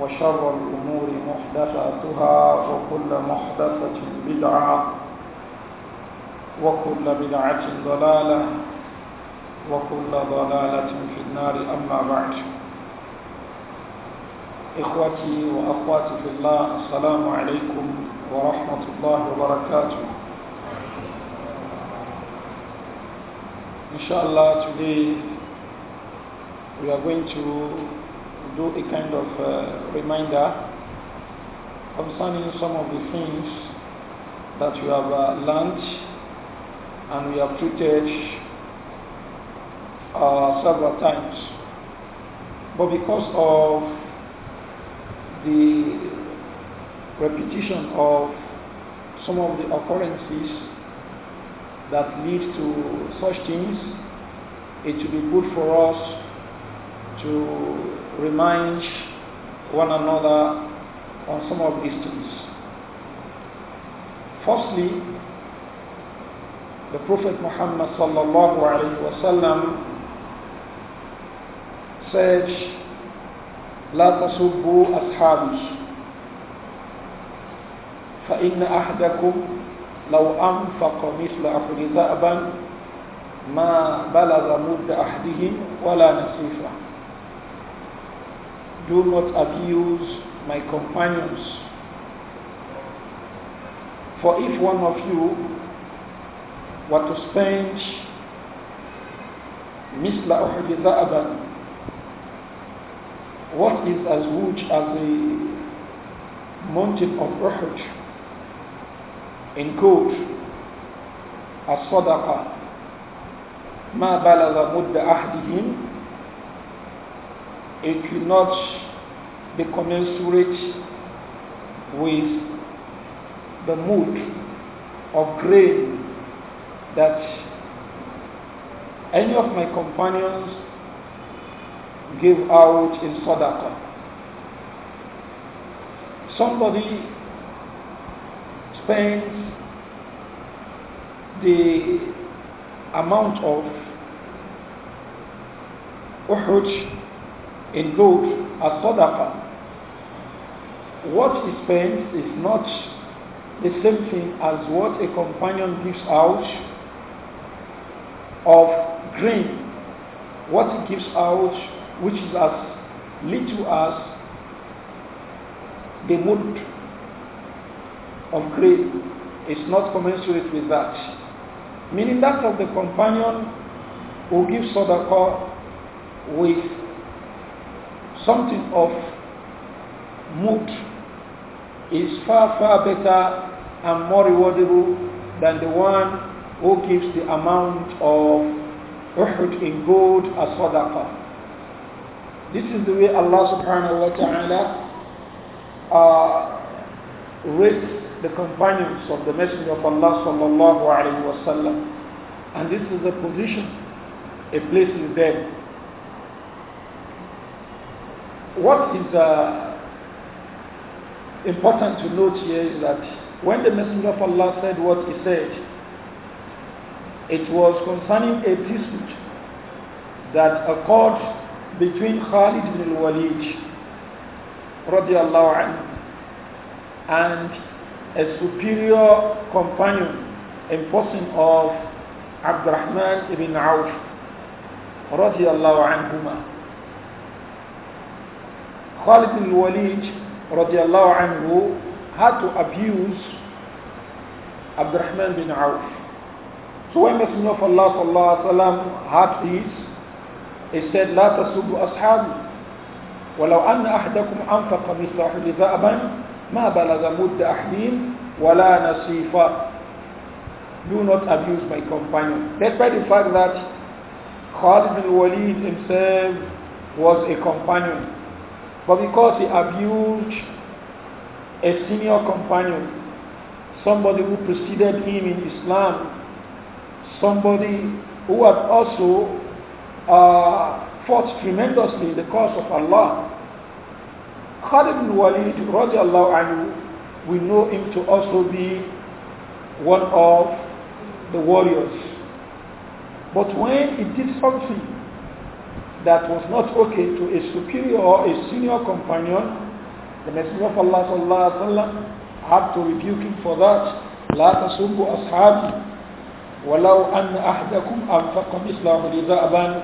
وشر الأمور محدثاتها وكل محدثة بدعة وكل بدعة ضلالة وكل ضلالة في النار أما بعد إخوتي وأخواتي في الله السلام عليكم ورحمة الله وبركاته Inshallah today we are going to do a kind of uh, reminder concerning some of the things that we have uh, learned and we have treated uh, several times. But because of the repetition of some of the occurrences that lead to such things, it will be good for us to remind one another on some of these things. Firstly, the Prophet Muhammad sallallahu alaihi wasallam said, "La tasubbu ashabi, fa inna ahdakum لو أنفق مثل أحد ذأبا ما بلغ مد أحدهم ولا نصيفه do not abuse my companions. For if one of you were to spend مثل أحد what is as much as the mountain of Uhud in gold as صدقة ما بلغ مد it will not be commensurate with the mood of grain that any of my companions give out in Sadaqah. Somebody spends the amount of Uhud in gold as sadaqah. What he spends is not the same thing as what a companion gives out of grain. What he gives out, which is as little as the wood of grain, is not commensurate with that. Meaning that of the companion who gives sadaqah with something of mood is far, far better and more rewardable than the one who gives the amount of uhud in gold as sadaqah. This is the way Allah subhanahu wa ta'ala uh, rates the companions of the Messenger of Allah sallallahu alayhi wa sallam. And this is the position, a place in there what is uh, important to note here is that when the Messenger of Allah said what he said, it was concerning a dispute that occurred between Khalid bin al-Walid radiallahu anhu and a superior companion in person of Abdurrahman ibn Auf radiallahu anhumah Khalid al-Walid radiallahu anhu had to abuse Abdurrahman bin Auf. So when Messenger of Allah sallallahu alaihi wasallam heard this, he said, لا تسبوا أصحابي ولو أن أحدكم أنفق مثل أحد ذأبا ما بلغ مد أحدهم ولا نصيفا Do not abuse my companion. Despite the fact that Khalid bin Walid himself was a companion but because he abused a senior companion, somebody who preceded him in Islam, somebody who had also uh, fought tremendously in the cause of Allah. Khalid bin Walid, radiallahu anhu, we know him to also be one of the warriors. But when he did something that was not okay to a superior or a senior companion, the Messenger of Allah sallallahu wa sallam had to rebuke him for that. لا تسبوا أصحابي ولو أن أحدكم أنفق مثل أحد ذهبا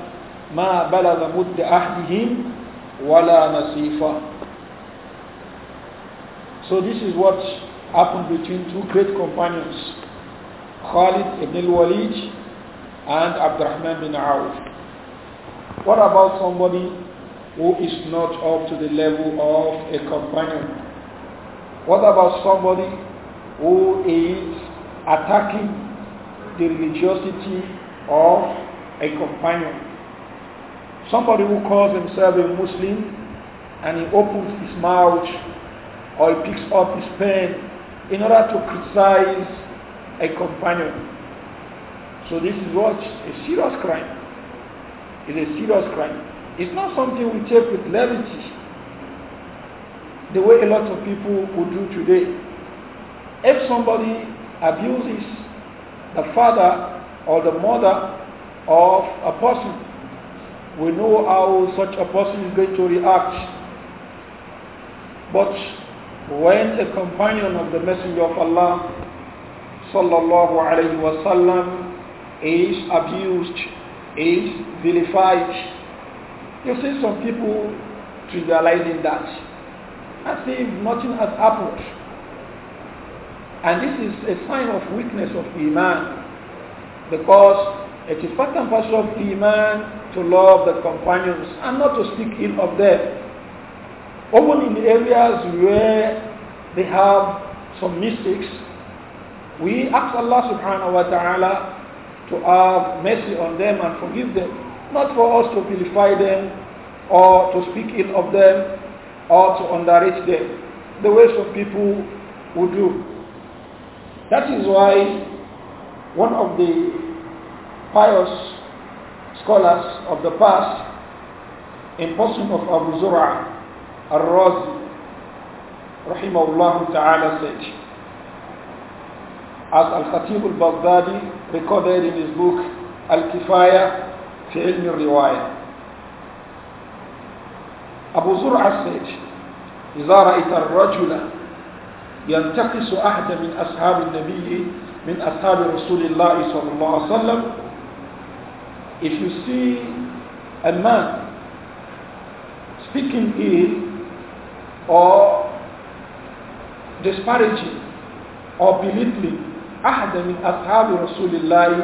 ما بلغ مد أحدهم ولا نصيفا So this is what happened between two great companions, Khalid ibn al-Walid and Abdurrahman bin Auf. What about somebody who is not up to the level of a companion? What about somebody who is attacking the religiosity of a companion? Somebody who calls himself a Muslim and he opens his mouth or he picks up his pen in order to criticize a companion. So this is what? A serious crime is a serious crime. It's not something we take with levity, the way a lot of people would do today. If somebody abuses the father or the mother of a person, we know how such a person is going to react. But when a companion of the Messenger of Allah sallallahu alayhi wasallam is abused is vilified. You see some people trivializing that as if nothing has happened. And this is a sign of weakness of Iman because it is part and parcel of Iman to love the companions and not to speak ill of them. Even in areas where they have some mistakes, we ask Allah subhanahu wa ta'ala to have mercy on them and forgive them, not for us to vilify them or to speak ill of them or to underrate them, the way some people would do. That is why one of the pious scholars of the past, in person of Abu Zura al-Razi, rahimahullah ta'ala said, as Al-Khatib al-Baghdadi recorded in his book Al-Kifaya fi ilm al-riwaya. Abu Zur'a said, إذا رأيت الرجل ينتقص أحد من أصحاب النبي من أصحاب رسول الله صلى الله عليه وسلم if you see a man speaking ill or disparaging or belittling أحد من أصحاب رسول الله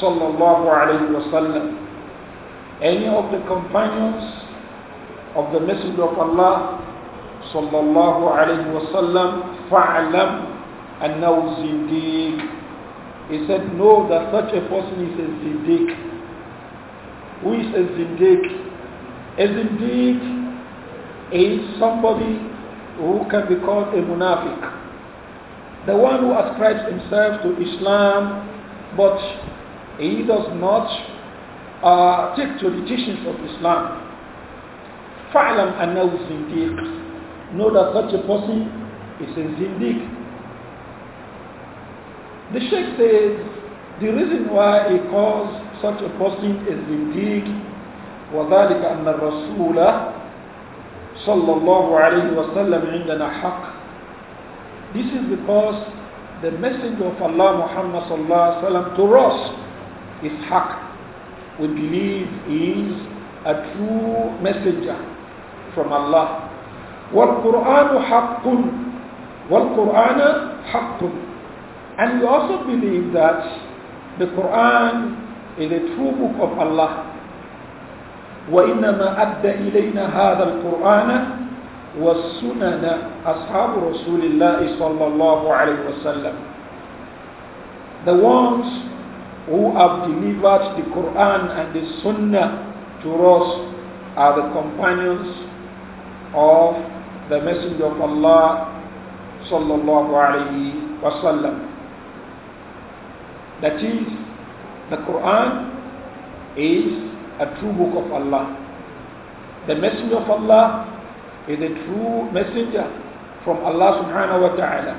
صلى الله عليه وسلم any of the companions of the Messenger of Allah صلى الله عليه وسلم فاعلم أنه صديق He said, know that such a person is a Siddiq. Who is a Zindiq? A Zindiq is somebody who can be called a Munafiq. The one who ascribes himself to Islam but he does not uh, take to the teachings of Islam. فَعْلَمْ أَنَّهُ زِنْدِيقٌ Know that such a person is a zindiq. The Sheikh says the reason why he calls such a person a zindiq وذلك أن الرسول صلى الله عليه وسلم عندنا حق this is because the messenger of Allah Muhammad sallallahu alaihi wasallam to us is haq. We believe he is a true messenger from Allah. والقرآن حق والقرآن حق And we also believe that the Quran is a true book of Allah. وإنما أدى إلينا هذا القرآن أَصْحَابُ رَسُولِ اللَّهِ صَلَّى اللَّهُ عَلَيْهِ وَسَلَّمَ The ones who have delivered the Quran and the Sunnah to us are the companions of the Messenger of Allah صلى الله عليه وسلم That is, the Quran is a true book of Allah. The Messenger of Allah is a true messenger from Allah subhanahu wa ta'ala.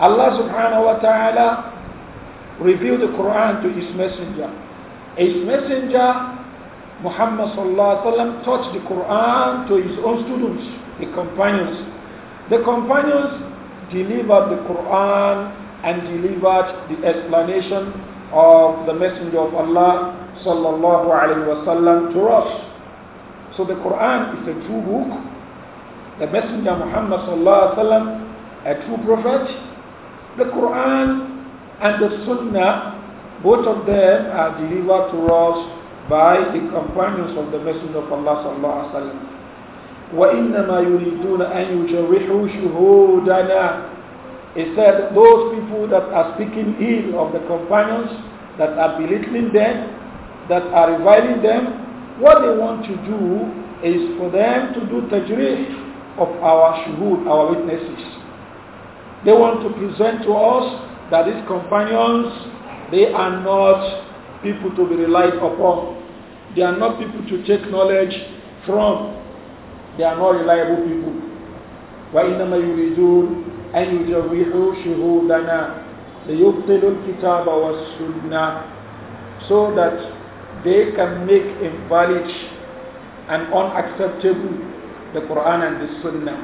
Allah subhanahu wa ta'ala revealed the Quran to his messenger. His messenger, Muhammad sallallahu alaihi wasallam, taught the Quran to his own students, the companions. The companions delivered the Quran and delivered the explanation of the messenger of Allah sallallahu alaihi wasallam to us. So the Quran is a true book. The Messenger Muhammad sallallahu alaihi wasallam, a true prophet. The Quran and the Sunnah, both of them are delivered to us by the companions of the Messenger of Allah sallallahu alaihi wasallam. وإنما يريدون أن يجرحوا شهودنا He said, those people that are speaking ill of the companions, that are belittling them, that are reviling them, what they want to do is for them to do tajrih of our shuhud, our witnesses. They want to present to us that these companions, they are not people to be relied upon. They are not people to take knowledge from. They are not reliable people. وإنما يريدون أن يجرحوا شهودنا ليبطلوا الكتاب والسنة so that they can make invalid and unacceptable the Quran and the Sunnah.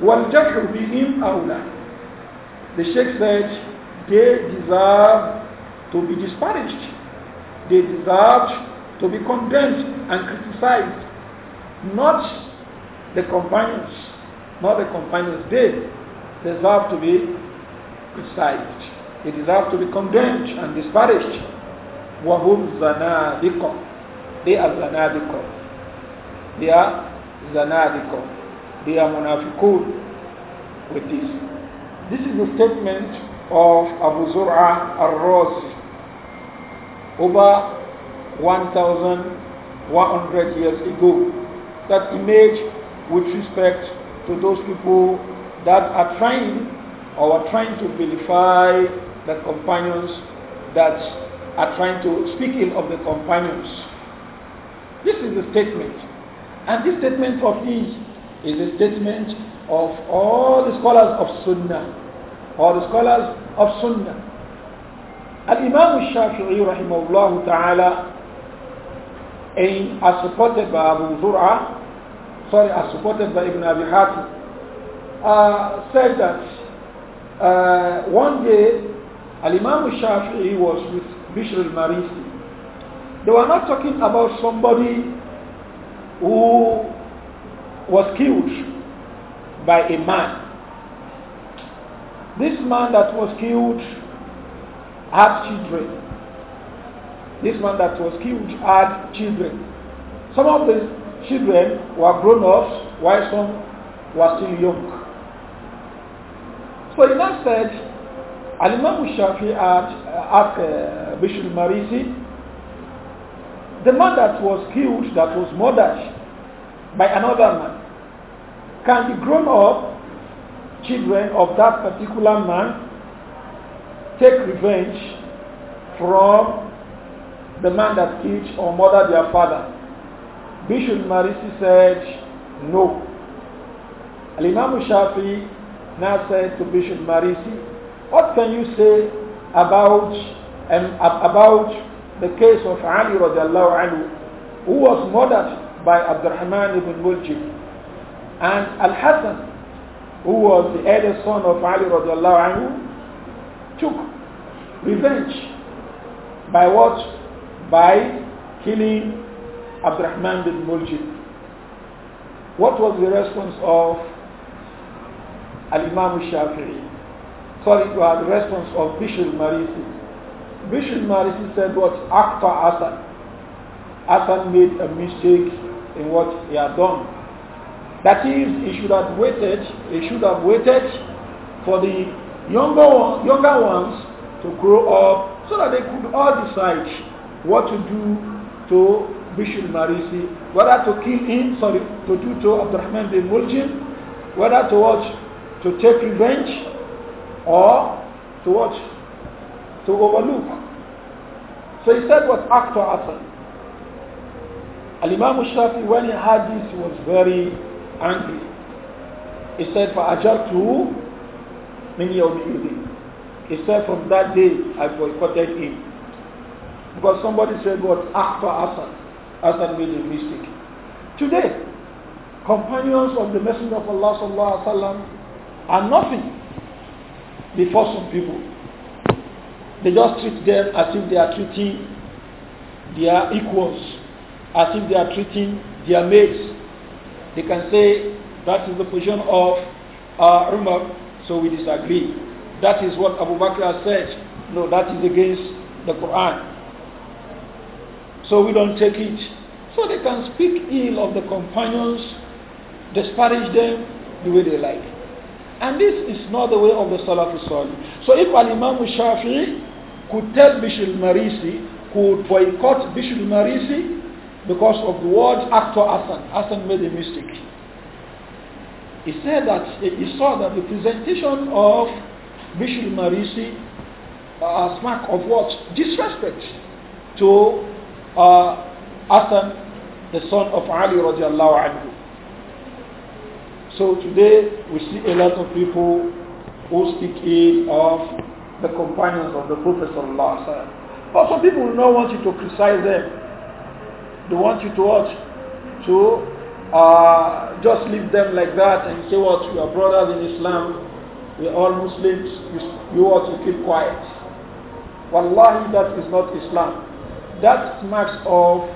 وَالْجَحْرُ بِهِمْ أَوْلَى The Sheikh said, they deserve to be disparaged. They deserve to be condemned and criticized. Not the companions, not the companions. They deserve to be criticized. They deserve to be condemned and disparaged. وهم زنادقة they are زنادقة they are زنادقة they are munafiqun with this this is the statement of Abu Zur'a al-Razi over 1,100 years ago that image with respect to those people that are trying or are trying to vilify the companions that are trying to speak ill of the companions. This is the statement. And this statement of his is a statement of all the scholars of Sunnah, all the scholars of Sunnah. Al-Imam al-Shafi'i rahimahullah ta'ala in, as supported by Abu Zur'a, sorry, as supported by Ibn Abi Hatim, uh, said that uh, one day Al-Imam al-Shafi'i was with Bishr al-Marisi. They were not talking about somebody who was killed by a man. This man that was killed had children. This man that was killed had children. Some of these children were grown up, while some were still young. So he now said, Al-Imam Shafi had asked uh, uh Bishop Marisi, the man that was killed, that was murdered by another man, can the grown up children of that particular man take revenge from the man that killed or murdered their father? Bishop Marisi said, no. Al-Imam Shafi now said to Bishop Marisi, what can you say about um, about the case of Ali radiallahu anhu, who was murdered by Abdurrahman ibn Muljib. And Al-Hassan, who was the eldest son of Ali radiallahu anhu, took revenge by what? By killing Abdurrahman ibn Muljib. What was the response of Al-Imam Shafi'i? Sorry, it uh, was the response of Bishop Marisi. Bishop Marisi said what Akhtar Hassan. Hassan made a mistake in what he had done. That is, he should have waited, he should have waited for the younger, one, younger ones to grow up so that they could all decide what to do to Bishop Marisi, whether to kill him, sorry, to do to Abdurrahman bin Muljim, whether to watch, to take revenge or to watch, to overlook. So he said what actor Hassan. Al-Imam Shafi, when he heard this, he was very angry. He said, "For of you did." He said, from that day, I boycotted him. Because somebody said what? Actor Hassan. Hassan made a mistake. Today, companions of the Messenger of Allah sallallahu alaihi wasallam are nothing before some people. They just treat them as if they are treating their equals, as if they are treating their mates. They can say that is the position of uh, Umar, so we disagree. That is what Abu Bakr has said. No, that is against the Quran. So we don't take it. So they can speak ill of the companions, disparage them the way they like. And this is not the way of the Salafis Salih. So if Al Imam Shafi'i could tell Bishop Marisi, could boycott Bishop Marisi because of the word actor Hassan. Hassan made a mistake. He said that he saw that the presentation of Bishop Marisi uh, a smack of what? Disrespect to uh, Hassan, the son of Ali radiallahu anhu. So today we see a lot of people who speak ill of the companions of the Prophet. But some people do not want you to criticize them. They want you to what? to uh, just leave them like that and say what you are brothers in Islam, we are all Muslims, you, you ought to keep quiet. Wallahi, that is not Islam. That marks of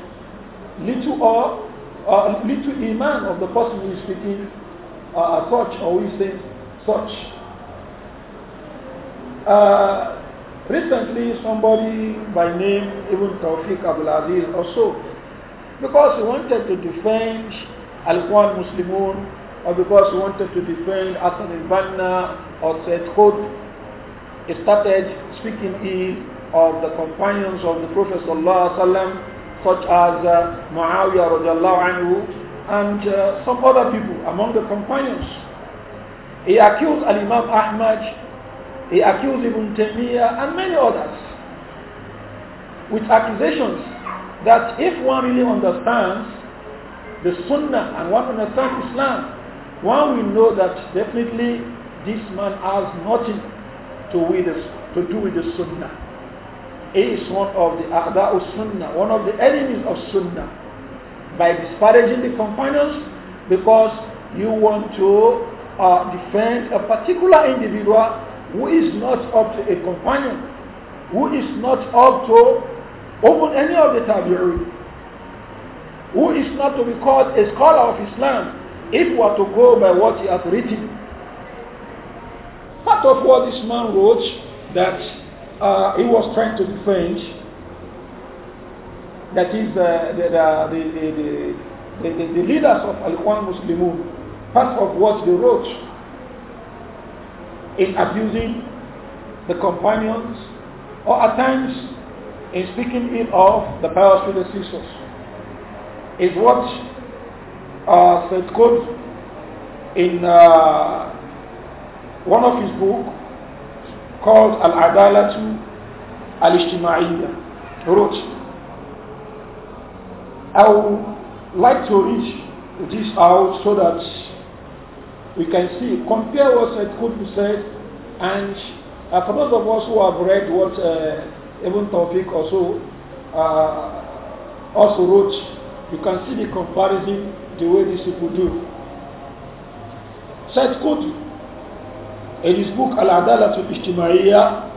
little or uh, little iman of the person who is speaking uh, such or who is saying such. Uh, recently, somebody by name Ibn Tawfiq Abdul Aziz also, because he wanted to defend Al-Quran Muslimun or because he wanted to defend Hassan al-Banna or Said Khud, he started speaking ill of the companions of the Prophet sallam, such as uh, Muawiyah anhu, and uh, some other people among the companions. He accused Al-Imam Ahmad he accused Ibn Taymiyyah and many others with accusations that if one really understands the Sunnah and one understands Islam, one will know that definitely this man has nothing to, with to do with the Sunnah. He is one of the A'da'u Sunnah, one of the enemies of Sunnah, by disparaging the companions because you want to uh, defend a particular individual who is not up to a companion, who is not up to open any of the tabi'un, who is not to be called a scholar of Islam if we are to go by what he has written. Part of what this man wrote that uh, he was trying to defend, that is uh, the, the, the, the, leaders of Al-Quran Muslimun, part of what they wrote in abusing the companions, or at times in speaking ill of the pious sisters, is what uh, Saint Code in uh, one of his books called Al-Adalatu Al-Ijtima'iyya wrote, I would like to reach this out so that we can see, compare what Said Qutb said, and uh, for those of us who have read what uh, Ibn Tawfiq also, uh, also wrote, you can see the comparison the way these people do. Said Qutb, in his book Al-Adalat al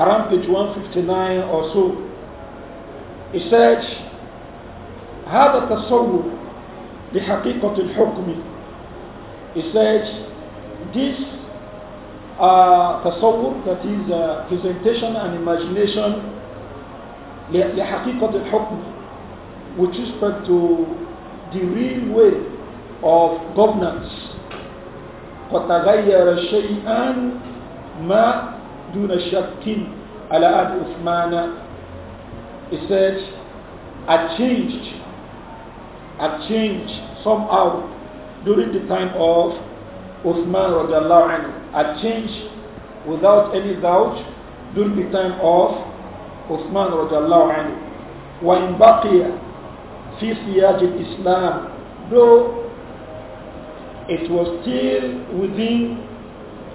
around page 159 or so, he said, هذا التصور لحقيقة الحكم he said, this uh, tasawwur, that is uh, presentation and imagination, الحكم, with respect to the real way of governance, قد شيئا ما دون شك على أهل عثمان. He said, I changed, I changed somehow during the time of Uthman radiallahu anhu a change without any doubt during the time of Uthman radiallahu anhu. in بقي في سياج الإسلام though it was still within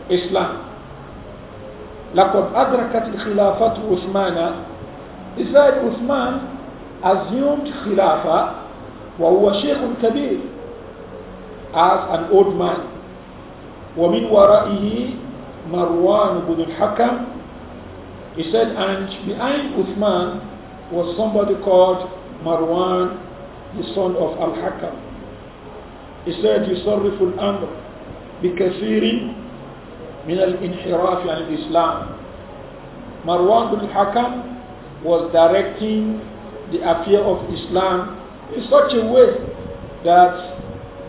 Islam لقد أدركت الخلافة عثمان He said Uthman assumed خلافة وهو شيخ كبير as an old man. وَمِنْ وَرَائِهِ مَرْوَانُ بُنُ الْحَكَمِ He said, and behind Uthman was somebody called Marwan, the son of Al-Hakam. He said, يُصَرِّفُ الْأَمْرِ بِكَثِيرٍ مِنَ الْإِنْحِرَافِ عَنِ الْإِسْلَامِ Marwan bin Hakam was directing the affair of Islam in such a way that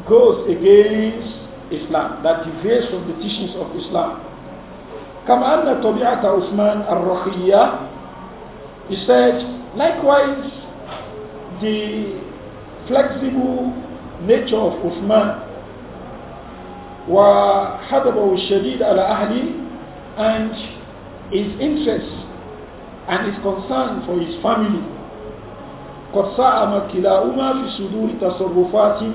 goes against Islam, that deviates from the teachings of Islam. كما أن Uthman al الرخية he said, likewise, the flexible nature of Uthman hadabu الشديد al أهلي and his interest and his concern for his family قد amakila كلاهما في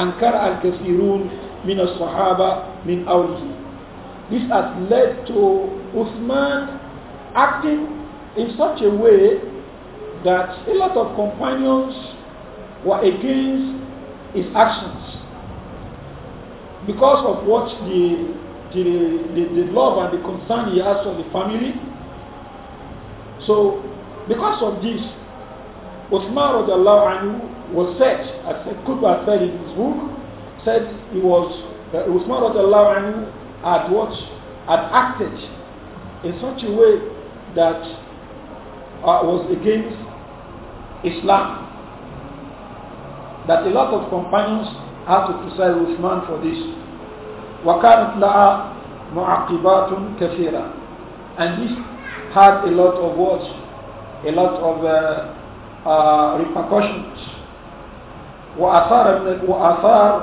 أنكر الكثيرون من الصحابة من أوله This has led to Uthman acting in such a way that a lot of companions were against his actions because of what the, the, the, the love and the concern he has for the family. So because of this, Uthman radiallahu anhu was said, as Qutbah said in his book, said he was, that Usman anhu had had acted in such a way that uh, was against Islam. That a lot of companions had to criticize Usman for this. وَكَانَتْ لَهَا مُعَقِّبَاتٌ كَثِيرًا And this had a lot of words, a lot of uh, uh, repercussions وأثار من وأثار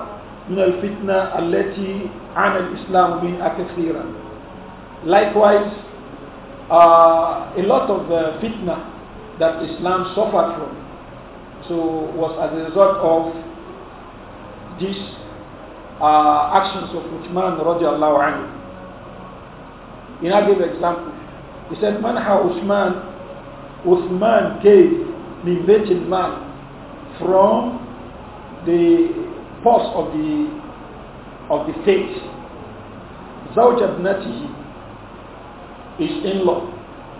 من الفتنة التي عانى الإسلام كثيرا. Likewise, uh, a lot of the uh, fitna that Islam suffered from, so was as a result of these uh, actions of Uthman radiallahu anhu. He give example. He said, Manha Uthman, Uthman gave min Baitul from the boss of the of the state. Zawjad Natihi, his in-law,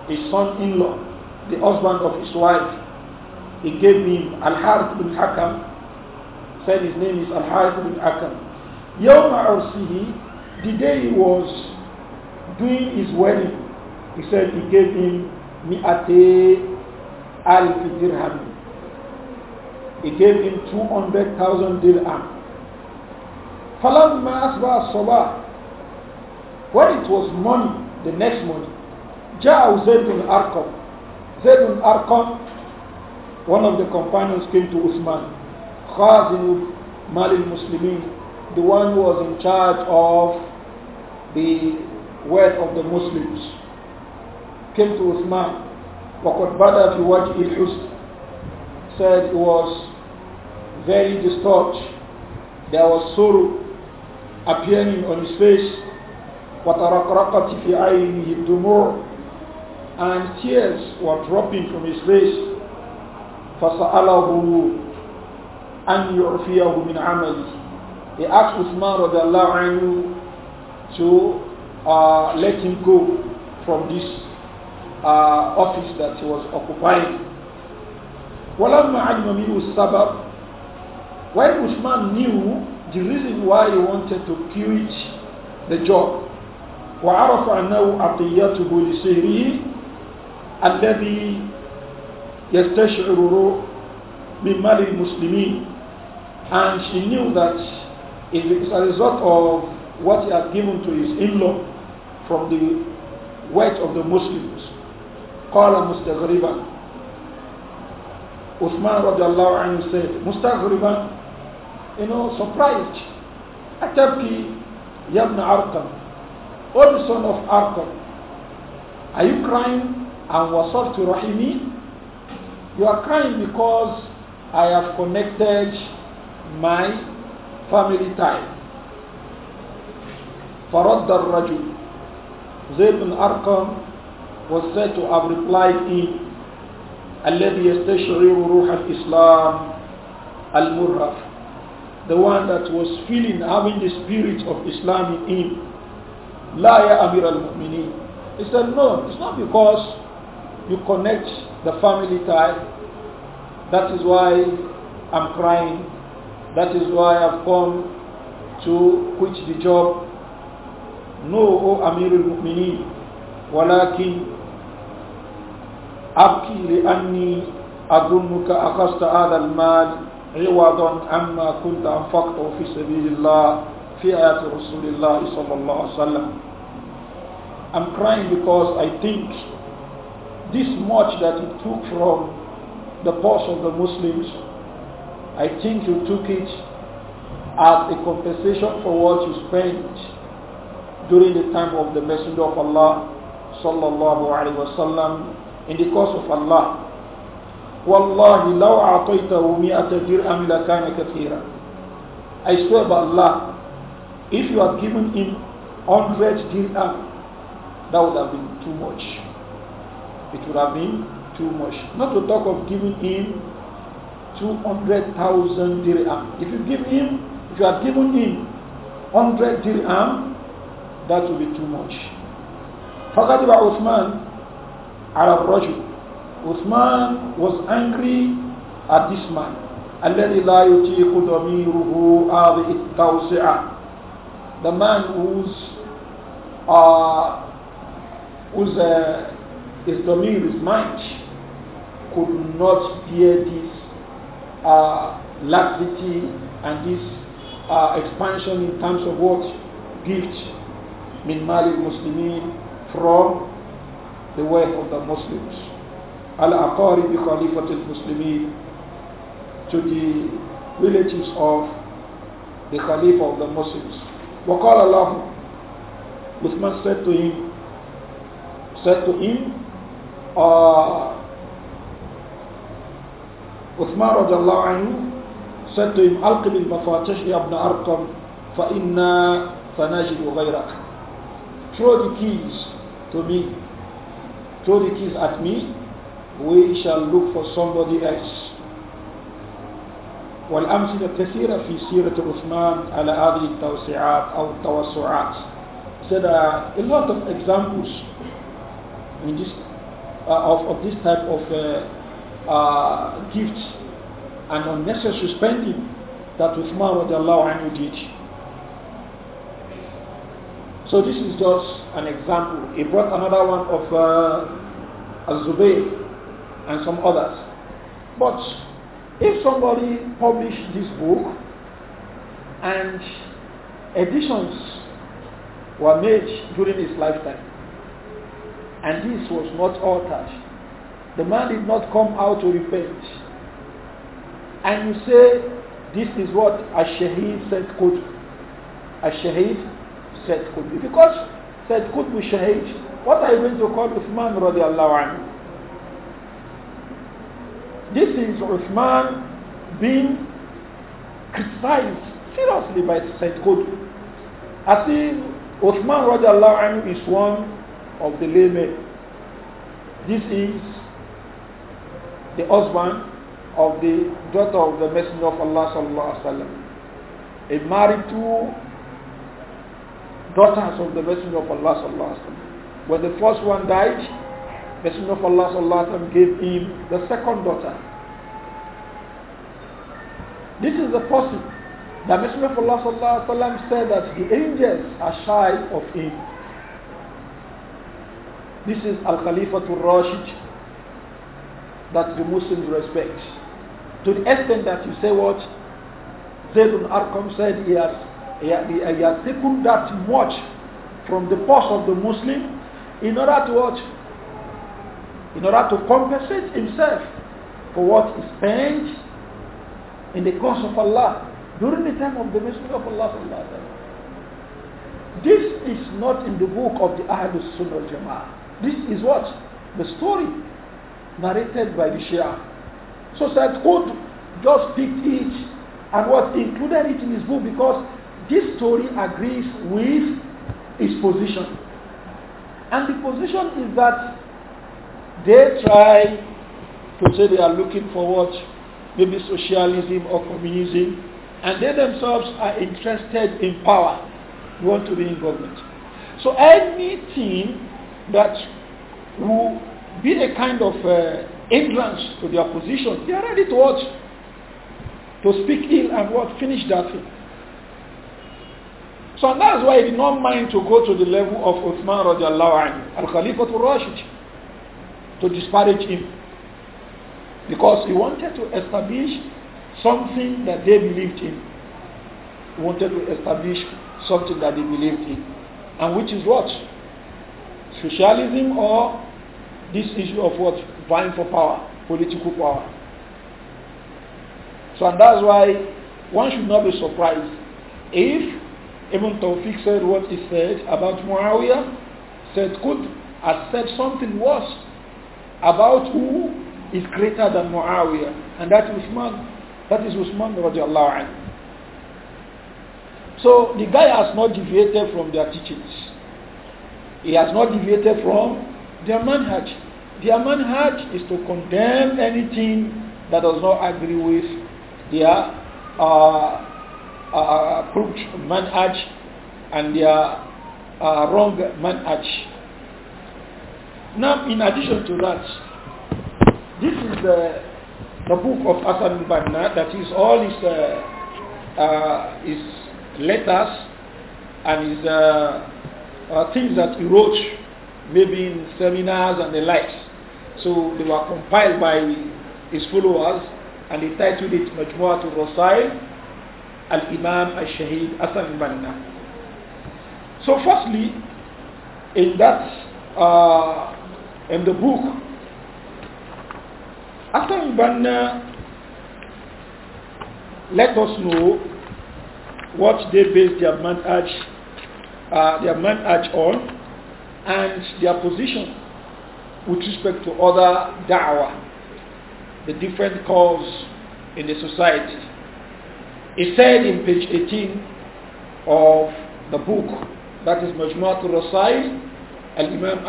his son-in-law, the husband of his wife. He gave him Al-Harith bin Hakam, said his name is Al-Harith bin Hakam. Yawma Arsihi, the day he was doing his wedding, he said he gave him Mi'ate Al-Dirham, he gave him 200,000 dirham. Following أَصْبَحَ الصَّبَاحِ When it was morning, the next morning, جَاءَ زَيْدٌ أَرْقَمْ زَيْدٌ أَرْقَمْ One of the companions came to Uthman. Khazinu مَالِ الْمُسْلِمِينَ The one who was in charge of the wealth of the Muslims. Came to Uthman. وَقَدْ بَدَى فِي وَجْهِ Said it was very distraught. There was sorrow appearing on his face. وَتَرَقْرَقَتِ in him الدُّمُوعُ And tears were dropping from his face. فَسَأَلَهُ أَنْ يُعْفِيَهُ مِنْ عَمَلِهِ He asked Uthman radiallahu anhu to uh, let him go from this uh, office that he was occupying. ولما علم منه السبب when Usman knew the reason why he wanted to quit the job, وعرف أنه عطيته لسهره الذي يستشعر من مال المسلمين and she knew that it is a result of what he had given to his in-law from the wealth of the Muslims قال مستغربا Uthman radiallahu anhu said مستغربا you know, surprised. Atapki Yabn Arkam, O the son of Arkam, are you crying? And wasaf to Rahimi? You are crying because I have connected my family tie. فرد الرجل زيد بن أرقم was said to have replied in الذي يستشعر روح الإسلام المرة the one that was feeling having the spirit of Islam in him. La Amir al Mu'mineen. He said, No, it's not because you connect the family tie. That is why I'm crying. That is why I've come to quit the job. No, O oh Amir al Mu'mineen. ولكن li لأني أظنك أخذت هذا المال عوضا عما كنت أنفقته في سبيل الله في آيات رسول الله صلى الله عليه وسلم I'm crying because I think this much that you took from the purse of the Muslims, I think you took it as a compensation for what you spent during the time of the Messenger of Allah sallallahu alaihi wasallam in the cause of Allah والله لو أعطيته مئة درهم لكان كثيرا I swear by Allah if you had given him 100 dirham that would have been too much it would have been too much not to talk of giving him 200,000 dirham if you give him if you had given him 100 dirham that would be too much فغضب عثمان على الرجل Uthman was angry at this man. الذي لا يطيق ضميره هذه التوسعة the man whose uh, whose uh, his domain, his mind could not bear this uh, laxity and this uh, expansion in terms of what gift min mali muslimin from the wealth of the Muslims al-aqarib khalifat al-muslimin to the relatives of the Caliph of the Muslims. وقال الله Uthman said to him, said to him, uh, Uthman radiallahu anhu said to him, ألقم المفاتيح يا ابن أرقم فإنا سنجد غيرك. Throw the keys to me. Throw the keys at me we shall look for somebody else والأمثلة كثيرة في سيرة عثمان على هذه التوسعات أو التوسعات so there are a lot of examples in this, uh, of, of this type of uh, uh, gift and unnecessary spending that Uthman anhu did. So this is just an example. He brought another one of uh, zubayr and some others. But if somebody published this book and editions were made during his lifetime and this was not altered, the man did not come out to repent, and you say this is what a said could, a said could because said could be shaheed. What are you going to call Uthman radiallahu anhu? This is Uthman being criticized seriously by Said Qutb. As if Uthman anhu is one of the laymen. This is the husband of the daughter of the Messenger of Allah sallallahu alaihi wasallam. He married two daughters of the Messenger of Allah sallallahu alaihi wasallam. When the first one died, Messenger of Allah Sallam gave him the second daughter. This is the first. the Messenger of Allah Sallam said that the angels are shy of him. This is al Khalifa to Rashid that the Muslims respect. To the extent that you say what Zaydun Arkham said, he has, he, has, he has taken that much from the purse of the Muslim in order to what? in order to compensate himself for what he spent in the cause of Allah during the time of the Messenger of Allah. This is not in the book of the Ahlul Sunnah al Jama'ah. This is what? The story narrated by the Shia. So Said Qutb just picked it and what included it in his book because this story agrees with his position. And the position is that they try to say they are looking for what? Maybe socialism or communism. And they themselves are interested in power. They want to be in government. So anything that will be a kind of uh, hindrance to their position, they are ready to watch. To speak ill and what? Finish that thing. So that's why he did not mind to go to the level of Uthman radiallahu anhu, al-Khalifatul Rashid to disparage him because he wanted to establish something that they believed in. He wanted to establish something that they believed in, and which is what? Socialism or this issue of what? Vying for power, political power. So and that's why one should not be surprised if even Tawfiq said what he said about Muawiyah, said could have said something worse about who is greater than Muawiyah, and that is Usman. That is Usman radiallahu anhu. So the guy has not deviated from their teachings. He has not deviated from their manhaj. Their manhaj is to condemn anything that does not agree with their uh, uh, manhaj and their uh, wrong manhaj. Now, in addition to that, this is the, the book of Hassan Banna, that is all his, uh, uh, his letters and his uh, uh, things that he wrote, maybe in seminars and the likes. So they were compiled by his followers and he titled it Majmuatul Rasail Al-Imam Al-Shahid Hassan Banna. So firstly, in that uh, in the book. after Banna let us know what they base their manhaj, uh, their manhaj on and their position with respect to other da'wah, the different calls in the society. It said in page 18 of the book, that is Majmu'at al-Rasail, Al-Imam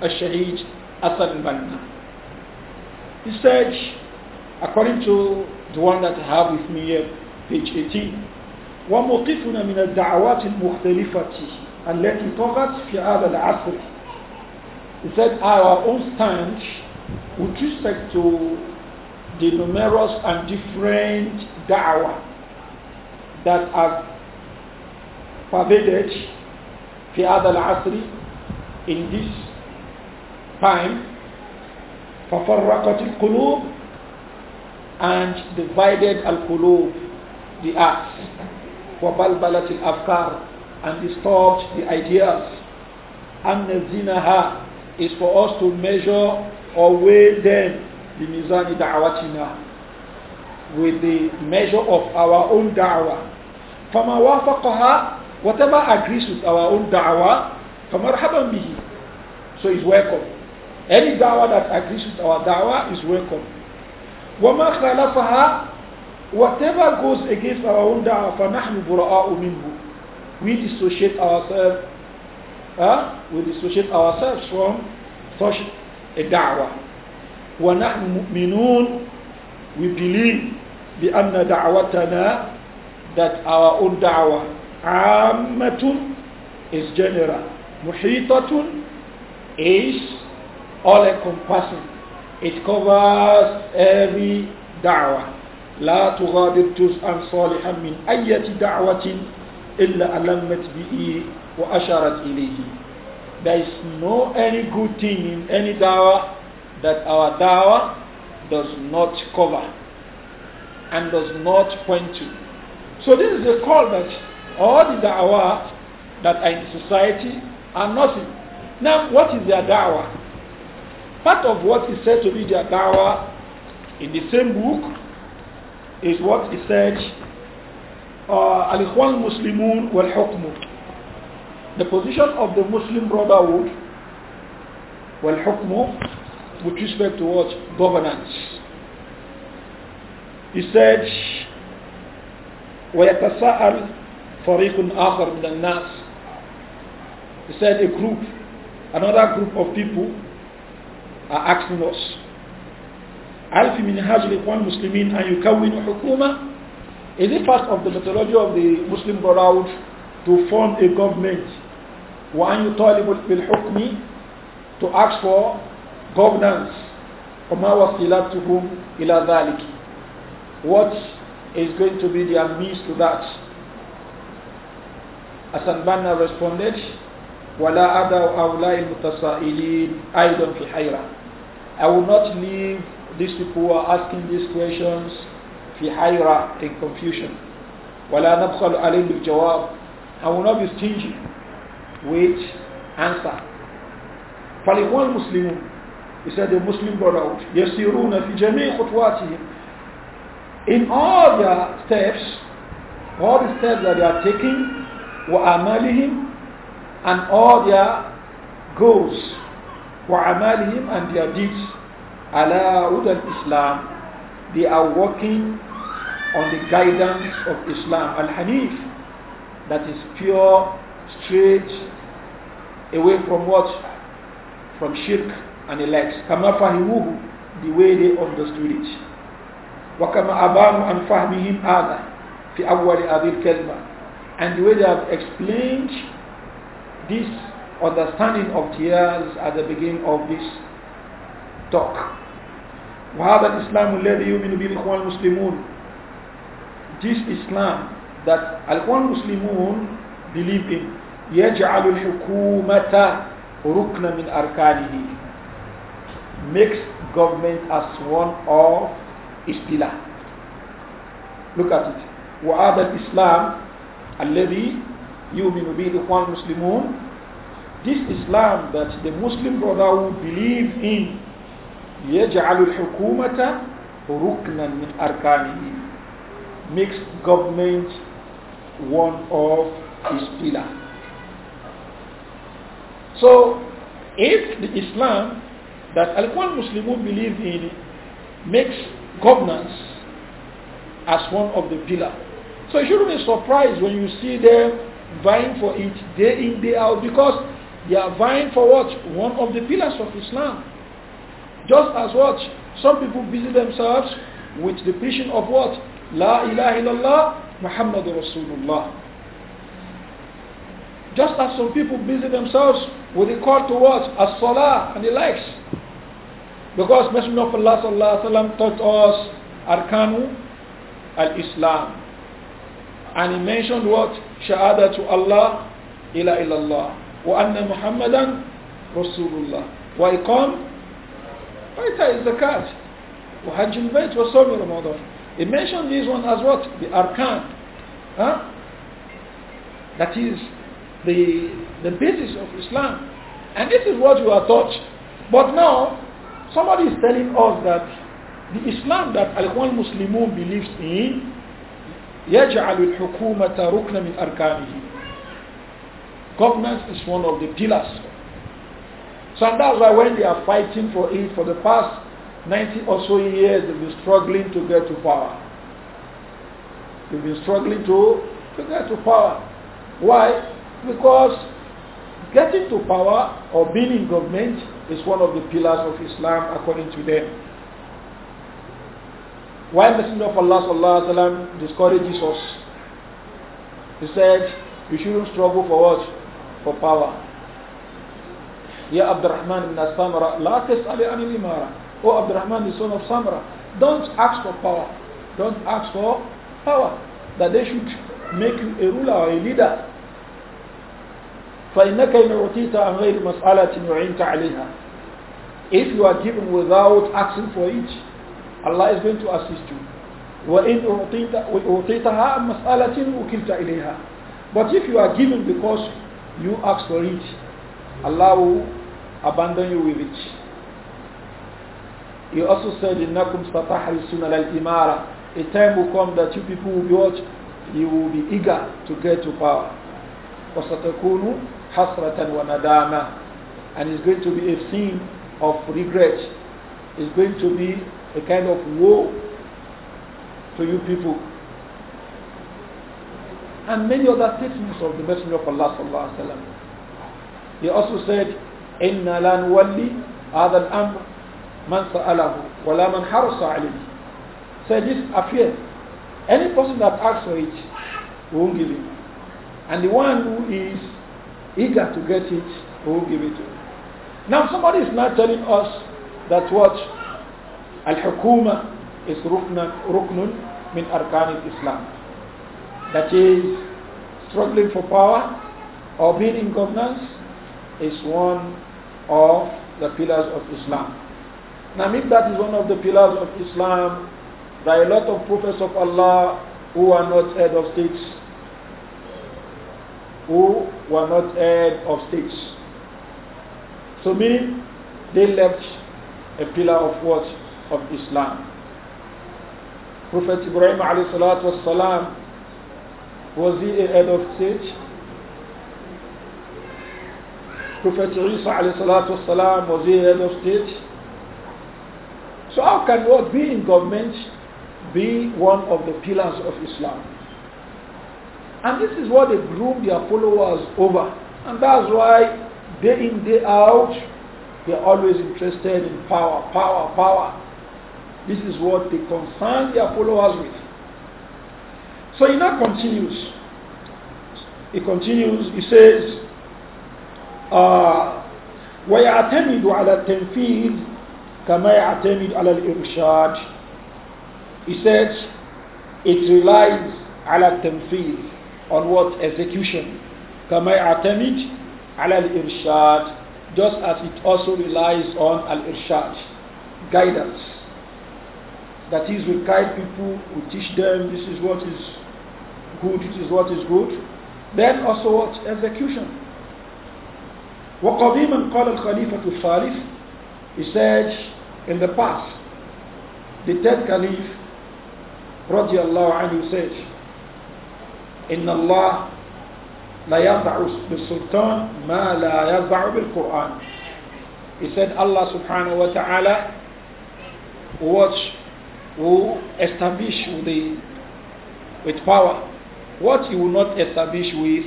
a shaheed, a certain He said, according to the one that I have with me here, page 18, وموقفنا من الدعوات المختلفة التي طغت في هذا العصر He said our own stance with respect to the numerous and different da'wah that have pervaded في هذا العصر in this time, فَفَرَّقَتِ الْقُلُوبِ and divided al-qulub, the acts, وَبَلْبَلَتِ الْأَفْكَارِ and disturbed the ideas. أَنَّ الزِّنَهَا is for us to measure or weigh them بِمِزَانِ دَعْوَتِنَا with the measure of our own da'wah. فَمَا وَافَقَهَا whatever agrees with our own da'wah فَمَرْحَبًا بِهِ so it's welcome any dawah that agrees with our dawah is welcome. وَمَا خَلَفَهَا Whatever goes against our own dawah, فَنَحْنُ بُرَآءُ مِنْهُ We dissociate ourselves, huh? we dissociate ourselves from such a da'wah. وَنَحْنُ مُؤْمِنُونَ We believe بِأَنَّ دَعْوَتَنَا that our own da'wah عَامَّةٌ is general. مُحِيطَةٌ is all encompassing. It covers every da'wah. لا تغادر جزءا صالحا من أية دعوة إلا ألمت به وأشارت إليه There is no any good thing in any dawah that our dawah does not cover and does not point to. So this is a call that all the dawah that are in society are nothing. Now what is their dawah? Part of what is said to be their dawah in the same book is what is said uh, Al-Ikhwan Muslimun wal Hukm. The position of the Muslim Brotherhood wal Hukm with respect towards governance. He said ويتساءل فريق آخر من الناس He said a group, another group of people are asking us Alfi min هاجر إخوان المسلمين أن يكون حكومة Is it part of the methodology of the Muslim Brotherhood to form a government وأن يطالب hukmi to ask for governance وما وصلتهم ila ذلك What is going to be their means to that? Asan Banna responded ولا أدع أولئك المتسائلين أيضا في حيرة I will not leave these people asking these questions في حيرة in confusion I will not be stingy with answer فالإخوان المسلمون He said the Muslim Brotherhood يسيرون في جميع خطواتهم in all their steps all the steps that they are taking وأعمالهم and all their goals وَعَمَالِهِمْ and their deeds عَلَىٰ هُدَى الْإِسْلَامِ They are walking on the guidance of Islam. Al-Hanif, that is pure, straight, away from what? From shirk and the كَمَا فَهِمُوهُ The way they understood it. وَكَمَا أَبَانُوا أَنْ فَهْمِهِمْ آذَا فِي أَوَّلِ هَذِهِ الْكَلْمَةِ And the way they have explained this understanding of tears at the beginning of this talk. وهذا الإسلام الذي يؤمن به الإخوان المسلمون This Islam that الإخوان المسلمون believe in يجعل الحكومة ركنا من أركانه makes government as one of its pillar. Look at it. وهذا الإسلام الذي يؤمن به الإخوان المسلمون this Islam that the Muslim Brotherhood believe in يجعل الحكومة ركنا من أركانه makes government one of its pillar. So if the Islam that Al-Quran Muslimun believe in makes governance as one of the pillar. So you shouldn't be surprised when you see them vying for it day in, day out because they are vying for what? One of the pillars of Islam. Just as what? Some people busy themselves with the preaching of what? La ilaha illallah Muhammad Rasulullah. Just as some people busy themselves with the call to what as-salah and the likes. Because Messenger of Allah sallallahu alaihi wasallam taught us arkanu al-Islam. And he mentioned what? Shahada to Allah, ila illallah. وأن محمدا رسول الله وإقام وإيتاء الزكاة وحج البيت وصوم رمضان He mentioned this one as what? The arkan. Huh? That is the, the basis of Islam. And this is what we are taught. But now, somebody is telling us that the Islam that Al-Ikhwan Muslimun believes in يجعل الحكومة ركنا من أركانه Governance is one of the pillars. So that's why when they are fighting for it for the past 90 or so years, they've been struggling to get to power. They've been struggling to, to get to power. Why? Because getting to power or being in government is one of the pillars of Islam according to them. Why Messenger of Allah sallallahu alaihi wasallam discourages us? He said, you shouldn't struggle for what? for power. Ya Abdurrahman ibn Samra, la tas'ali anil imara. Oh Abdurrahman, the son of Samra, don't ask for power. Don't ask for power. That they should make you a ruler or a leader. فإنك إن أعطيت عن غير مسألة وعنت عليها If you are given without asking for it, Allah is going to assist you. وإن أعطيتها عن مسألة وكلت إليها But if you are given because you ask for it, Allah will abandon you with it. He also said, إِنَّكُمْ سَتَحْرِسُونَ الْإِمَارَةِ A time will come that you people will be you will be eager to get to power. وَسَتَكُونُ حَسْرَةً وَنَدَامًا And it's going to be a scene of regret. It's going to be a kind of woe to you people and many other statements of the Messenger of Allah sallallahu alaihi wasallam. He also said, "Inna wali nuwalli هذا الأمر من سأله ولا من حرص عليه." Said this affair, any person that asks for it, we will give him, and the one who is eager to get it, we will give it to him. Now somebody is not telling us that what al-hukuma is ruknun min arkan al-Islam that is struggling for power or being in governance is one of the pillars of Islam. Now, if that is one of the pillars of Islam, there are a lot of prophets of Allah who are not head of states. Who were not head of states. So, meaning they left a pillar of what? Of Islam. Prophet Ibrahim alayhi salatu was salam was he a head of state? Prophet Isa والسلام, was he a head of state? So how can what be in government be one of the pillars of Islam? And this is what they groom their followers over. And that's why day in, day out, they're always interested in power, power, power. This is what they concern their followers with. So he now continues. He continues, he says, uh, ويعتمد على التنفيذ كما يعتمد على الإرشاد He says, it relies على التنفيذ on what execution كما يعتمد على الإرشاد just as it also relies on al-irshad guidance that is we guide people we teach them this is what is good, it is what is good. Then also what? Execution. وقديما قال الخليفة الثالث He said, in the past, the third caliph, رضي الله عنه, said, إن الله لا يضع بالسلطان ما لا يضع بالقرآن. He said, Allah subhanahu wa ta'ala watch who establish the, with power what you will not establish with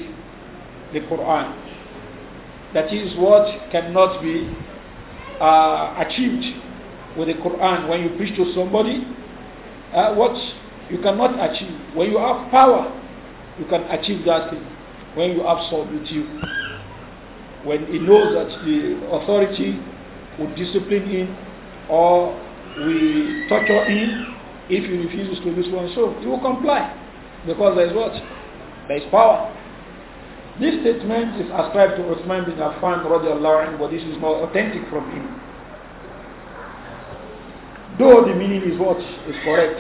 the Quran. That is what cannot be uh, achieved with the Quran. When you preach to somebody, uh, what you cannot achieve. When you have power, you can achieve that thing. When you have you, when he knows that the authority will discipline him or will torture him if he refuses to do so and so, he will comply. Because there is what? There is power. This statement is ascribed to Uthman bin Affan radiallahu but this is not authentic from him. Though the meaning is what is correct,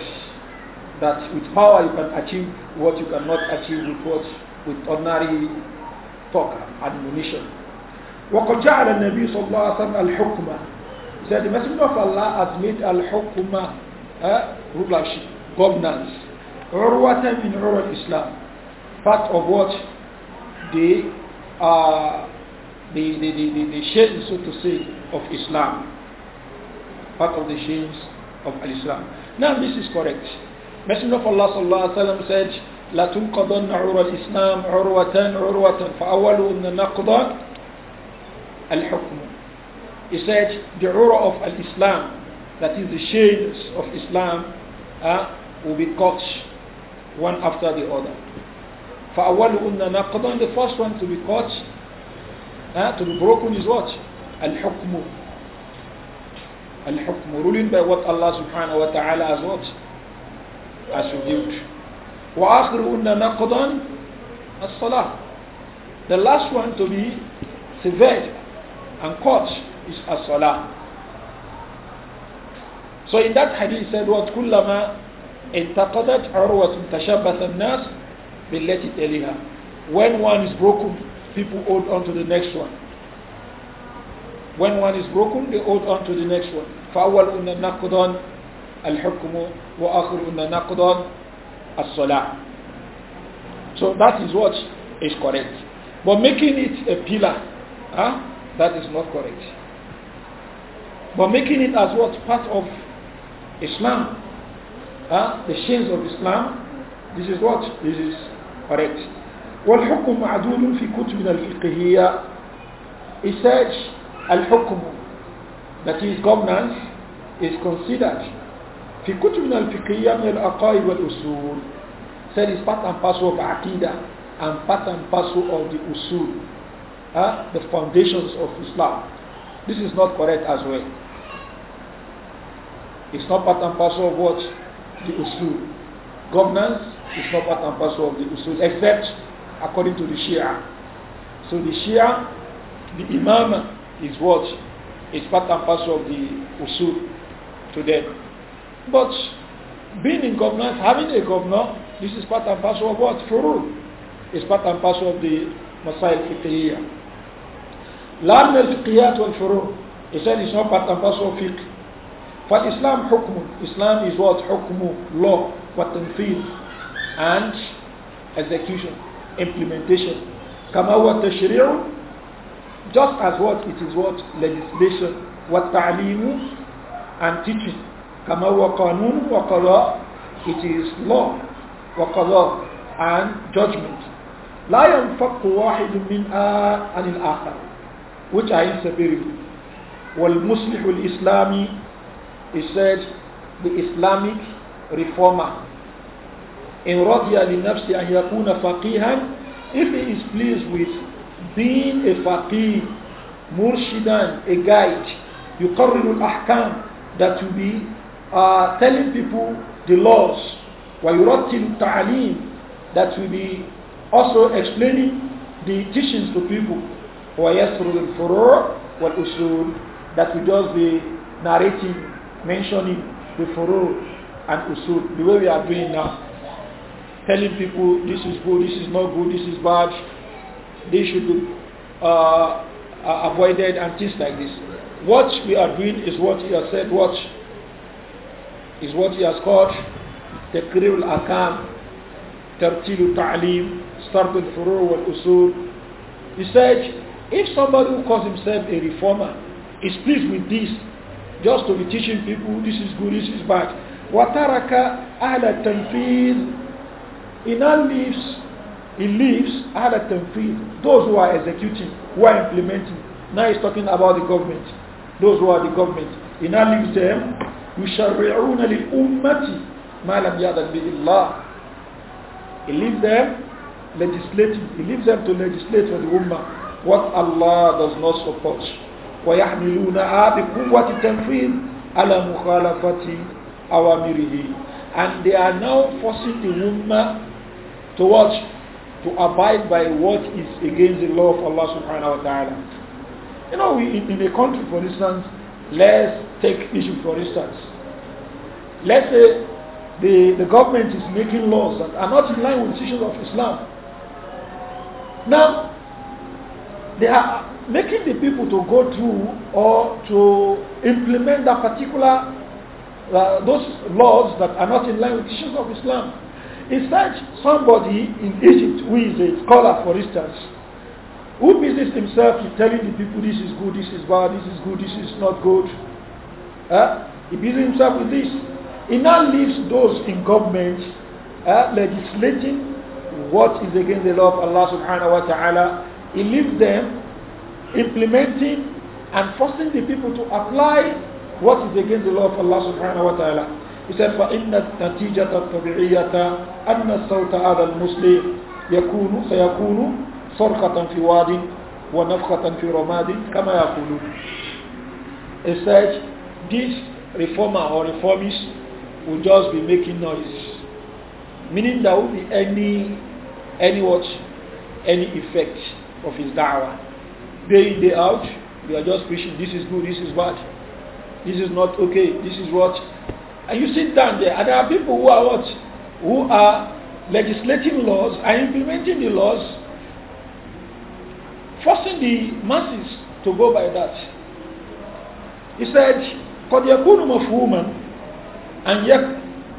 that with power you can achieve what you cannot achieve with what? With ordinary talk and munition. وَقَدْ جَعَلَ النَّبِيُّ صَلَّى اللَّهُ عَلَيْهِ وَسَلَّمَ الْحُكْمَ He said, the Messenger of Allah has made al-hukma, eh, rulership, governance. Urwatan in Urwal Islam. Part of what the, uh, the, the, the, the, the so to say, of Islam. Part of the chains of Islam. Now this is correct. Messenger of Allah sallallahu alaihi wasallam said, لا تنقضن عرى الإسلام عروة عروة فأولهن نقضا الحكم. He said, the عروة of Islam, that is the shades of Islam, uh, will be cut one after the other. فَأَوَّلُهُنَّ نَقْضًا The first one to be caught, to be broken is what? Al-Hukmu. Al-Hukmu, ruling by what Allah subhanahu wa ta'ala has what? Has revealed. وَآخِرُهُنَّ نَقْضًا الصَّلَاةِ The last one to be severed and caught is as-salah. So in that hadith said what? كُلَّمَا اتقدت عروة تشبث الناس بالتي تليها when one is broken people hold on to the next one when one is broken they hold on to the next one فأول أن نقضا الحكم وآخر أن نقضا الصلاة so that is what is correct but making it a pillar huh, that is not correct but making it as what part of Islam huh? the shins of Islam, this is what? This is correct. والحكم معدود في كتبنا الفقهية He says الحكم that is governance is considered في كتبنا الفقهية من الأقايد والأصول said it's part and parcel of Aqidah and part and parcel of the usul huh? the foundations of Islam this is not correct as well it's not part and parcel of what the usul. Governance is not part and parcel of the usul, except according to the Shia. So the Shia, the Imam is what is part and parcel of the usul to them. But being in governance, having a governor, this is part and parcel of what? Furu It's part and parcel of the Masail Fiqhiyya. لأن الفقهيات Furu, He said it's not part and parcel of fiqh. فالإسلام حكم Islam is what حكم law وتنفيذ and execution implementation كما هو التشريع just as what it is what legislation والتعليم and teaching كما هو قانون وقضاء it is law وقضاء and judgment لا ينفق واحد من آه عن الآخر which are inseparable والمصلح الإسلامي he said, the Islamic reformer. In Radia Nafsi an yakuna faqihan, if he is pleased with being a faqih, murshidan, a guide, يقرر الأحكام that will be uh, telling people the laws, While you teaching ta'lim, that will be also explaining the teachings to people, ويسر الفروع والأصول that will just be narrating mentioning the furrow and usul, the way we are doing now. Telling people this is good, this is not good, this is bad, this should be uh, uh, avoided and things like this. What we are doing is what he has said, what is what he has called the تكرير الأحكام ترتيل starting furrow and usul. He said, if somebody who calls himself a reformer is pleased with this just to be teaching people this is good, this is bad. وَتَرَكَ أَهْلَ التَّنْفِيذ He now leaves, he leaves أَهْلَ التَّنْفِيذ Those who are executing, who are implementing. Now he's talking about the government. Those who are the government. He now leaves them. يُشَرِّعُونَ لِلْأُمَّةِ مَا لَمْ يَعْدَلْ بِهِ اللَّهِ He leaves them legislating. He leaves them to legislate for the Ummah what Allah does not support. ويحملونها بقوة التنفيذ على مخالفة أوامره and they are now forcing the ummah to watch to abide by what is against the law of Allah subhanahu wa ta'ala you know we, in a country for instance let's take issue for instance let's say the, the government is making laws that are not in line with the teachings of Islam now they are making the people to go through or to implement that particular uh, those laws that are not in line with the issues of Islam. In fact, somebody in Egypt who is a scholar, for instance, who busies himself in telling the people this is good, this is bad, this is good, this is not good. Uh, he busies himself with this. He now leaves those in government uh, legislating what is against the law of Allah subhanahu wa ta'ala. He leaves them implementing and forcing the people to apply what is against the law of Allah subhanahu wa ta'ala. He said, فَإِنَّ النَّتِيجَةَ الطَّبِعِيَّةَ أَنَّ الصَّوْتَ هَذَا الْمُسْلِمِ يكون سيكون صرخة في واد ونفخة في رماد كما يقولون. He said, this reformer or reformist will just be making noise. Meaning there will be any, any what, any effect of his da'wah day in, day out, you are just preaching, this is good, this is bad, this is not okay, this is what. And you sit down there, and there are people who are what? Who are legislating laws and implementing the laws, forcing the masses to go by that. He said, قد يكون مفهوما أن يكون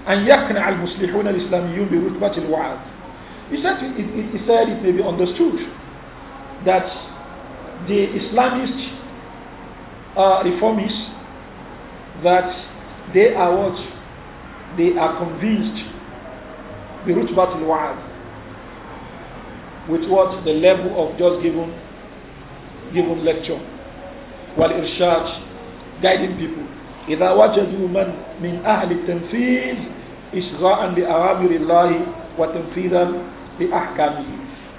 أن يقنع المصلحون الإسلاميون برتبة الوعاد. He said, it, it, he said it may be understood that the Islamist uh, reformists that they are what? They are convinced the root battle was with what the level of just given given lecture while charge guiding people إذا وجدوا من من أهل التنفيذ إشغاء بأوامر الله وتنفيذا بأحكامه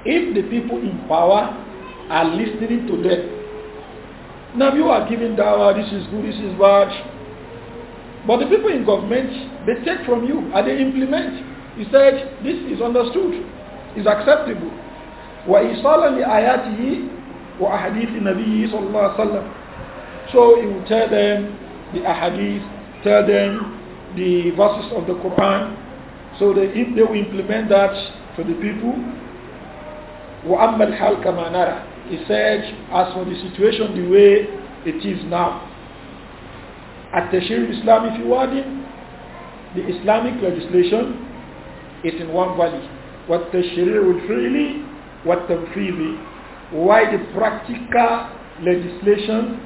if the people in power are listening to them. Now you are giving dawah, this is good, this is bad. But the people in government, they take from you and they implement. He said, this is understood, is acceptable. وَإِصَالًا لِآيَاتِهِ وَأَحَدِيثِ نَبِيِّهِ صلى الله عليه وسلم So he will tell them the ahadith, tell them the verses of the Quran. So they, they will implement that for the people, وَأَمَّا الْحَالْ كَمَا نَرَى he said, as for the situation, the way it is now, at Tashir Islam, if you want it, the Islamic legislation is in one valley. What Tashir would freely, what the freely. Why the practical legislation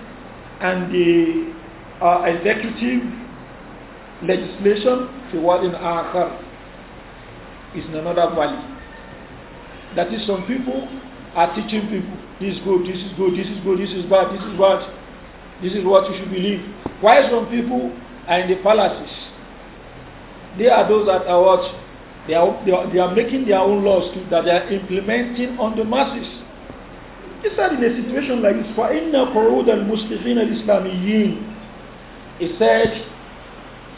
and the uh, executive legislation في واد آخر is in another valley. That is some people are teaching people this is good, this is good, this is good, this is bad, this is bad, this is what you should believe. Why some people are in the palaces? They are those that are what? They are, they are, they are making their own laws that they are implementing on the masses. He said in a situation like this, فَإِنَّ muslimin al الْإِسْلَامِيِّينَ He said,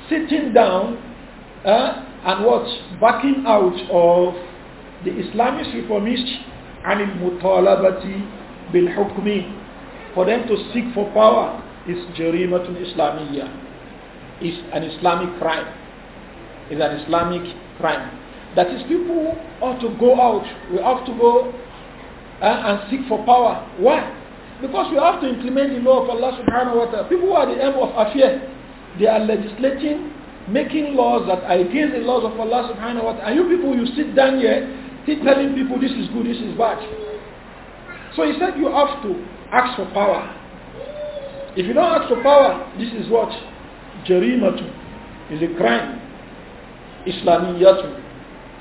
sitting down uh, and what? Backing out of the Islamist reformists عن المطالبة بالحكم for them to seek for power is جريمة إسلامية is an Islamic crime is an Islamic crime that is people ought to go out we have to go uh, and seek for power why because we have to implement the law of Allah subhanahu wa ta'ala people who are the aim of affair they are legislating making laws that are against the laws of Allah subhanahu wa ta'ala and you people you sit down here he telling people this is good, this is bad. So he said you have to ask for power. If you don't ask for power, this is what? Jerimatu is a crime. Islamiyatu,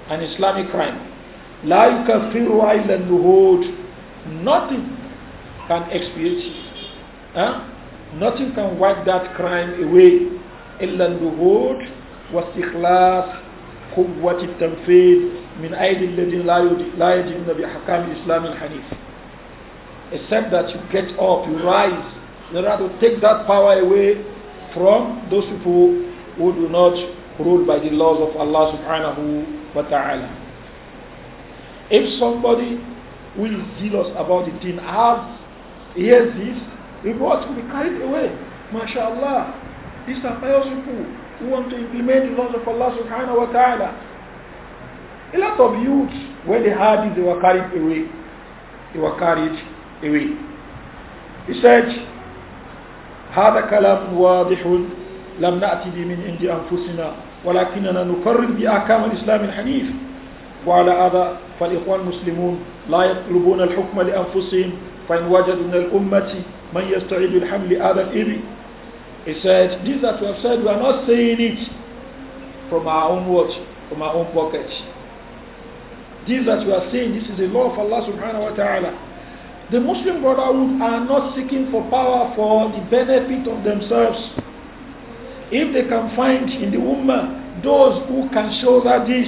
an Islamic crime. La yukafiru illa nuhud. Nothing can expiate it. Huh? Nothing can wipe that crime away. Illa nuhud wa istikhlas, can tanfidh من أيدي الذين لا يدينون Islam, الإسلام الحنيف except that you get up, you rise in order to take that power away from those people who do not rule by the laws of Allah subhanahu wa ta'ala. If somebody who is zealous about the deen has hears this, rewards will be carried away. MashaAllah, these are pious people who want to implement the laws of Allah subhanahu wa ta'ala. A lot of youths, when they heard this, they were carried away. They were carried away. He said, هذا كلام واضح لم نأتي به من عند أنفسنا ولكننا نقرر بأحكام الإسلام الحنيف وعلى هذا فالإخوان المسلمون لا يطلبون الحكم لأنفسهم فإن وجدوا من الأمة من يستعيد الحمل هذا الإبل He said, "These that we have said, we are not saying it from our own watch, from our own pocket. This that we are saying, this is the law of Allah subhanahu wa ta'ala. The Muslim Brotherhood are not seeking for power for the benefit of themselves. If they can find in the Ummah those who can shoulder this,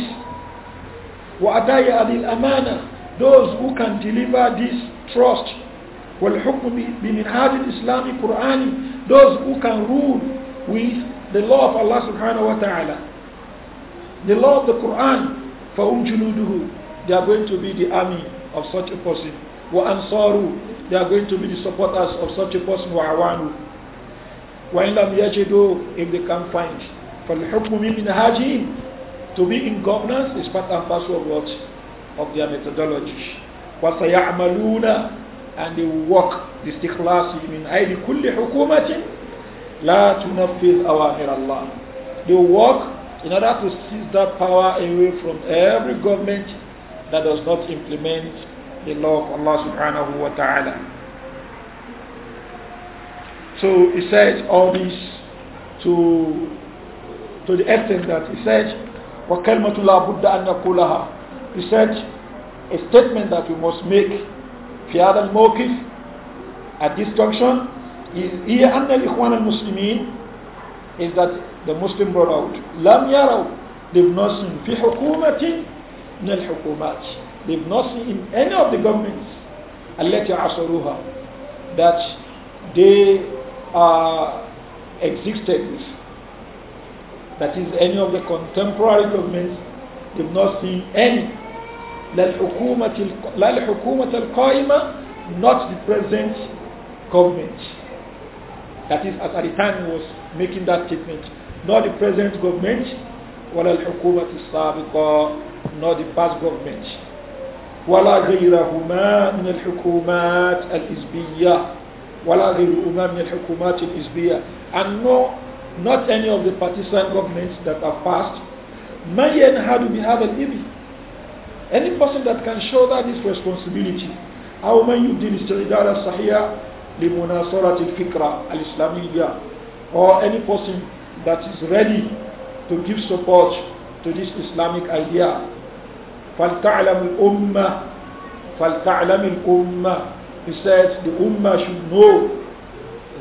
وَأَدَيَ adil amana, those who can deliver this trust, وَالْحُكْمُ hadith Islami Qur'ani, those who can rule with the law of Allah subhanahu wa ta'ala. The law of the Quran, فَهُمْ جُلُودُهُ they are going to be the army of such a person. Wa ansaru, they are going to be the supporters of such a person. Wa awanu. Wa in lam yajidu, if they can find. فَالْحُكْمُ مِنْ مِنْهَاجِهِمْ To be in governance is part and parcel of what? Of their methodology. وَسَيَعْمَلُونَ And they will work باستخلاص من أيدي كل حكومة لا تنفذ أوامر الله. They will work in order to seize that power away from every government that does not implement the law of Allah subhanahu wa ta'ala. So he said all this to to the extent that he said وَكَلْمَةُ لَا بُدَّ أَنْ نَقُولَهَا He said a statement that we must make في هذا الموقف at this junction is هي أن الإخوان المسلمين is that the Muslim out لم يروا they've not seen في حكومة من الحكومات they've not seen in any of the governments التي عصروها that they uh, existed that is any of the contemporary governments they've not seen any لا الحكومة لا الحكومة القائمة not the present government that is as Aritan was making that statement not the present government ولا الحكومة السابقة nor the past government. ولا غيرهما من الحكومات الحزبية ولا غيرهما من الحكومات الحزبية and no not any of the partisan governments that are passed من ينهد بهذا الإبي any person that can shoulder this responsibility أو من يبدي الاستعداد الصحيح لمناصرة الفكرة الإسلامية or any person that is ready to give support to this Islamic idea فَلْتَعْلَمُ الْأُمَّةِ فَلْتَعْلَمِ الْأُمَّةِ He says the Ummah should know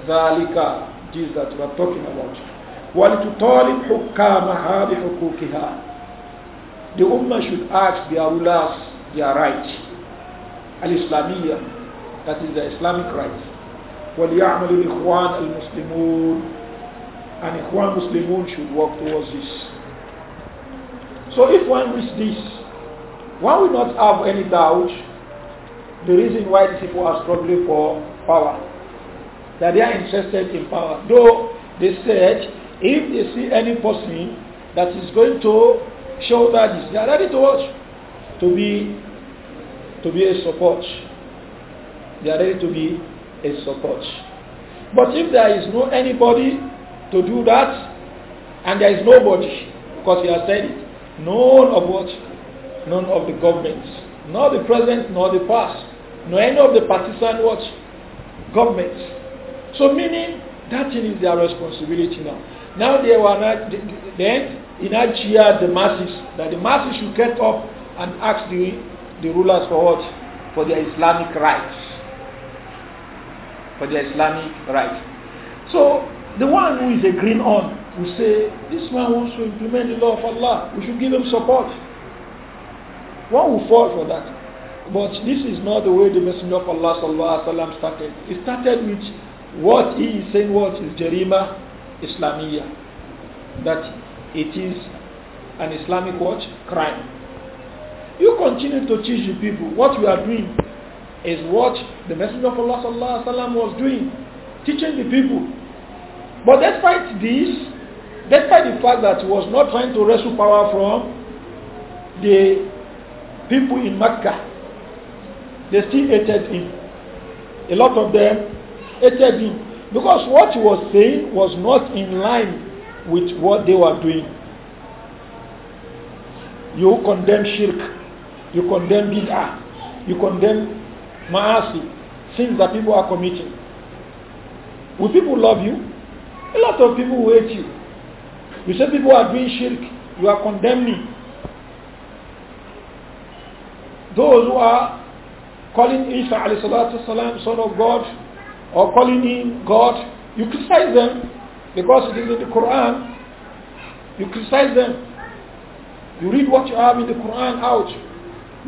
ذَلِكَ This that we are talking about. وَلْتُطَالِبْ حُكَّامَهَا بِحُقُوقِهَا The Ummah should ask their rulers their rights Al-Islamiyya, that is the Islamic right. وَلْيَعْمَلِ الْإِخْوَانِ الْمُسْلِمُونَ And Ikhwan Muslimun should work towards this. So if one reads this, why we not have any doubt the reason why these people are struggling for power? That they are interested in power. Though they said if they see any person that is going to show that they are ready to watch to be to be a support. They are ready to be a support. But if there is no anybody to do that, and there is nobody, because he has said it, none of what none of the governments, nor the present, nor the past, nor any of the partisan what? Governments. So meaning that thing is their responsibility now. Now they were not, then in Nigeria the masses, that the masses should get up and ask the, the rulers for what? For their Islamic rights. For their Islamic rights. So the one who is agreeing on will say, this man wants to implement the law of Allah. We should give him support. One will fall for that. But this is not the way the Messenger of Allah sallallahu alaihi wasallam started. He started with what he is saying, what is Jerima Islamiyah, that it is an Islamic what crime. You continue to teach the people what we are doing is what the Messenger of Allah sallallahu alaihi wasallam was doing, teaching the people. But despite this, despite the fact that he was not trying to wrestle power from the people in Mecca, they still hated him. A lot of them hated him because what he was saying was not in line with what they were doing. You condemn shirk, you condemn bid'ah, you condemn maasi, sins that people are committing. Will people love you? A lot of people will hate you. You say people are doing shirk, you are condemning those who are calling Isa salam son of God or calling him God, you criticize them because it is in the Quran. You criticize them. You read what you have in the Quran out.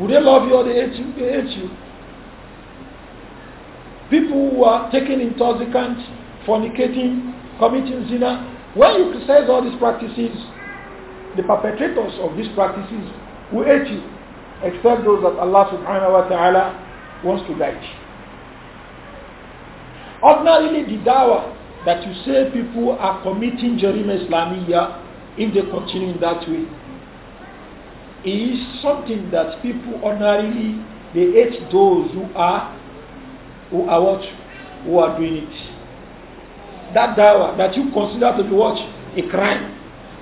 Would they love you or they hate you? They hate you. People who are taking intoxicants, fornicating, committing zina. When you criticize all these practices, the perpetrators of these practices will hate you except those that Allah subhanahu wa ta'ala wants to guide. Ordinarily, the dawah that you say people are committing Jarima Islamiyya if they continue in that way is something that people ordinarily they hate those who are who are what who are doing it. That dawah that you consider to be what a crime.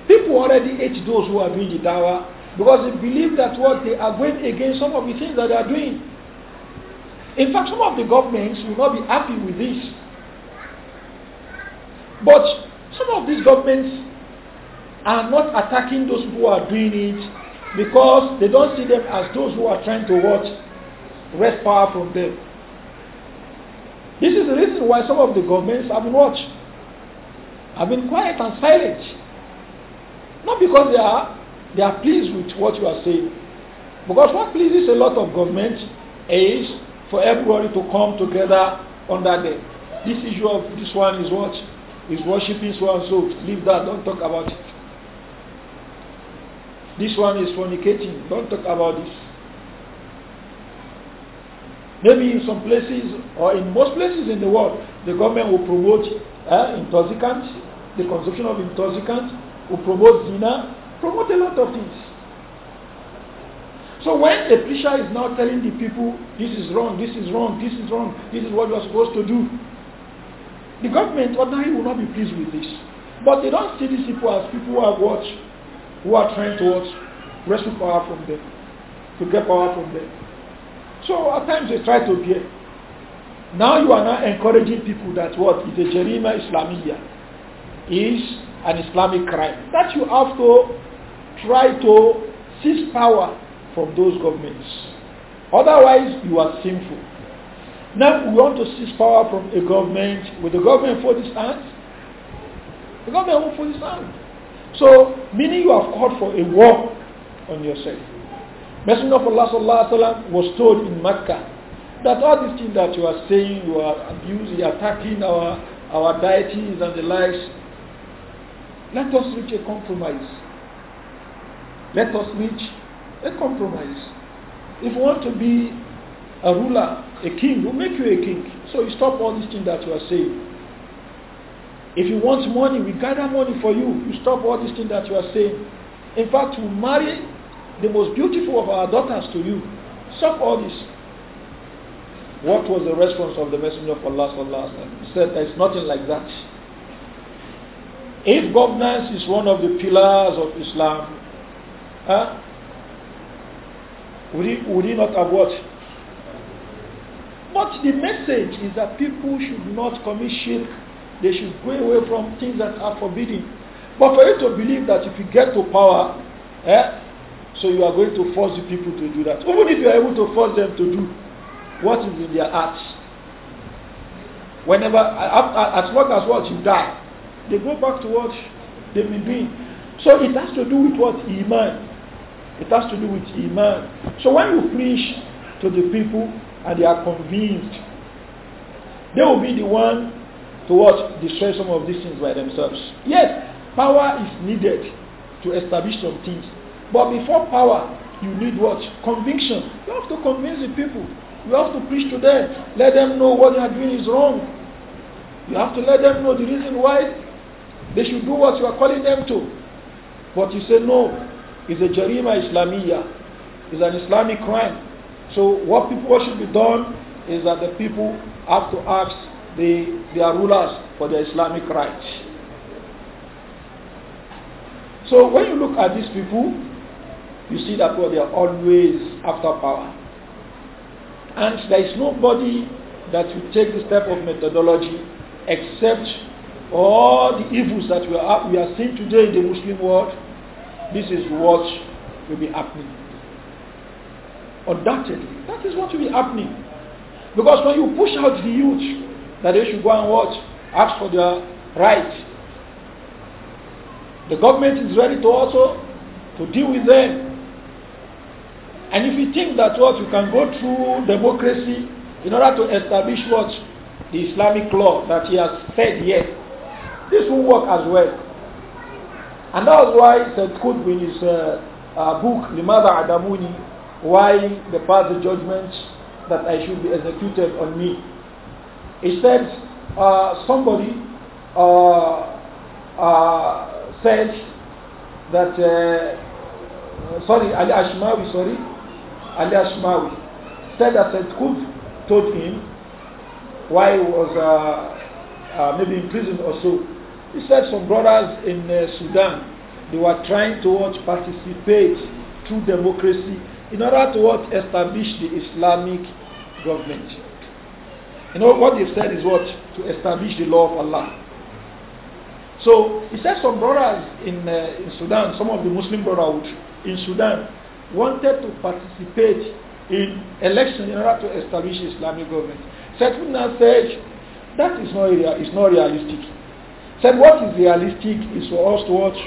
People already hate those who are doing the dawah because they believe that what they are going against some of the things that they are doing. In fact, some of the governments will not be happy with this. But some of these governments are not attacking those who are doing it because they don't see them as those who are trying to what? Wrest power from them. This is the reason why some of the governments have been watched, have been quiet and silent. Not because they are they are pleased with what you are saying. Because what pleases a lot of government is for everybody to come together under them. This issue of this one is what is worshipping so and so. Leave that, don't talk about it. This one is fornicating, don't talk about this. Maybe in some places or in most places in the world, the government will promote uh, intoxicants, the consumption of intoxicants, will promote dinner, promote a lot of things. So when the preacher is now telling the people, this is wrong, this is wrong, this is wrong, this is what you are supposed to do, the government ordinarily will not be pleased with this. But they don't see these people as people who are what? Who are trying to watch, Wrestle power from them. To get power from them. So at times they try to get. Now you are now encouraging people that what is a Jerima islamia, is an Islamic crime. That you have to try to seize power from those governments. Otherwise, you are sinful. Now, we want to seize power from a government. Will the government fold its hands? The government won't fold its hands. So, meaning you have called for a war on yourself. Messenger of Allah sallallahu sallam, was told in Mecca that all these things that you are saying, you are abusing, attacking our, our deities and the likes, let us reach a compromise. Let us reach a compromise. If you want to be a ruler, a king, we'll make you a king. So you stop all these things that you are saying. If you want money, we gather money for you. You stop all these things that you are saying. In fact, we marry the most beautiful of our daughters to you. Stop all this. What was the response of the Messenger of Allah sallallahu He said, "There's nothing like that. If governance is one of the pillars of Islam, Huh? Would he, would he not have what? But the message is that people should not commit shirk. They should go away from things that are forbidden. But for you to believe that if you get to power, eh, so you are going to force the people to do that. Even if you are able to force them to do what is in their hearts. Whenever, as long as what you die, they go back to what they may be. So it has to do with what? Iman. It has to do with Iman. So when you preach to the people and they are convinced, they will be the one to what? Destroy some of these things by themselves. Yes, power is needed to establish some things. But before power, you need what? Conviction. You have to convince the people. You have to preach to them. Let them know what they are doing is wrong. You have to let them know the reason why they should do what you are calling them to. But you say, no, it's a jarima Islamiyah. It's an Islamic crime. So what people what should be done is that the people have to ask the, their rulers for their Islamic rights. So when you look at these people, you see that well, they are always after power. And there is nobody that will take the step of methodology except all the evils that we are, we are seeing today in the Muslim world this is what will be happening. Undoubtedly, that is what will be happening. Because when you push out the youth, that they should go and watch, ask for their rights. The government is ready to also to deal with them. And if you think that what you can go through democracy in order to establish what the Islamic law that he has said here, this will work as well. And that was why said Qutb in his uh, uh, book, Limada Adamuni, why the past judgment that I should be executed on me. He said, uh, somebody uh, uh, said that, uh, sorry, Ali Ashmawi, sorry, Ali Ashmawi, said that Said Qutb told him why he was maybe in prison or so. He said some brothers in uh, Sudan, they were trying to what, participate through democracy in order to what, establish the Islamic government. You know, what they said is what? To establish the law of Allah. So, he said some brothers in, uh, in Sudan, some of the Muslim brotherhood in Sudan, wanted to participate in election in order to establish Islamic government. Settlement said, that is not, it's not realistic. Said what is realistic is for us to watch,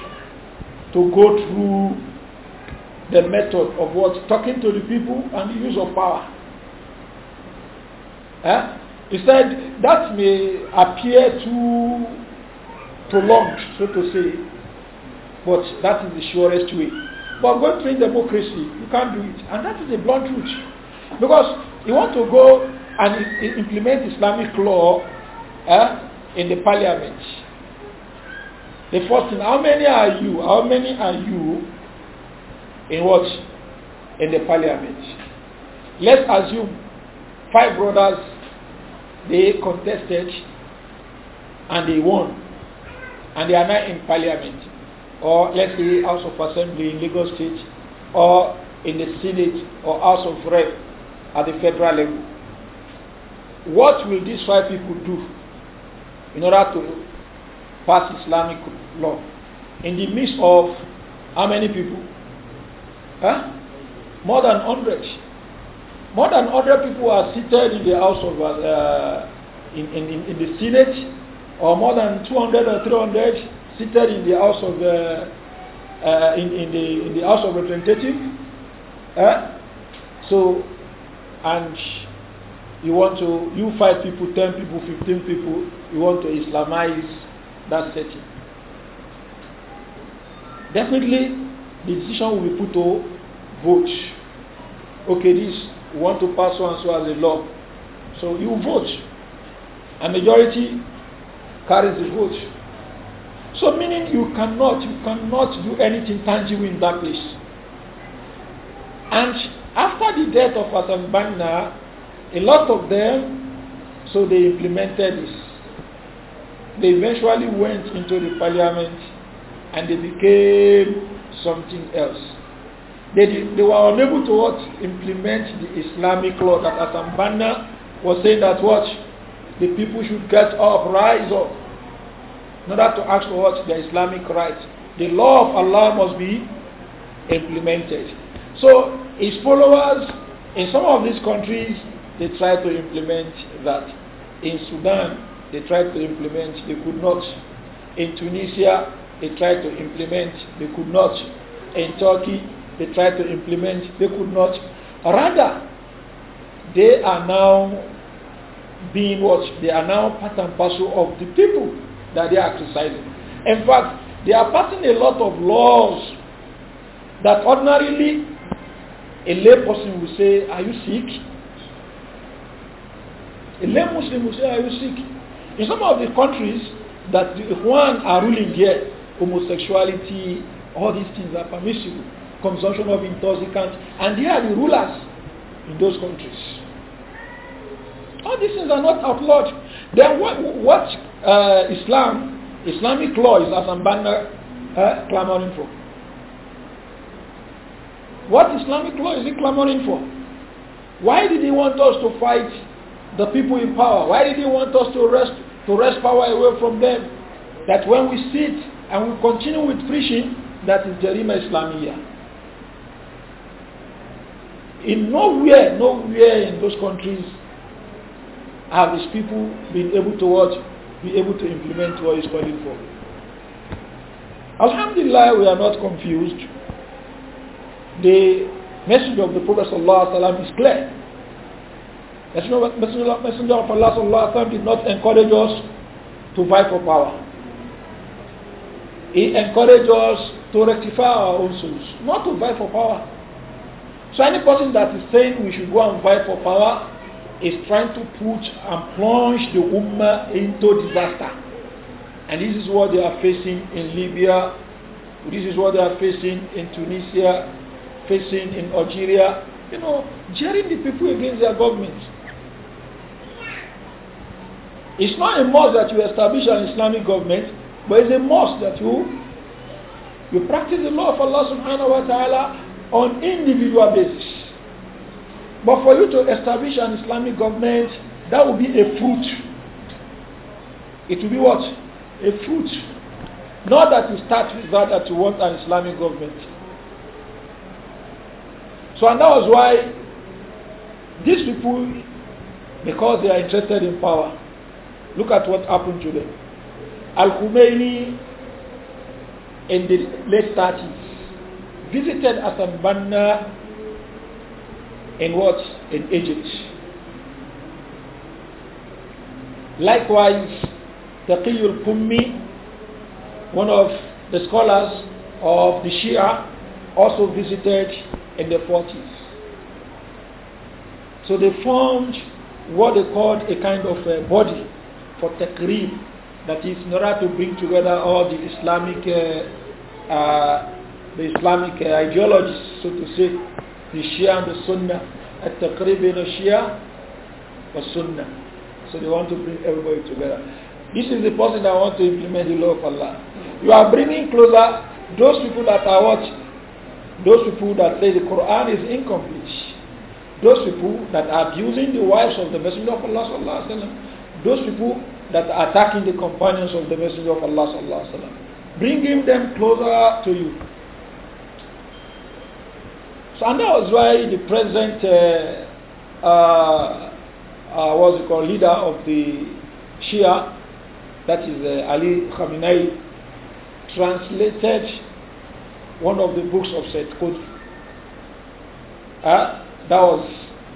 to go through the method of what talking to the people and the use of power. Eh? He said that may appear too prolonged, so to say, but that is the surest way. But going through democracy, you can't do it. And that is the blunt truth. Because you want to go and implement Islamic law eh, in the parliament. The first thing, how many are you? How many are you in what? In the parliament. Let's assume five brothers, they contested and they won. And they are now in parliament. Or let's say House of Assembly in Lagos State or in the Senate or House of Rep at the federal level. What will these five people do in order to past Islamic law in the midst of how many people? Huh? More than 100. More than 100 people are seated in the House of, uh, in, in, in the Senate, or more than 200 or 300 seated in the House of, the, uh, uh, in, in, the, in the House of Representatives. Huh? So, and you want to, you five people, 10 people, 15 people, you want to Islamize that's setting. Definitely, the decision will be put to vote. Okay, this want to pass so and so as a law. So you vote. A majority carries the vote. So meaning you cannot, you cannot do anything tangible in that place. And after the death of Asambanna, a lot of them, so they implemented this. They eventually went into the parliament and they became something else. They, they were unable to what? implement the Islamic law that Hassan Banna was saying that what? The people should get up, rise up, in order to ask for what? Their Islamic rights. The law of Allah must be implemented. So his followers in some of these countries, they try to implement that. In Sudan, they tried to implement, they could not. In Tunisia, they tried to implement, they could not. In Turkey, they tried to implement, they could not. Rather, they are now being what? They are now part and parcel of the people that they are criticizing. In fact, they are passing a lot of laws that ordinarily a lay person will say, are you sick? A lay Muslim will say, are you sick? In some of the countries that the Ikhwan are ruling there, homosexuality, all these things are permissible, consumption of intoxicants, and they are the rulers in those countries. All these things are not outlawed. Then what, what uh, Islam, Islamic law is Asambana uh, clamoring for? What Islamic law is he clamoring for? Why did he want us to fight the people in power? Why did he want us to arrest to wrest power away from them. That when we sit and we continue with preaching, that is Jarima Islamia. In nowhere, nowhere in those countries have his people been able to watch, be able to implement what he's calling for. Alhamdulillah, we are not confused. The message of the Prophet is clear. Messenger, Messenger, of Allah sallallahu alaihi did not encourage us to vie for power. He encouraged us to rectify our own souls, not to vie for power. So any person that is saying we should go and vie for power is trying to put and plunge the Ummah into disaster. And this is what they are facing in Libya, this is what they are facing in Tunisia, facing in Algeria. You know, jeering the people against their governments. It's not a must that you establish an Islamic government, but it's a must that you you practice the law of Allah subhanahu wa ta'ala on individual basis. But for you to establish an Islamic government, that will be a fruit. It will be what? A fruit. Not that you start with that that you want an Islamic government. So and that was why these people, because they are interested in power, Look at what happened to them. Al-Khomeini in the late 30s visited Hassan Banna in what? In Egypt. Likewise, Taqiyul Kummi, one of the scholars of the Shia, also visited in the 40s. So they formed what they called a kind of a uh, body for taqreeb, that is in order to bring together all the Islamic, uh, uh, the Islamic uh, ideologies, so to say, the Shia and the Sunnah, at taqreeb in the Shia, the Sunnah. So they want to bring everybody together. This is the person that want to implement the law of Allah. You are bringing closer those people that are watching, those people that say the Quran is incomplete, those people that are abusing the wives of the Messenger of Allah, those people that are attacking the companions of the Messenger of Allah sallallahu alaihi wasallam. Bringing them closer to you. So and that was why the present, uh, uh, uh, what's it called, leader of the Shia, that is uh, Ali Khamenei, translated one of the books of Said Qutb. Uh, that was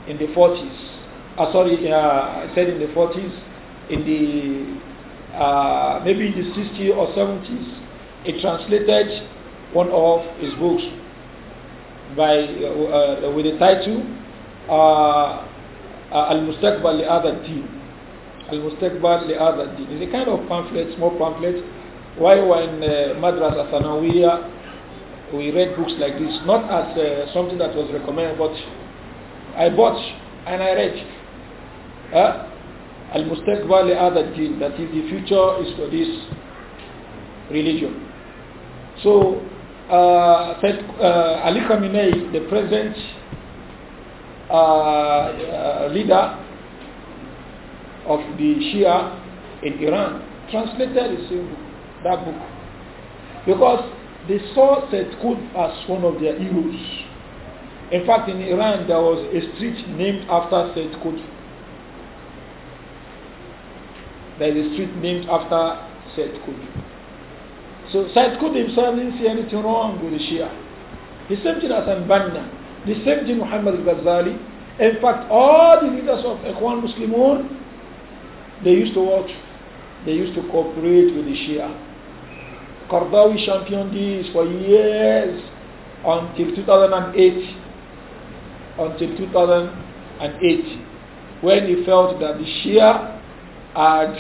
in the 40s. Uh, sorry, uh, I said in the 40s in the uh, maybe in the 60s or 70s. He translated one of his books by uh, uh with the title uh, uh, Al-Mustaqbal Al Din. Al-Mustaqbal Al Din. It's a kind of pamphlet, small pamphlet. Why in uh, Madrasa Thanawiya we read books like this, not as uh, something that was recommended, but I bought and I read. Al-Mustaqbal other deen, that is the future is for this religion. So, uh, uh, Ali Khamenei, the present uh, uh, leader of the Shia in Iran, translated that book. Because they saw Setkut as one of their heroes. In fact, in Iran, there was a street named after Setkut there is a street named after Said Qutb. So Said Qutb himself didn't see anything wrong with the Shia. The same thing as Banna, the same thing Muhammad al-Ghazali. In fact, all the leaders of Ikhwan Muslimun, they used to watch, they used to cooperate with the Shia. Qardawi championed this for years until 2008. Until 2008, when he felt that the Shia had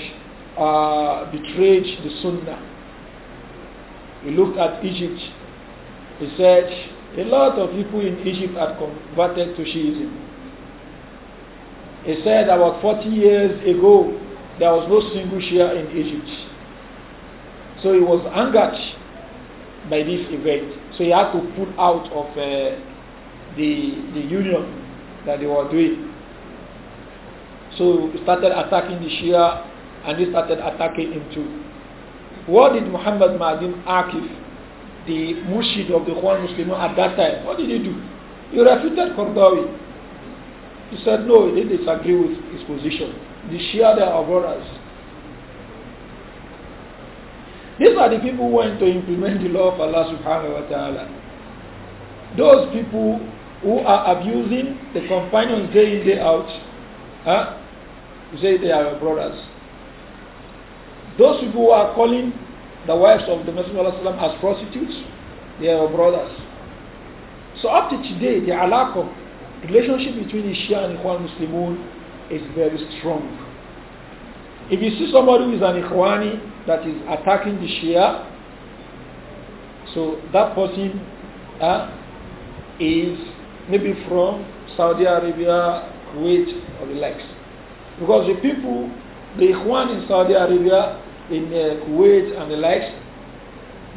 uh, betrayed the Sunnah. He looked at Egypt. He said a lot of people in Egypt had converted to Shiism. He said about 40 years ago, there was no single Shia in Egypt. So he was angered by this event. So he had to pull out of uh, the, the union that they were doing. So he started attacking the Shia and they started attacking him too. What did Muhammad Mahdim Akif, the Mushid of the Juan Muslim at that time, what did he do? He refuted Qardawi. He said, no, they disagree with his position. The Shia, they are brothers. These are the people who want to implement the law of Allah subhanahu wa ta'ala. Those people who are abusing the companions day in, day out, huh? You say they are your brothers. Those people who are calling the wives of the Messenger of Allah as prostitutes, they are your brothers. So up to today, the alaqa, relationship between the Shia and Ikhwan Muslimun is very strong. If you see somebody who is an Ikhwani that is attacking the Shia, so that person uh, is maybe from Saudi Arabia, Kuwait, or the likes. Because the people, the Ikhwan in Saudi Arabia, in uh, Kuwait and the likes,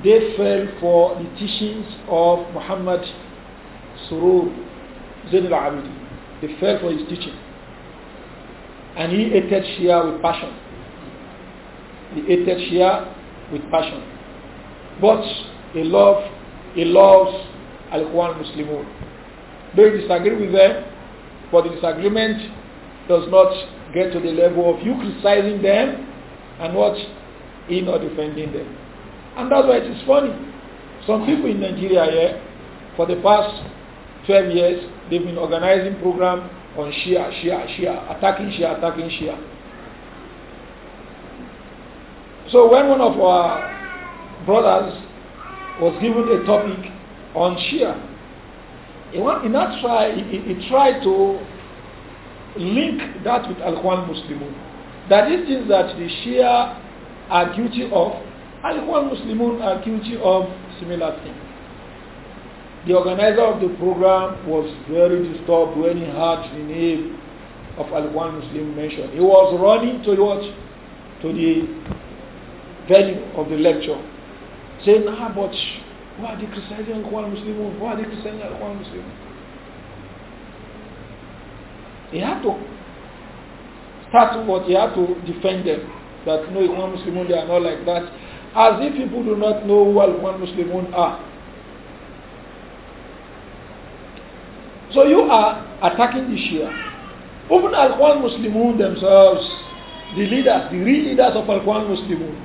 they fell for the teachings of Muhammad Surur Zain al-Abidi. They fell for his teaching. And he ate Shia with passion. He ate Shia with passion. But he loved, he loves Al-Quran Muslimun. They disagree with them, but the disagreement does not get to the level of you criticizing them and what in or defending them. And that's why it is funny. Some people in Nigeria here, for the past 12 years, they've been organizing program on Shia, Shia, Shia, attacking Shia, attacking Shia. So when one of our brothers was given a topic on Shia, he, want, he, not try, he, he tried to link that with Al-Quran Muslimun. That is things that the Shia are guilty of, Al-Quran Muslimun are guilty of similar things. The organizer of the program was very disturbed when he heard the name of Al-Quran Muslim mentioned. He was running towards to the venue of the lecture, saying, ah, but why are they criticizing Al-Quran Muslimun? Why are they criticizing Al-Quran Muslimun? He had to start what he had to defend them. That no Ikhwan Muslimun, they are not like that. As if people do not know who Ikhwan Muslimun are. So you are attacking the Shia. Even Al-Quran Muslimun themselves, the leaders, the real leaders of Al-Quran Muslimun,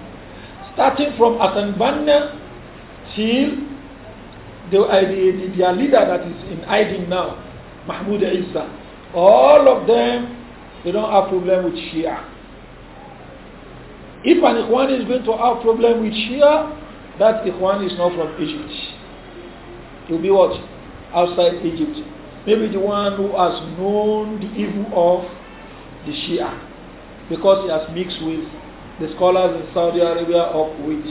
starting from Hassan Banna till the, the, the, their leader that is in hiding now, Mahmoud Isa. All of them, they don't have problem with Shia. If an Ikhwan is going to have problem with Shia, that Ikhwan is not from Egypt. He'll be what? Outside Egypt. Maybe the one who has known the evil of the Shia. Because he has mixed with the scholars in Saudi Arabia of which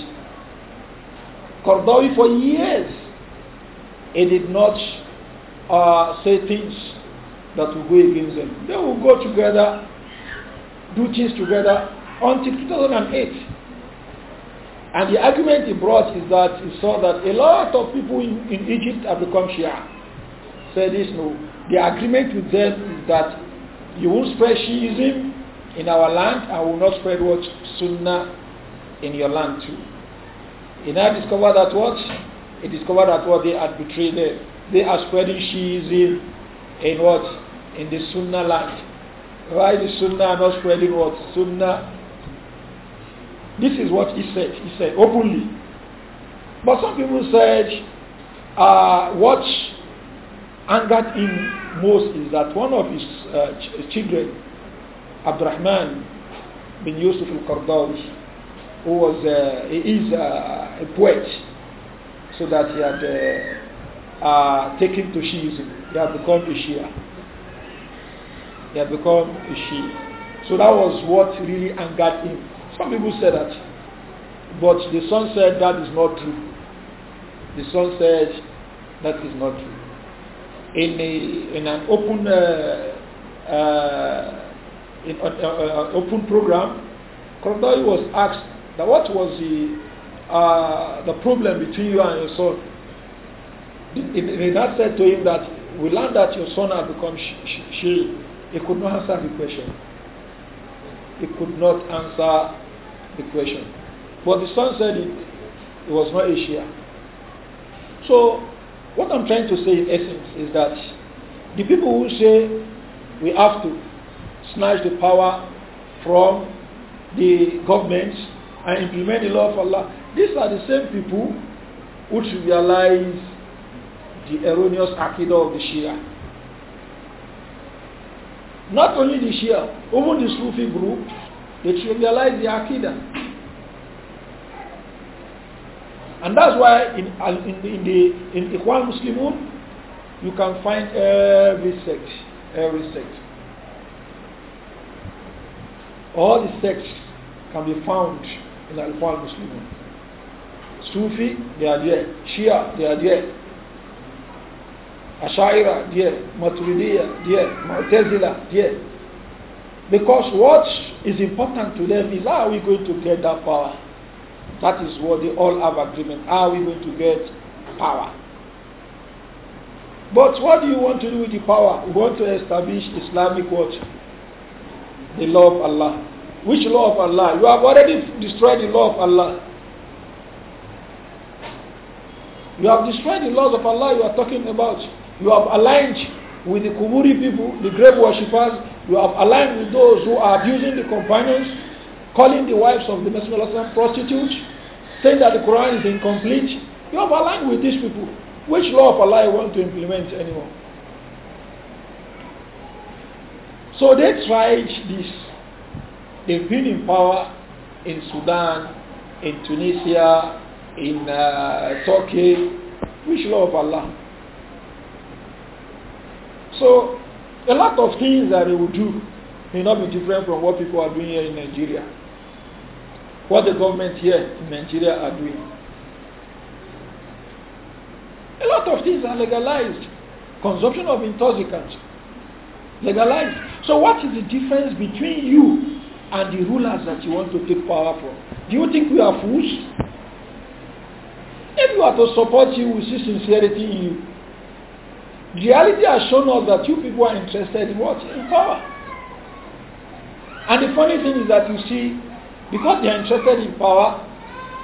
Cordovi for years he did not uh, say things that will go against them. They will go together, do things together until 2008. And the argument he brought is that he saw that a lot of people in, in Egypt have become Shia. Said this, no. The agreement with them is that you won't spread Shiism in our land and will not spread what Sunnah in your land too. He now discovered that what? He discovered that what they had betrayed They are spreading Shiism in what? in the Sunnah land. Why the Sunnah not spreading what? Sunnah. This is what he said. He said openly. But some people said uh, what angered him most is that one of his uh, ch children, Abdurrahman bin Yusuf al-Qardawi, who was uh, he is uh, a poet, so that he had uh, uh taken to Shiism. He had become a Shia. He had become a she. So that was what really angered him. Some people said that. But the son said that is not true. The son said that is not true. In, a, in an open, uh, uh, in a, uh, uh, uh, open program, Kordoi was asked that what was the, uh, the problem between you and your son. The, dad said to him that we learned that your son had become she. He could not answer the question. He could not answer the question. But the son said it, it was not a Shia. So, what I'm trying to say in essence is that the people who say we have to snatch the power from the governments and implement the law of Allah, these are the same people who trivialize the erroneous akidah of the Shia. Not only the Shia, even the Sufi group, they trivialize the Akidah. And that's why in, in, in the in Ikhwan Muslimun, you can find every sect, every sect. All the sects can be found in Al-Ikhwan Muslimun. Sufi, they are there. Shia, they are there. Ashaira, dear, Matridia, dear, Mu'tazila, dear. Because what is important to them is how are we going to get that power? That is what they all have agreement. How are we going to get power? But what do you want to do with the power? We want to establish Islamic what? The law of Allah. Which law of Allah? You have already destroyed the law of Allah. You have destroyed the laws of Allah you are talking about. You have aligned with the Kuburi people, the grave worshippers. You have aligned with those who are abusing the companions, calling the wives of the Messenger of Allah prostitutes, saying that the Quran is incomplete. You have aligned with these people. Which law of Allah you want to implement anymore? So they tried this. They've been in power in Sudan, in Tunisia, in uh, Turkey. Which law of Allah? So a lot of things that they will do may not be different from what people are doing here in Nigeria. What the government here in Nigeria are doing. A lot of things are legalized. Consumption of intoxicants. Legalized. So what is the difference between you and the rulers that you want to take power from? Do you think we are fools? If you are to support you, we see sincerity in you. Reality has shown us that you people are interested in what? In power. And the funny thing is that you see, because they are interested in power,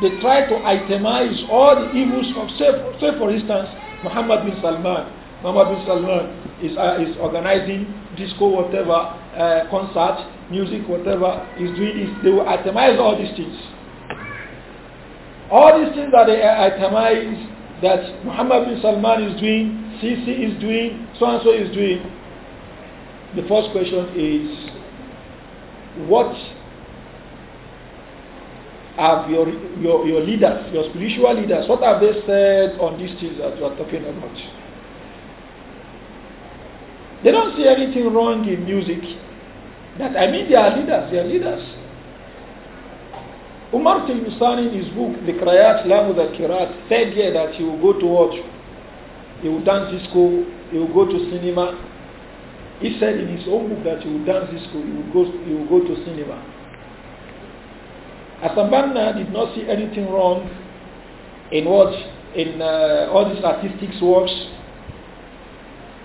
they try to itemize all the evils of, say, say for instance, Muhammad bin Salman. Muhammad bin Salman is, uh, is organizing disco, whatever, uh, concert, music, whatever, is doing this. They will itemize all these things. All these things that they itemize that Muhammad bin Salman is doing CC is doing, so and so is doing. The first question is what have your, your, your leaders, your spiritual leaders, what have they said on these things that you are talking about? They don't see anything wrong in music. That I mean, they are leaders, they are leaders. Umar Tilmisani in his book, The Krayat Lamu Kirat, said here that he will go to watch he will dance disco, he will go to cinema. He said in his own book that he will dance disco, he will go, he will go to cinema. Asambanna did not see anything wrong in what in uh, all these artistic works,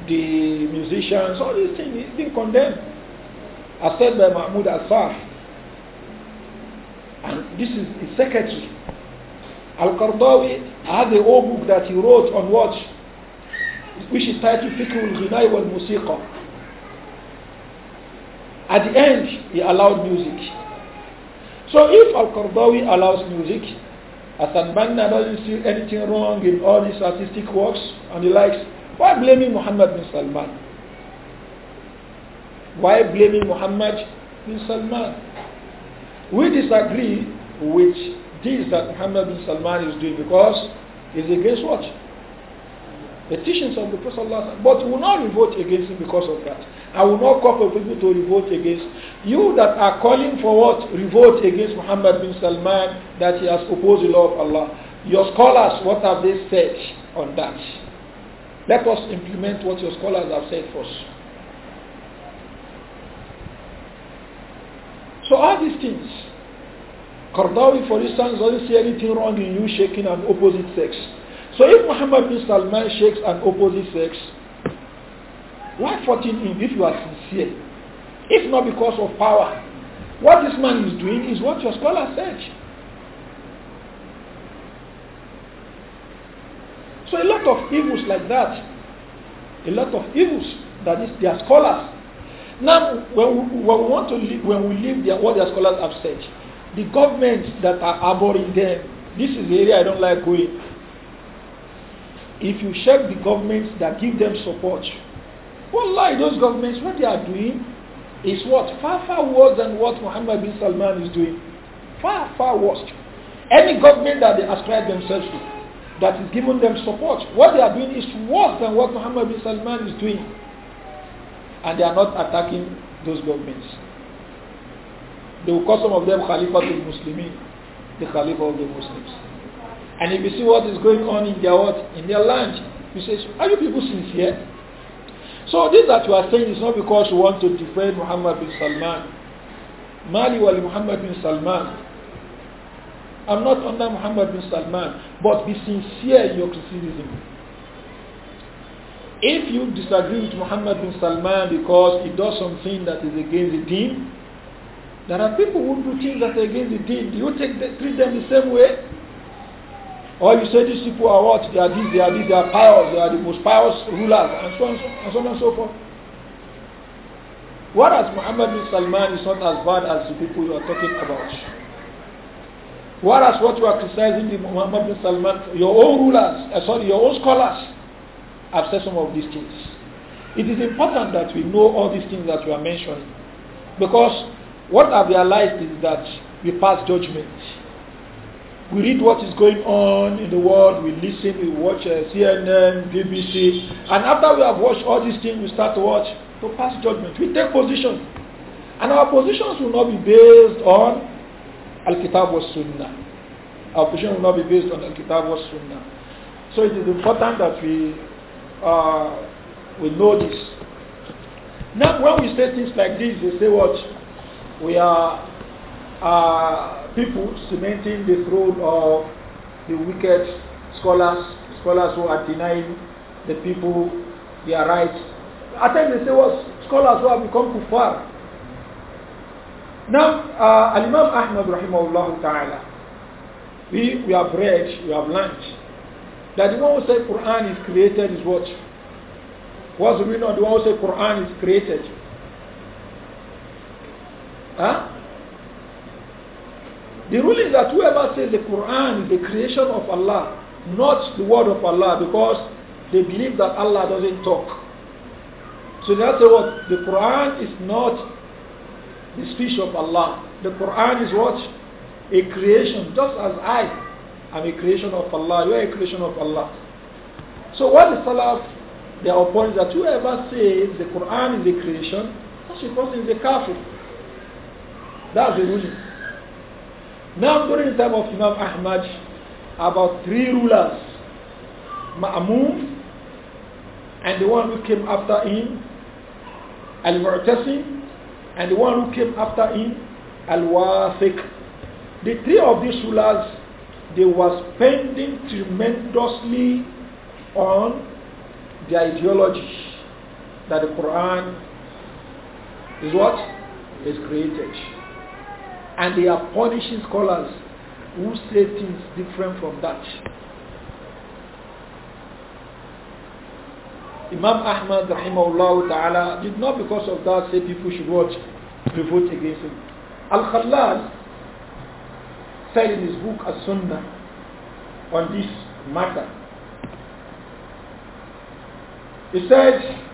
the musicians, all these things, he has been condemned. As said by Mahmoud Asaf, and this is his secretary. Al-Qardawi had a whole book that he wrote on what? which is titled Fiqh al-Ghina'i wal-Musiqa. At the end, he allowed music. So if Al-Qardawi allows music, as Al-Banna doesn't see anything wrong in all his artistic works and the likes, why blaming Muhammad bin Salman? Why blaming Muhammad bin Salman? We disagree with this that Muhammad bin Salman is doing because it's against what? the teachings of the Prophet but will not revolt against him because of that. I will not call for people to revolt against you that are calling for what? Revolt against Muhammad bin Salman that he has opposed the law of Allah. Your scholars, what have they said on that? Let us implement what your scholars have said for us. So all these things, Qardawi for instance doesn't see anything wrong in you shaking an opposite sex. So if Muhammad bin Salman shakes an opposite sex, why 14 him if you are sincere? If not because of power. What this man is doing is what your scholar said. So a lot of evils like that, a lot of evils that is their scholars. Now, when we, when we want to leave, when we leave their, what their scholars have said, the governments that are abhorring them, this is the area I don't like going if you check the governments that give them support, wallahi, those governments, what they are doing is what? Far, far worse than what Muhammad bin Salman is doing. Far, far worse. Any government that they ascribe themselves to, that is giving them support, what they are doing is worse than what Muhammad bin Salman is doing. And they are not attacking those governments. They will call some of them Khalifa to Muslims, the Khalifa of the Muslims. And if you see what is going on in their what, in their land, you say, are you people sincere? So this that you are saying is not because you want to defend Muhammad bin Salman. Mali wali Muhammad bin Salman. I'm not under Muhammad bin Salman, but be sincere in your criticism. If you disagree with Muhammad bin Salman because he does something that is against the deen, there are people who do things that are against the deen. Do you take treat them the same way? Or you say these people are what? They are these, they are these, they are pious, they are the most pious rulers, and so on and so, and so, on and so forth. Whereas Muhammad bin Salman is not as bad as the people you are talking about. Whereas what you are criticizing the Muhammad bin Salman, your own rulers, uh, sorry, your own scholars have said some of these things. It is important that we know all these things that you are mentioning. Because what I've realized is that we pass judgment we read what is going on in the world, we listen, we watch uh, CNN, BBC, and after we have watched all these things, we start to watch, to pass judgment. We take positions. And our positions will not be based on Al-Kitab wa Sunnah. Our position will not be based on Al-Kitab wa Sunnah. So it is important that we, uh, we know this. Now when we say things like this, they say what? We are uh, people cementing the throne of the wicked scholars, scholars who are denying the people their rights. At times they say, well, scholars who have become kuffar. Now, uh, Al-Imam Ahmad rahimahullah ta'ala, we, we have read, we have learned, that the one who said Quran is created is what? What's the meaning the one who said Quran is created? Huh? The ruling that whoever says the Quran is the creation of Allah, not the word of Allah, because they believe that Allah doesn't talk. So that's what the Quran is not the speech of Allah. The Quran is what? A creation, just as I am a creation of Allah, you are a creation of Allah. So what the Salaf, their opponent, that whoever says the Quran is a creation, such a person is a kafir. That's the ruling. Now during the time of Imam Ahmad, about three rulers, Ma'mun and the one who came after him, Al-Mu'tasim, and the one who came after him, Al-Wathiq. The three of these rulers, they were spending tremendously on the ideology that the Quran is what? Is created. And they are punishing scholars who say things different from that. Imam Ahmad rahimahullah ta'ala did not because of that say people should watch, revolt against him. Al-Khalal said in his book As-Sunnah on this matter. He said,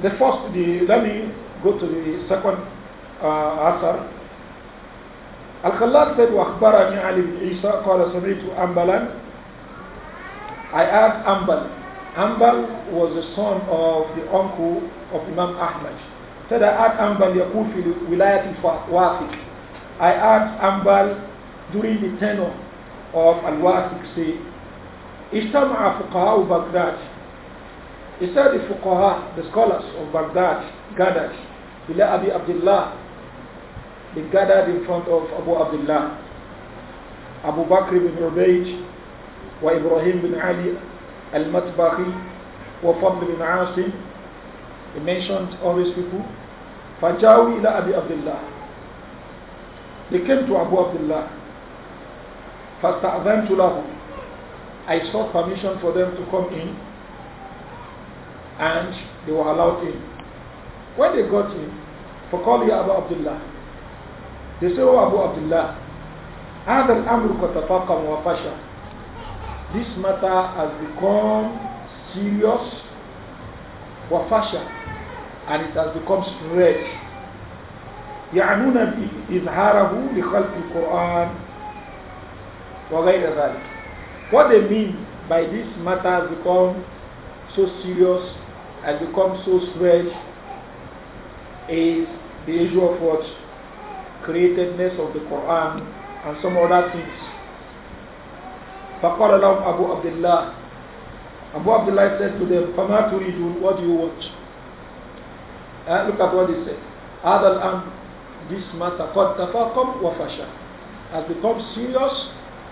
The first, the, let me go to the second uh, answer. al Khalad said, وَأَخْبَرَنِي عَلِي بِن عِيسَى قَالَ سَمِعْتُ أَنْبَلًا I asked Ambal. Ambal was the son of the uncle of Imam Ahmad. Said I asked Ambal يقول في ولاية الواسق. I asked Ambal during the tenure of Al-Wasiq say, اجتمع فقهاء بغداد he said the fuqaha, the scholars of Baghdad, gathered. Ila Abi Abdullah, they gathered in front of Abu Abdullah. Abu Bakr bin Ubayd, wa Ibrahim bin Ali al-Matbahi, wa Fadl bin Asim. He mentioned all these people. Fajawi ila Abi Abdullah. They came to Abu Abdullah. to لَهُمْ I sought permission for them to come in and they were allowed in. When they got in, for calling Abu Abdullah, They said, oh Abu Abdullah, هذا الأمر قد wa fasha." This matter has become serious fasha, and it has become spread يعنون إظهاره لخلق القرآن وغير ذلك What they mean by this matter has become so serious has become so spread is the issue of what createdness of the Quran and some other things. فقال لهم Abu Abdullah. Abu Abdullah said to them, to read. what do you want? Uh, look at what he said. هذا الأمر this matter قد تفاقم Fasha. has become serious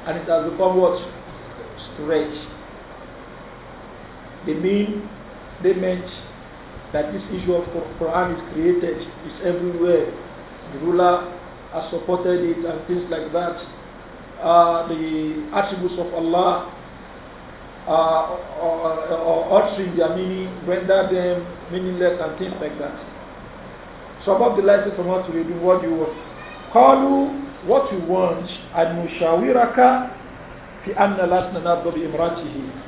and it has become what? Stretched. They mean they meant that this issue of Quran is created, is everywhere. The ruler has supported it and things like that. Uh, the attributes of Allah uh, or, or altering their meaning, render them meaningless and things like that. So above the license from what we do, what you want. Kalu, what you want, and Mushawiraka fi anna lasna nabdu bi imratihi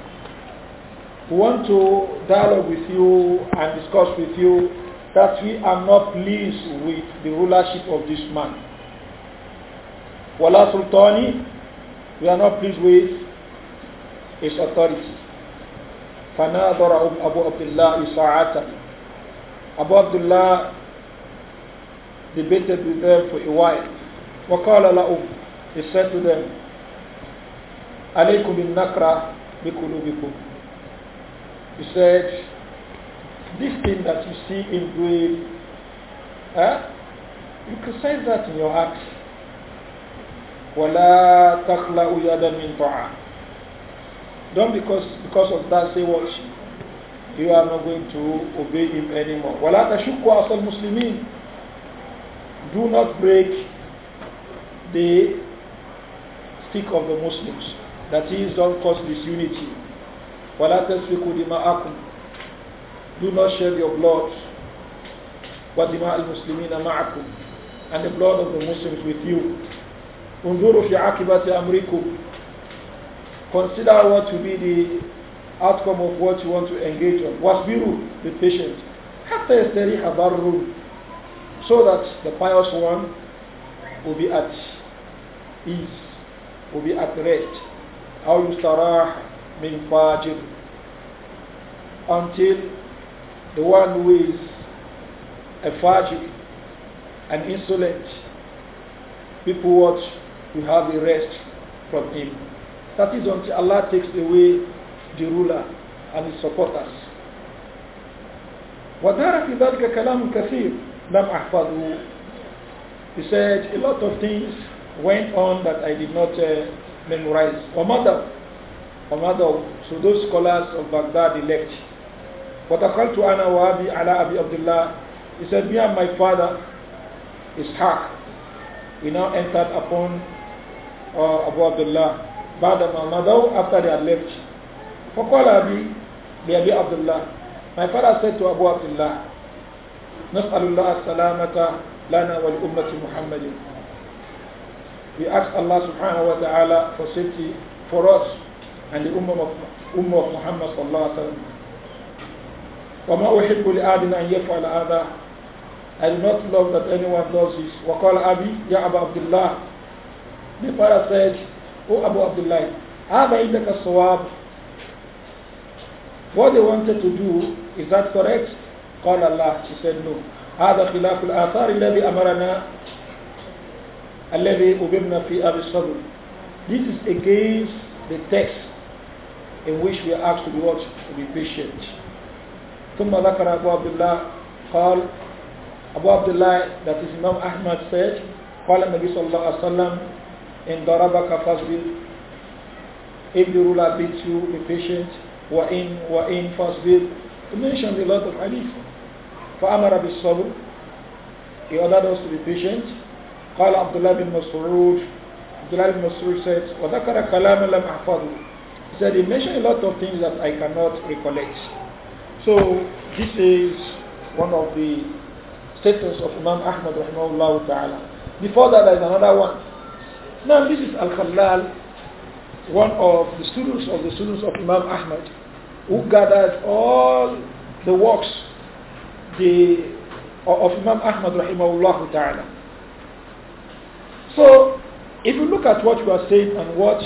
we want to dialogue with you and discuss with you that we are not pleased with the rulership of this man. Wala Sultani, we are not pleased with his authority. فناظر أبو عبد الله ساعة أبو عبد debated with them for a while وقال لهم he said to them عليكم النكرة بقلوبكم he said, this thing that you see in grave, eh, you say that in your heart. وَلَا تَخْلَأُ يَدًا مِنْ طَعَامٍ Don't because, because of that say what? You are not going to obey him anymore. وَلَا تَشُكُّ أَصَلْ مُسْلِمِينَ Do not break the stick of the Muslims. That is, don't cause disunity. وَلَا تَسْفِكُوا دِمَاءَكُمْ Do not shed your blood. وَدِمَاءِ الْمُسْلِمِينَ مَعَكُمْ And the blood of the Muslims with you. انظروا في عاقبة أمركم Consider what to be the outcome of what you want to engage on. وَاسْبِرُوا Be patient. حَتَّى يَسْتَرِيحَ بَرُّ So that the pious one will be at ease, will be at rest. how أو يستراح min fajir until the one who is a fajir and insolent people watch to have a rest from him that is until Allah takes away the ruler and his supporters ودار في ذلك كلام كثير لم أحفظه he said a lot of things went on that I did not uh, memorize or another to those scholars of Baghdad elect. But called to Ana عَلَىٰ أَبِي abi Abdullah. He said, me and my father, Ishaq, we now entered upon uh, Abu Abdullah. بعد ما after they had left. فقال أبي لأبي عبد Abdullah. My father said to Abu Abdullah, نسأل الله lana wal ولأمة Muhammadin. We ask Allah subhanahu wa ta'ala for safety for us and the Ummah of, ummah of Muhammad وما أحب لأحد أن يفعل هذا I do not love that anyone does this. وقال أبي يا أبا عبد الله The father said, O Abu Abdullah, هذا عندك الصواب What they wanted to do, is that correct? قال الله, she said no. هذا خلاف الآثار الذي أمرنا الذي في أبي الصبر This is against the text in which we are asked to be what? To be patient. ثم ذكر أبو عبد الله قال أبو عبد الله that is Imam Ahmad said قال النبي صلى الله عليه وسلم إن ضربك فاصبر if the ruler beats you be patient وإن وإن فاصبر he mentioned a lot of hadith فأمر بالصبر he ordered us to be patient قال عبد الله بن مسعود عبد الله بن مسعود said وذكر كلاما لم أحفظه said he mentioned a lot of things that I cannot recollect. So this is one of the statements of Imam Ahmad rahimahullah ta'ala. Before that there is another one. Now this is Al-Khalal, one of the students of the students of Imam Ahmad, who gathered all the works the, of Imam Ahmad rahimahullah ta'ala. So if you look at what we are saying and what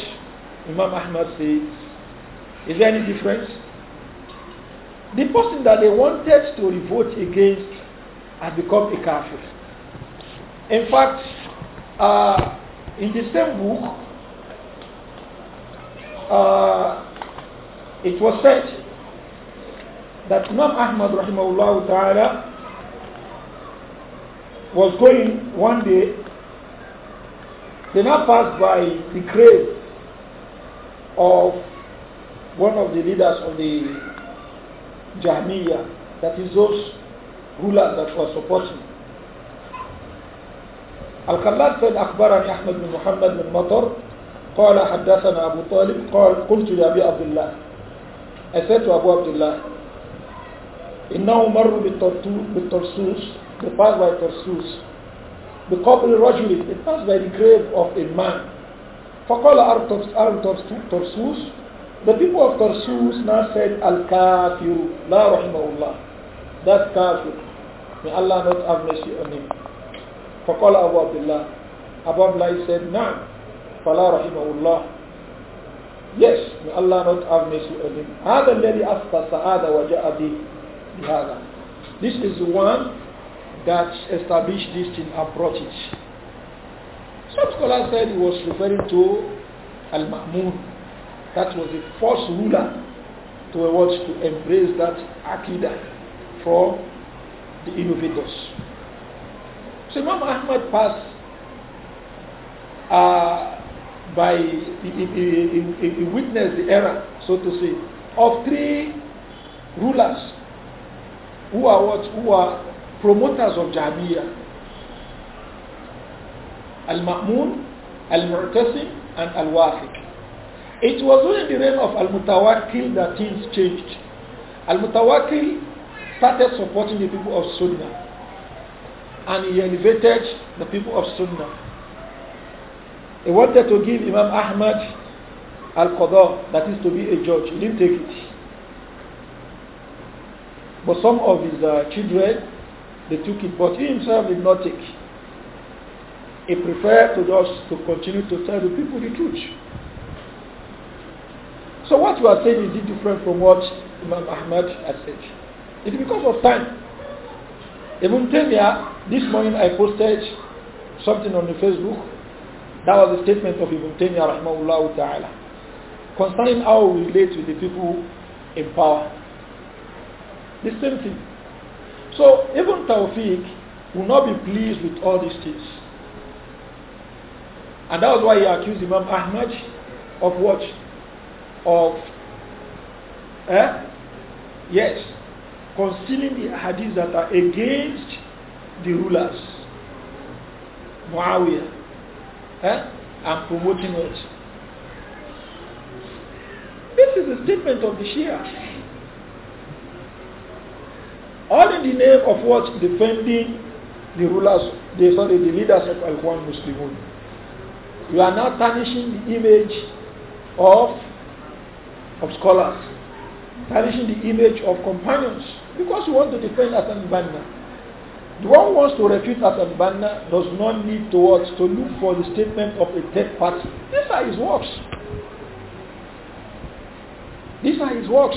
Imam Ahmad says, is there any difference? The person that they wanted to revolt against has become a kafir. In fact, uh, in the same book, uh, it was said that Imam Ahmad rahimahullah ta'ala was going one day, then now passed by the grave of one of the leaders of the jahmiya, that is those rulers that were supporting. Al-Khallat said, أخبرني أحمد bin Muhammad bin مطر قال حدثنا أبو طالب قال قلت لأبي عبد الله I said to Abu Abdullah إنه مر بالترسوس they passed by Tarsus بقبر رجل they passed by the grave of a man فقال أهل ترسوس The people of Tarsus now said Al-Kafir, La Rahimahullah. That Kafir. May Allah not have mercy on him. فقال أبو عبد الله أبو عبد الله said نعم فلا رحمه الله Yes, may Allah not have mercy on him. هذا الذي أسقى سعادة وجاء به بهذا. This is the one that established this thing and brought it. Some scholars said he was referring to Al-Ma'mun. That was the first ruler to what to embrace that Akidah from the innovators. So Imam Ahmad passed uh, by, he, he, he, he witnessed the era, so to say, of three rulers who are what, who are promoters of Jahmiyyah. Al-Ma'mun, Al-Mu'tasim, and al wathiq It was during the reign of Al-Mutawakkil that things changed. Al-Mutawakkil started supporting the people of Sunnah and he elevated the people of Sunnah. He wanted to give Imam Ahmad al-Qadha, that is to be a judge. He didn't take it. But some of his uh, children, they took it, but he himself did not take it. He preferred to us to continue to tell the people the truth. So what you are saying is different from what Imam Ahmad has said. It's because of time. Even Taymiyyah, this morning I posted something on the Facebook. That was a statement of Ibn Taymiyyah rahimahullah ta'ala concerning how we relate with the people in power. The same thing. So even Tawfiq will not be pleased with all these things. And that was why he accused Imam Ahmad of what? Of, eh? Yes, concealing the hadiths that are against the rulers. Muawiyah. Eh? And promoting it. This is a statement of the Shia. All in the name of what? Defending the rulers, the, sorry, the leaders of Al-Quran Muslimun you are now tarnishing the image of, of scholars, tarnishing the image of companions, because you want to defend Hassan Banna. The one who wants to refute Hassan Banna does not need to what, to look for the statement of a third party. These are his works. These are his works.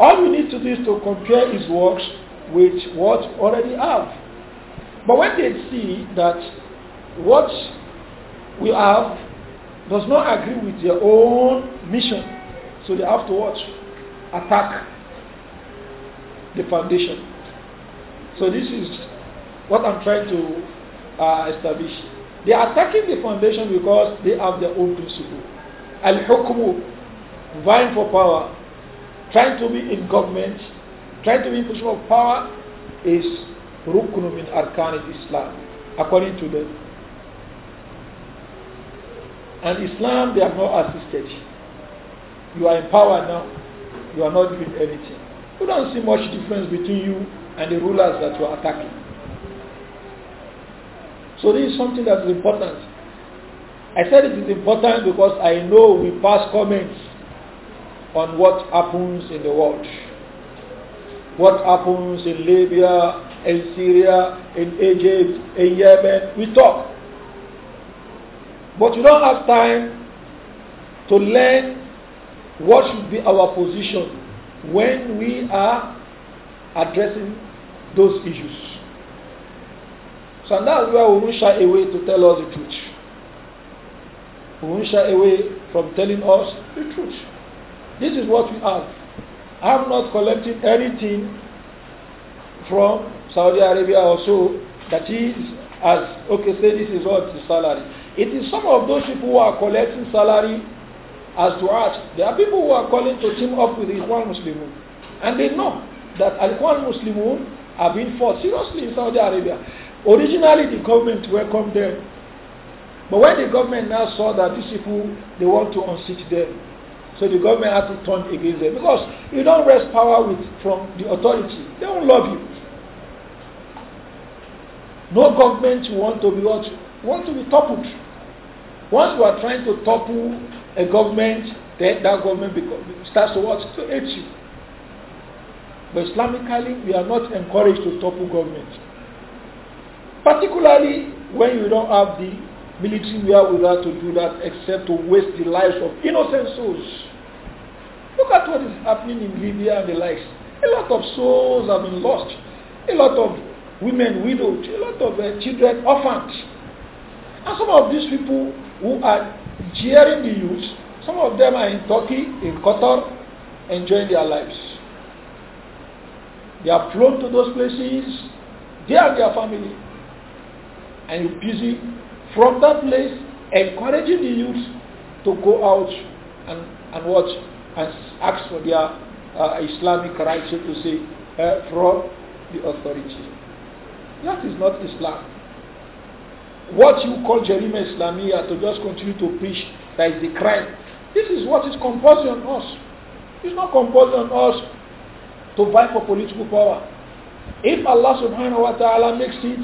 All you need to do is to compare his works with what already have. But when they see that what we have does not agree with their own mission. So they have to watch, attack the foundation. So this is what I'm trying to uh, establish. They are attacking the foundation because they have their own principle. Al-Hukmu, vying for power, trying to be in government, trying to be in position of power is Ruknu min Arkan Islam, according to them. And Islam, they have not assisted. You are empowered now. You are not doing anything. You don't see much difference between you and the rulers that you are attacking. So this is something that is important. I said it is important because I know we pass comments on what happens in the world. What happens in Libya, in Syria, in Egypt, in Yemen. We talk. But we don't have time to learn what should be our position when we are addressing those issues. So that's why we won't shy away to tell us the truth. We won't shy away from telling us the truth. This is what we have. I'm not collecting anything from Saudi Arabia also that is as okay say this is what the salary. It is some of those people who are collecting salary as to ask. There are people who are calling to team up with Ikhwan Muslimun. And they know that Ikhwan Muslimun have been fought seriously in Saudi Arabia. Originally, the government welcomed them. But when the government now saw that these people, they want to unseat them. So the government had to turn against them. Because you don't rest power with, from the authority. They don't love you. No government want to be what? Want to be toppled. Once you are trying to topple a government, then that government starts to what? To hate you. But Islamically, we are not encouraged to topple government. Particularly when you don't have the military wherewithal to do that except to waste the lives of innocent souls. Look at what is happening in Libya and the likes. A lot of souls have been lost. A lot of women widowed. A lot of uh, children orphaned. And some of these people who are jeering the youth. Some of them are in Turkey, in Qatar, enjoying their lives. They have flown to those places, they and their family. And you're busy from that place encouraging the youth to go out and, and watch and ask for their uh, Islamic rights, so to say, uh, from the authority. That is not Islam what you call Jerima Islamia to just continue to preach that is the crime. This is what is composing on us. It's not composing on us to vie for political power. If Allah subhanahu wa ta'ala makes it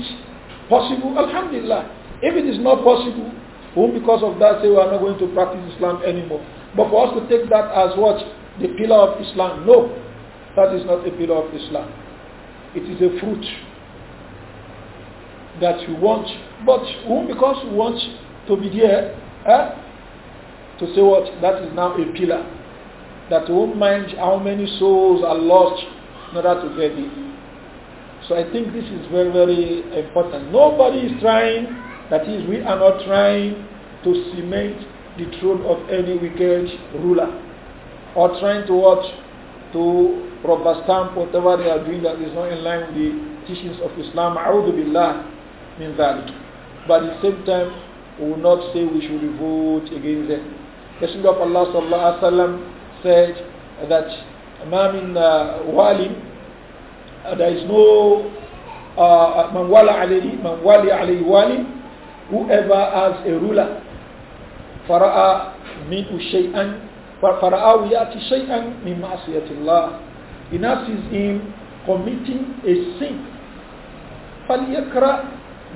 possible, alhamdulillah. If it is not possible, whom because of that say we are not going to practice Islam anymore. But for us to take that as what? The pillar of Islam. No, that is not a pillar of Islam. It is a fruit that you want, but whom because you want to be there, eh? to say what? That is now a pillar. That won't mind how many souls are lost in order to get it. So I think this is very, very important. Nobody is trying, that is, we are not trying to cement the throne of any wicked ruler or trying to watch to rubber stamp whatever they are doing that is not in line with the teachings of Islam. A'udhu billah min But at the same time, we will not say we should revolt against them. The Messenger of Allah sallallahu alaihi wasallam said that ما من والي there is no من uh, uh, alayhi عليه alayhi والي whoever has a ruler فرأى min شيئا فرآه يأتي شيئا min معصية he now sees him committing a sin فليقرأ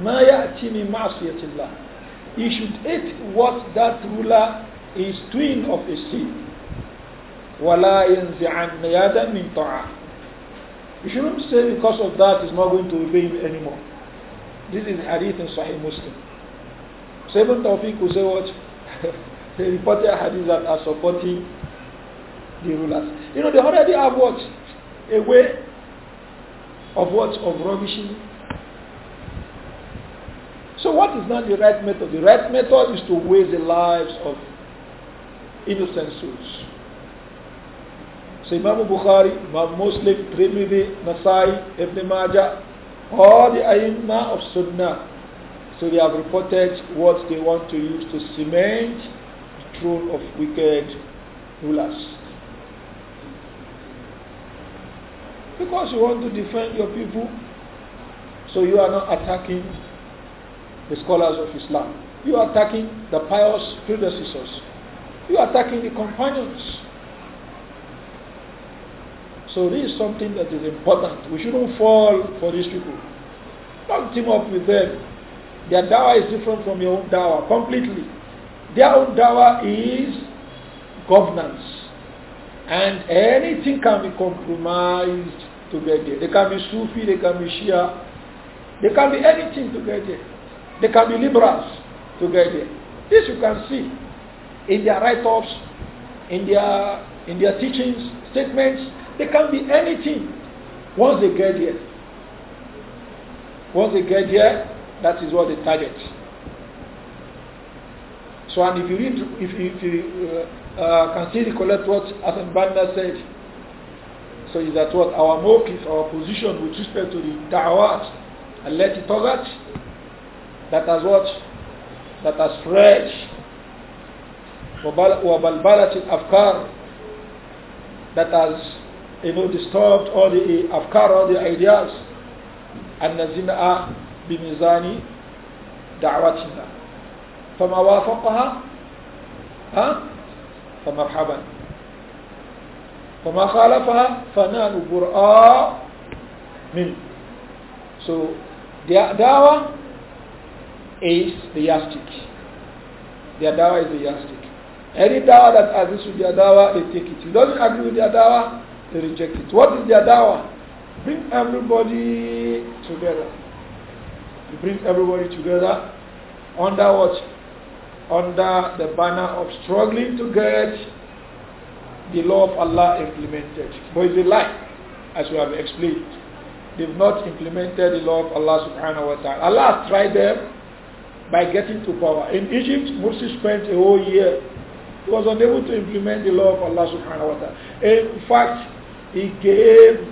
ما يأتي من معصية he should eat what that ruler is doing of a sin ولا in يدا من طاعة you shouldn't say because of that it's not going to obey him anymore this is hadith in Sahih Muslim Seven even Tawfiq will say what they reported hadith that are supporting the rulers you know they already have what a way of what of rubbishing so what is not the right method? The right method is to waste the lives of innocent souls. So Imam Bukhari, Imam Muslim, Trimidi, Nasai, Ibn Majah, all the Aimma of Sunnah. So they have reported what they want to use to cement the throne of wicked rulers. Because you want to defend your people, so you are not attacking the scholars of Islam. You are attacking the pious predecessors. You are attacking the companions. So this is something that is important. We shouldn't fall for these people. Don't team up with them. Their dawa is different from your own dawa completely. Their own dawa is governance. And anything can be compromised to get there. They can be Sufi, they can be Shia, they can be anything to get there. They can be liberals to get there. This you can see in their write-ups, in their in their teachings, statements. They can be anything once they get there. Once they get there, that is what they target. So, and if you read, if you, if you uh, uh, can see the collect what Asan Banda said, so is that what our motive, our position with respect to the da'wat, and let it target that has what? That has stretched. وَبَلْبَلَتِ الْأَفْكَارِ That has, you know, disturbed all the afkar, all the ideas. الَّذِينَ بِمِزَانِ دَعْوَتِنَا فَمَا وَافَقَهَا فمرحبا فما خالفها فنال براء منه so their dawah is the yardstick. Their dawa is the yardstick. Any dawa that agrees with their dawa, they take it. If it doesn't agree with their dawa, they reject it. What is their dawa? Bring everybody together. You bring everybody together under what? Under the banner of struggling to get the law of Allah implemented. But it's a lie, as we have explained. They've not implemented the law of Allah subhanahu wa ta'ala. Allah has tried them by getting to power. In Egypt, Morsi spent a whole year. He was unable to implement the law of Allah subhanahu wa ta'ala. In fact, he gave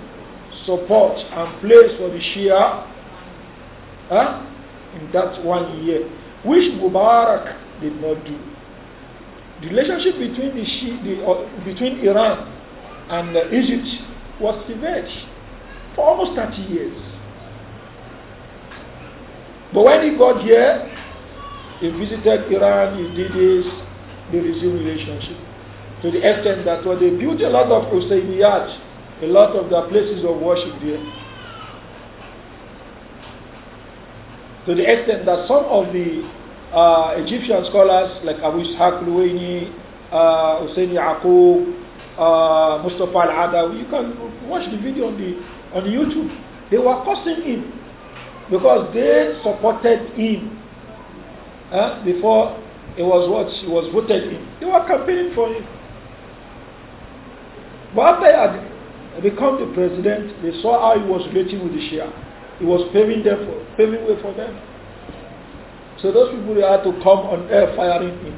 support and place for the Shia huh, in that one year, which Mubarak did not do. The relationship between, the Shia, the, uh, between Iran and uh, Egypt was severed for almost 30 years. But when he got here, he visited Iran, he did this, they resumed relationship. To the extent that well, they built a lot of Husseiniyyat, a lot of their places of worship there. To the extent that some of the uh, Egyptian scholars like Abu Ishaq Luwaini, uh, Hussein Yaqub, uh, Mustafa Al-Adawi, you can watch the video on the on YouTube. They were cursing him because they supported him huh? before it was what he was voted in. They were campaigning for him. But after he had become the president, they saw how he was relating with the Shia. He was paving them for, paving way for them. So those people had to come on air firing him,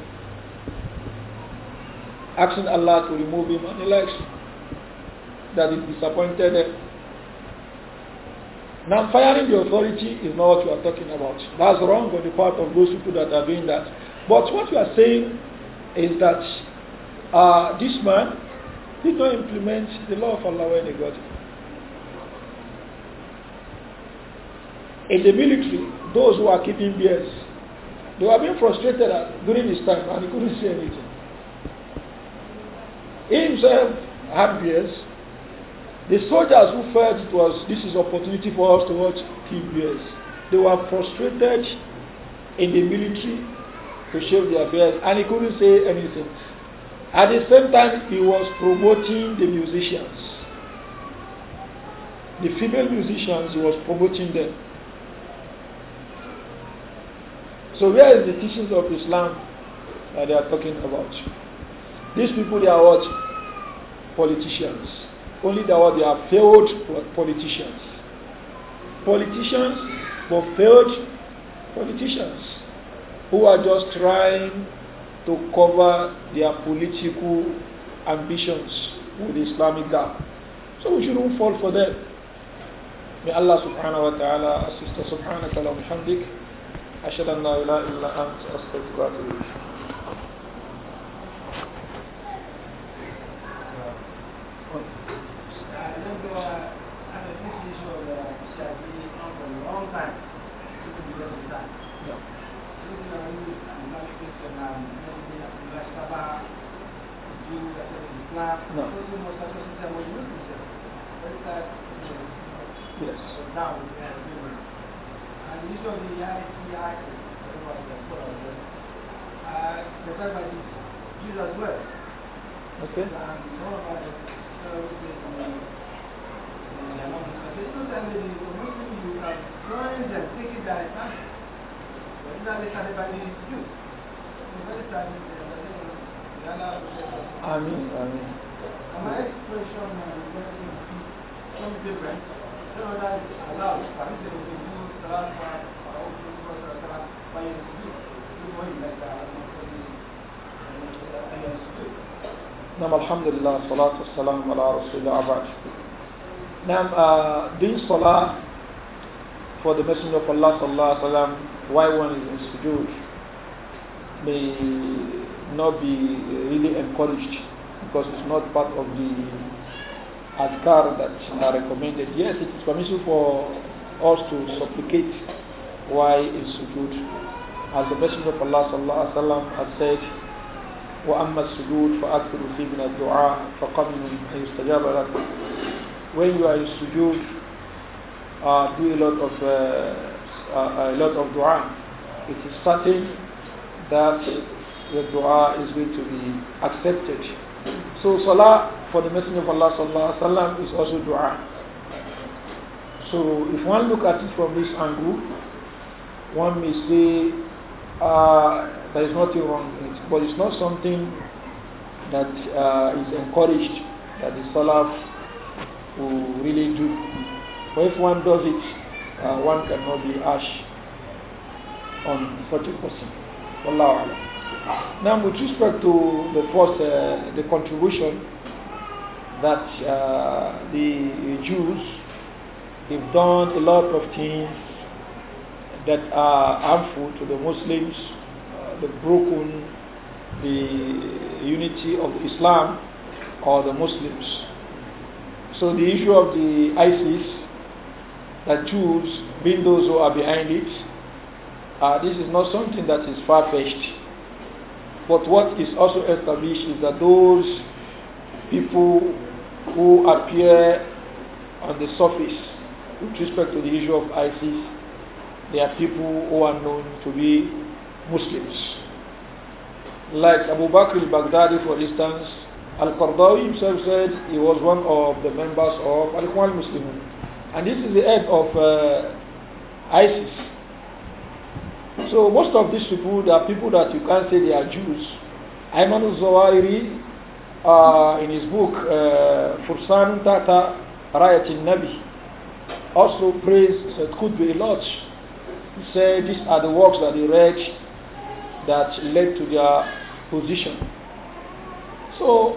asking Allah to remove him, and he likes that it disappointed them. Now, firing the authority is not what you are talking about. That's wrong on the part of those people that are doing that. But what you are saying is that uh, this man did not implement the law of Allah when he got it. In the military, those who are keeping BS, they were being frustrated during his time and he couldn't say anything. He himself had BS. The soldiers who felt it was this is opportunity for us to watch TBS, they were frustrated in the military to show their affairs and he couldn't say anything. At the same time, he was promoting the musicians. The female musicians was promoting them. So where is the teachings of Islam that they are talking about? These people they are what? Politicians. Only that what they are failed politicians. Politicians, but failed politicians who are just trying to cover their political ambitions with Islamic gap. So we shouldn't fall for them. May Allah subhanahu wa ta'ala assist us subhanahu wa ta'ala bihamdik. أشهد أن لا إله إلا أنت أستغفرك not no. Muslim was not Muslims and were Muslims. What is that? Yes. So now we have humor. And usually the ITI, everybody that's put on this, uh, the rabbi Jews as well. Okay. And all of us, so the Muslims and the Muslims, you can join them, take it by time. But now they can't everybody Jews. So what is that? Ameen, ameen. My question uh, is some different. Some of that is allowed. For instance, if you do salat for all the people that are by your sleep, you know him like that. نعم الحمد لله والصلاة والسلام على رسول الله بعد نعم doing salah for the messenger of Allah صلى الله عليه وسلم why one is in sujood may not be really encouraged because it's not part of the adhkar that are recommended. Yes, it is permissible for us to supplicate while in sujood. As the Messenger of Allah sallallahu alaihi wasallam has said, وأما السجود فأكثروا فيه من الدعاء فقبل أن يستجاب لكم. When you are in sujood, uh, do a lot of uh, uh, a lot of dua. It is certain that the dua is going to be accepted. So salah for the Messenger of Allah sallallahu alaihi wasallam is also dua. So if one look at it from this angle, one may say uh, there is nothing wrong in it, but it's not something that uh, is encouraged that the salaf will really do. But if one does it, uh, one cannot be ash on such a person. Wallahu now, with respect to the first, uh, the contribution that uh, the Jews have done a lot of things that are harmful to the Muslims, uh, the broken the unity of Islam or the Muslims. So the issue of the ISIS, the Jews being those who are behind it, uh, this is not something that is far-fetched. But what is also established is that those people who appear on the surface with respect to the issue of ISIS, they are people who are known to be Muslims. Like Abu Bakr al-Baghdadi, for instance, Al-Qardawi himself said he was one of the members of Al-Ikhwan al And this is the head of uh, ISIS. So most of these people, they are people that you can't say they are Jews. Ayman al-Zawahiri, uh, in his book, uh, Fursan Tata Rayat nabi also praised could be a lot. He said these are the works that he read that led to their position. So,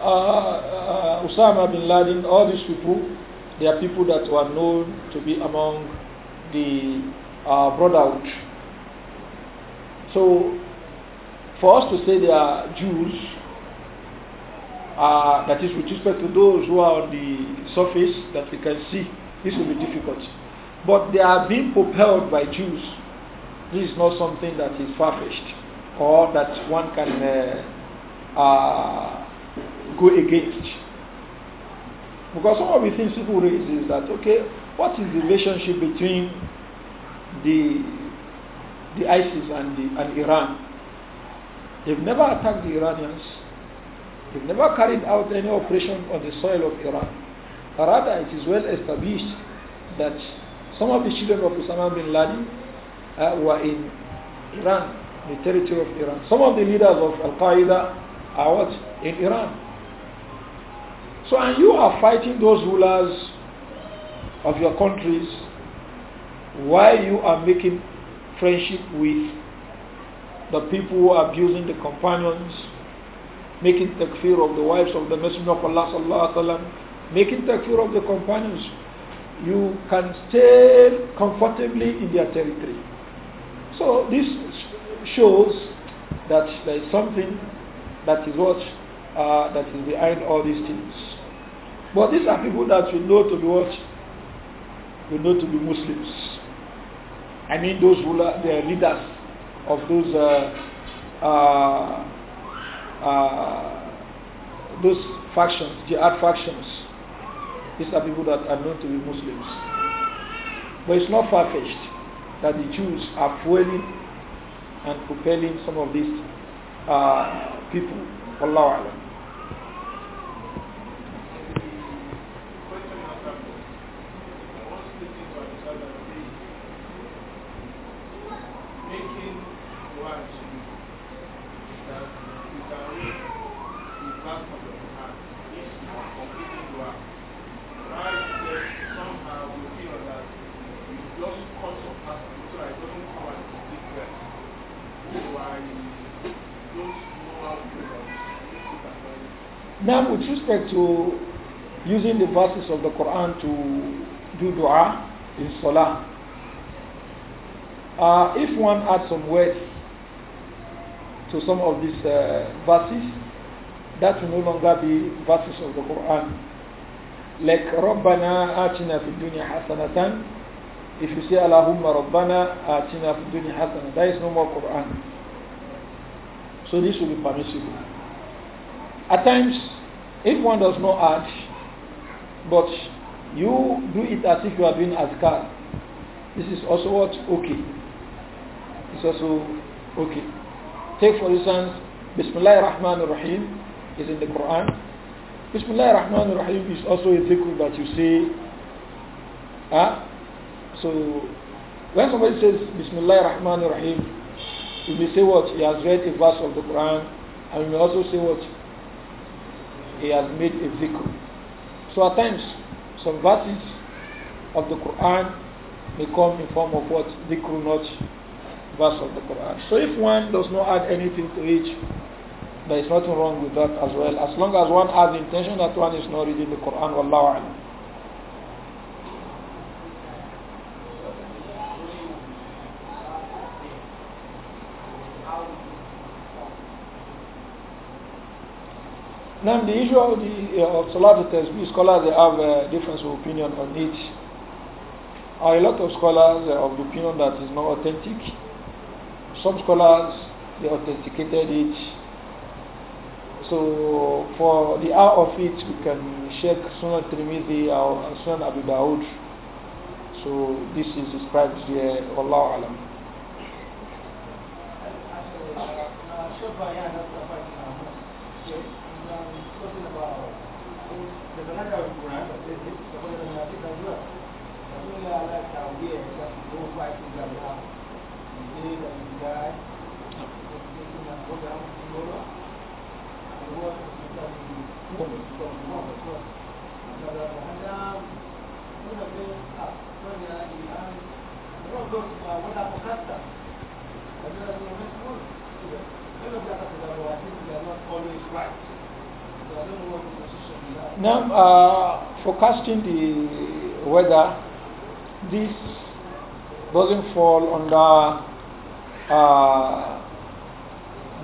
uh, uh, Osama bin Laden, all these people, they are people that were known to be among the uh, Brotherhood. So, for us to say they are Jews, uh, that is with respect to those who are on the surface that we can see, this will be difficult. But they are being propelled by Jews. This is not something that is far-fetched or that one can uh, uh, go against. Because some of the things people raise is that, okay, what is the relationship between the the ISIS and, the, and Iran. They've never attacked the Iranians. They've never carried out any operation on the soil of Iran. Rather, it is well established that some of the children of Osama bin Laden uh, were in Iran, the territory of Iran. Some of the leaders of Al Qaeda are what? In Iran. So, and you are fighting those rulers of your countries while you are making friendship with the people who are abusing the companions, making takfir of the wives of the Messenger of Allah sallallahu alaihi making takfir of the companions, you can stay comfortably in their territory. So this shows that there is something that is what uh, that is behind all these things. But these are people that we know to be what we know to be Muslims. I mean those ruler, the leaders of those uh, uh, uh, those factions, jihad factions. These are people that are known to be Muslims. But it's not far-fetched that the Jews are fueling and propelling some of these uh, people. Allahu Alam. Now, with respect to using the verses of the Quran to do dua in Salah, uh, if one adds some words to some of these uh, verses, that will no longer be verses of the Quran. Like "Rabbana Atina في الدنيا Hasanatan," if you say Allahumma Rabbana atina fid dunya Hasanatan," that is no more Quran so this will be permissible at times, if one does not ask, but you do it as if you are doing asked, this is also what? Okay. It's also okay. Take for instance, Bismillah ar-Rahman ar-Rahim is in the Quran. Bismillah ar-Rahman ar-Rahim is also a dhikr that you say. Huh? Ah? So, when somebody says Bismillah ar-Rahman ar-Rahim, you may say what? He has read a verse of the Quran, and you may also say what? he has made a zikr. So at times, some verses of the Quran may come in form of what zikr, not verse of the Quran. So if one does not add anything to it, there is nothing wrong with that as well, as long as one has the intention that one is not reading the Quran, wallahu alam. Now the issue of the uh, of tasbih scholars they have a difference of opinion on it. A lot of scholars are of the opinion that is not authentic. Some scholars they authenticated it. So for the hour of it, we can check Sunan Tirmidhi or Sunan Abu Dawud. So this is described here, Allah Alam. Now, uh, forecasting the weather, this doesn't fall under the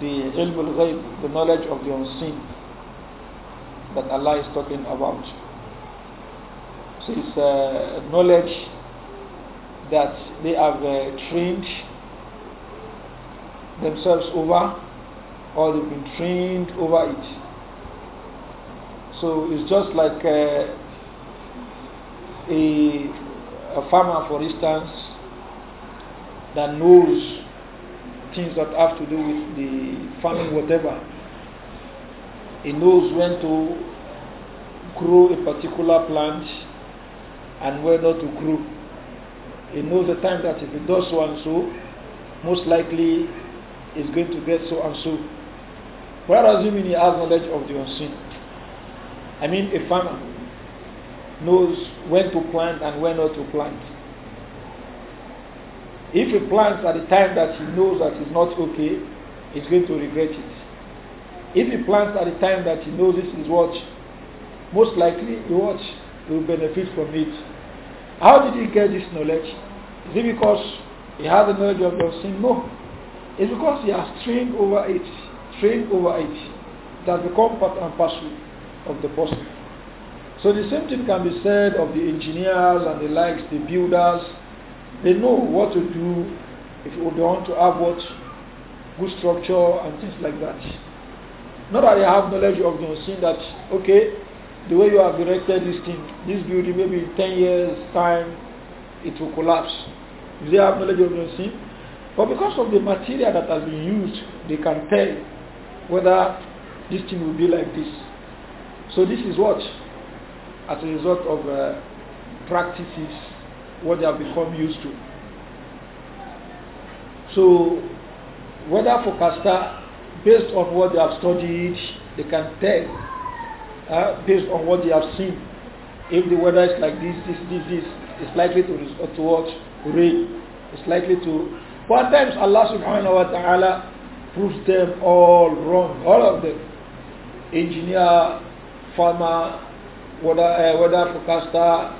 ilm al the knowledge of the unseen that Allah is talking about. So it's uh, knowledge that they have uh, trained themselves over or they've been trained over it. So it's just like uh, a, a farmer, for instance, that knows things that have to do with the farming, whatever. He knows when to grow a particular plant and where not to grow. He knows the time that if he does so and so, most likely is going to get so and so. Whereas assuming he has knowledge of the unseen. I mean, a farmer knows when to plant and when not to plant if he plants at the time that he knows that it's not okay, he's going to regret it. If he plants at the time that he knows this is what, most likely he what will benefit from it. How did he get this knowledge? Is it because he had the knowledge of your sin? No. It's because he has trained over it, trained over it. that become part and parcel of the person. So the same thing can be said of the engineers and the likes, the builders, they know what to do if they want to have what good structure and things like that. Not that they have knowledge of the unseen that okay, the way you have erected this thing, this building, maybe in ten years time, it will collapse. they have knowledge of the but because of the material that has been used, they can tell whether this thing will be like this. So this is what, as a result of uh, practices what they have become used to. So, whether forecaster, based on what they have studied, they can tell, uh, based on what they have seen, if the weather is like this, this, this, this, it's likely to, to what? Rain. It's likely to... But times Allah subhanahu wa ta'ala proves them all wrong, all of them. Engineer, farmer, weather, uh, weather forecaster,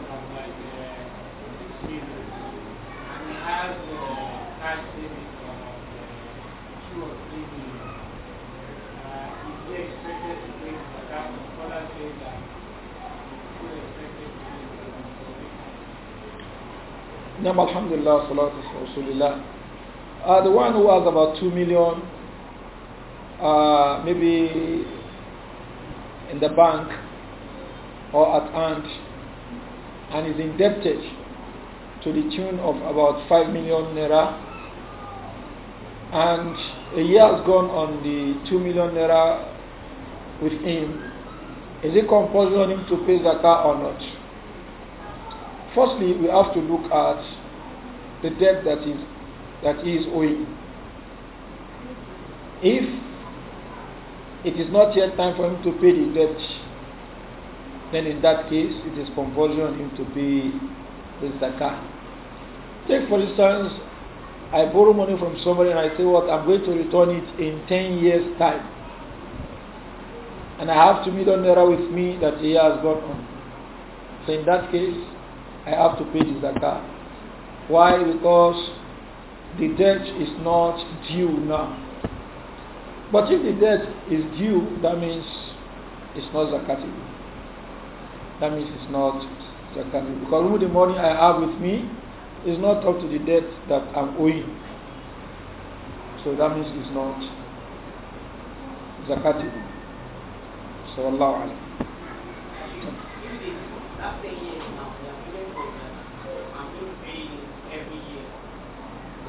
Nam alhamdulillah, salatu rasulillah. Uh, the one who has about 2 million, uh, maybe in the bank or at hand, and is indebted to the tune of about 5 million naira, and a year has gone on the 2 million naira with him, is it compulsory on him to pay zakah or not? Firstly, we have to look at the debt that is that is owing. If it is not yet time for him to pay the debt, then in that case it is compulsory on him to pay the zakah. Take for instance, I borrow money from somebody and I say what I'm going to return it in 10 years time. And I have to meet on with me that he has got on. So in that case, I have to pay the zakah. Why? Because the debt is not due now. But if the debt is due, that means it's not zakatable. That means it's not zakatable. Because the money I have with me is not up to the debt that I'm owing. So that means it's not zakatable. So Allah. Alam.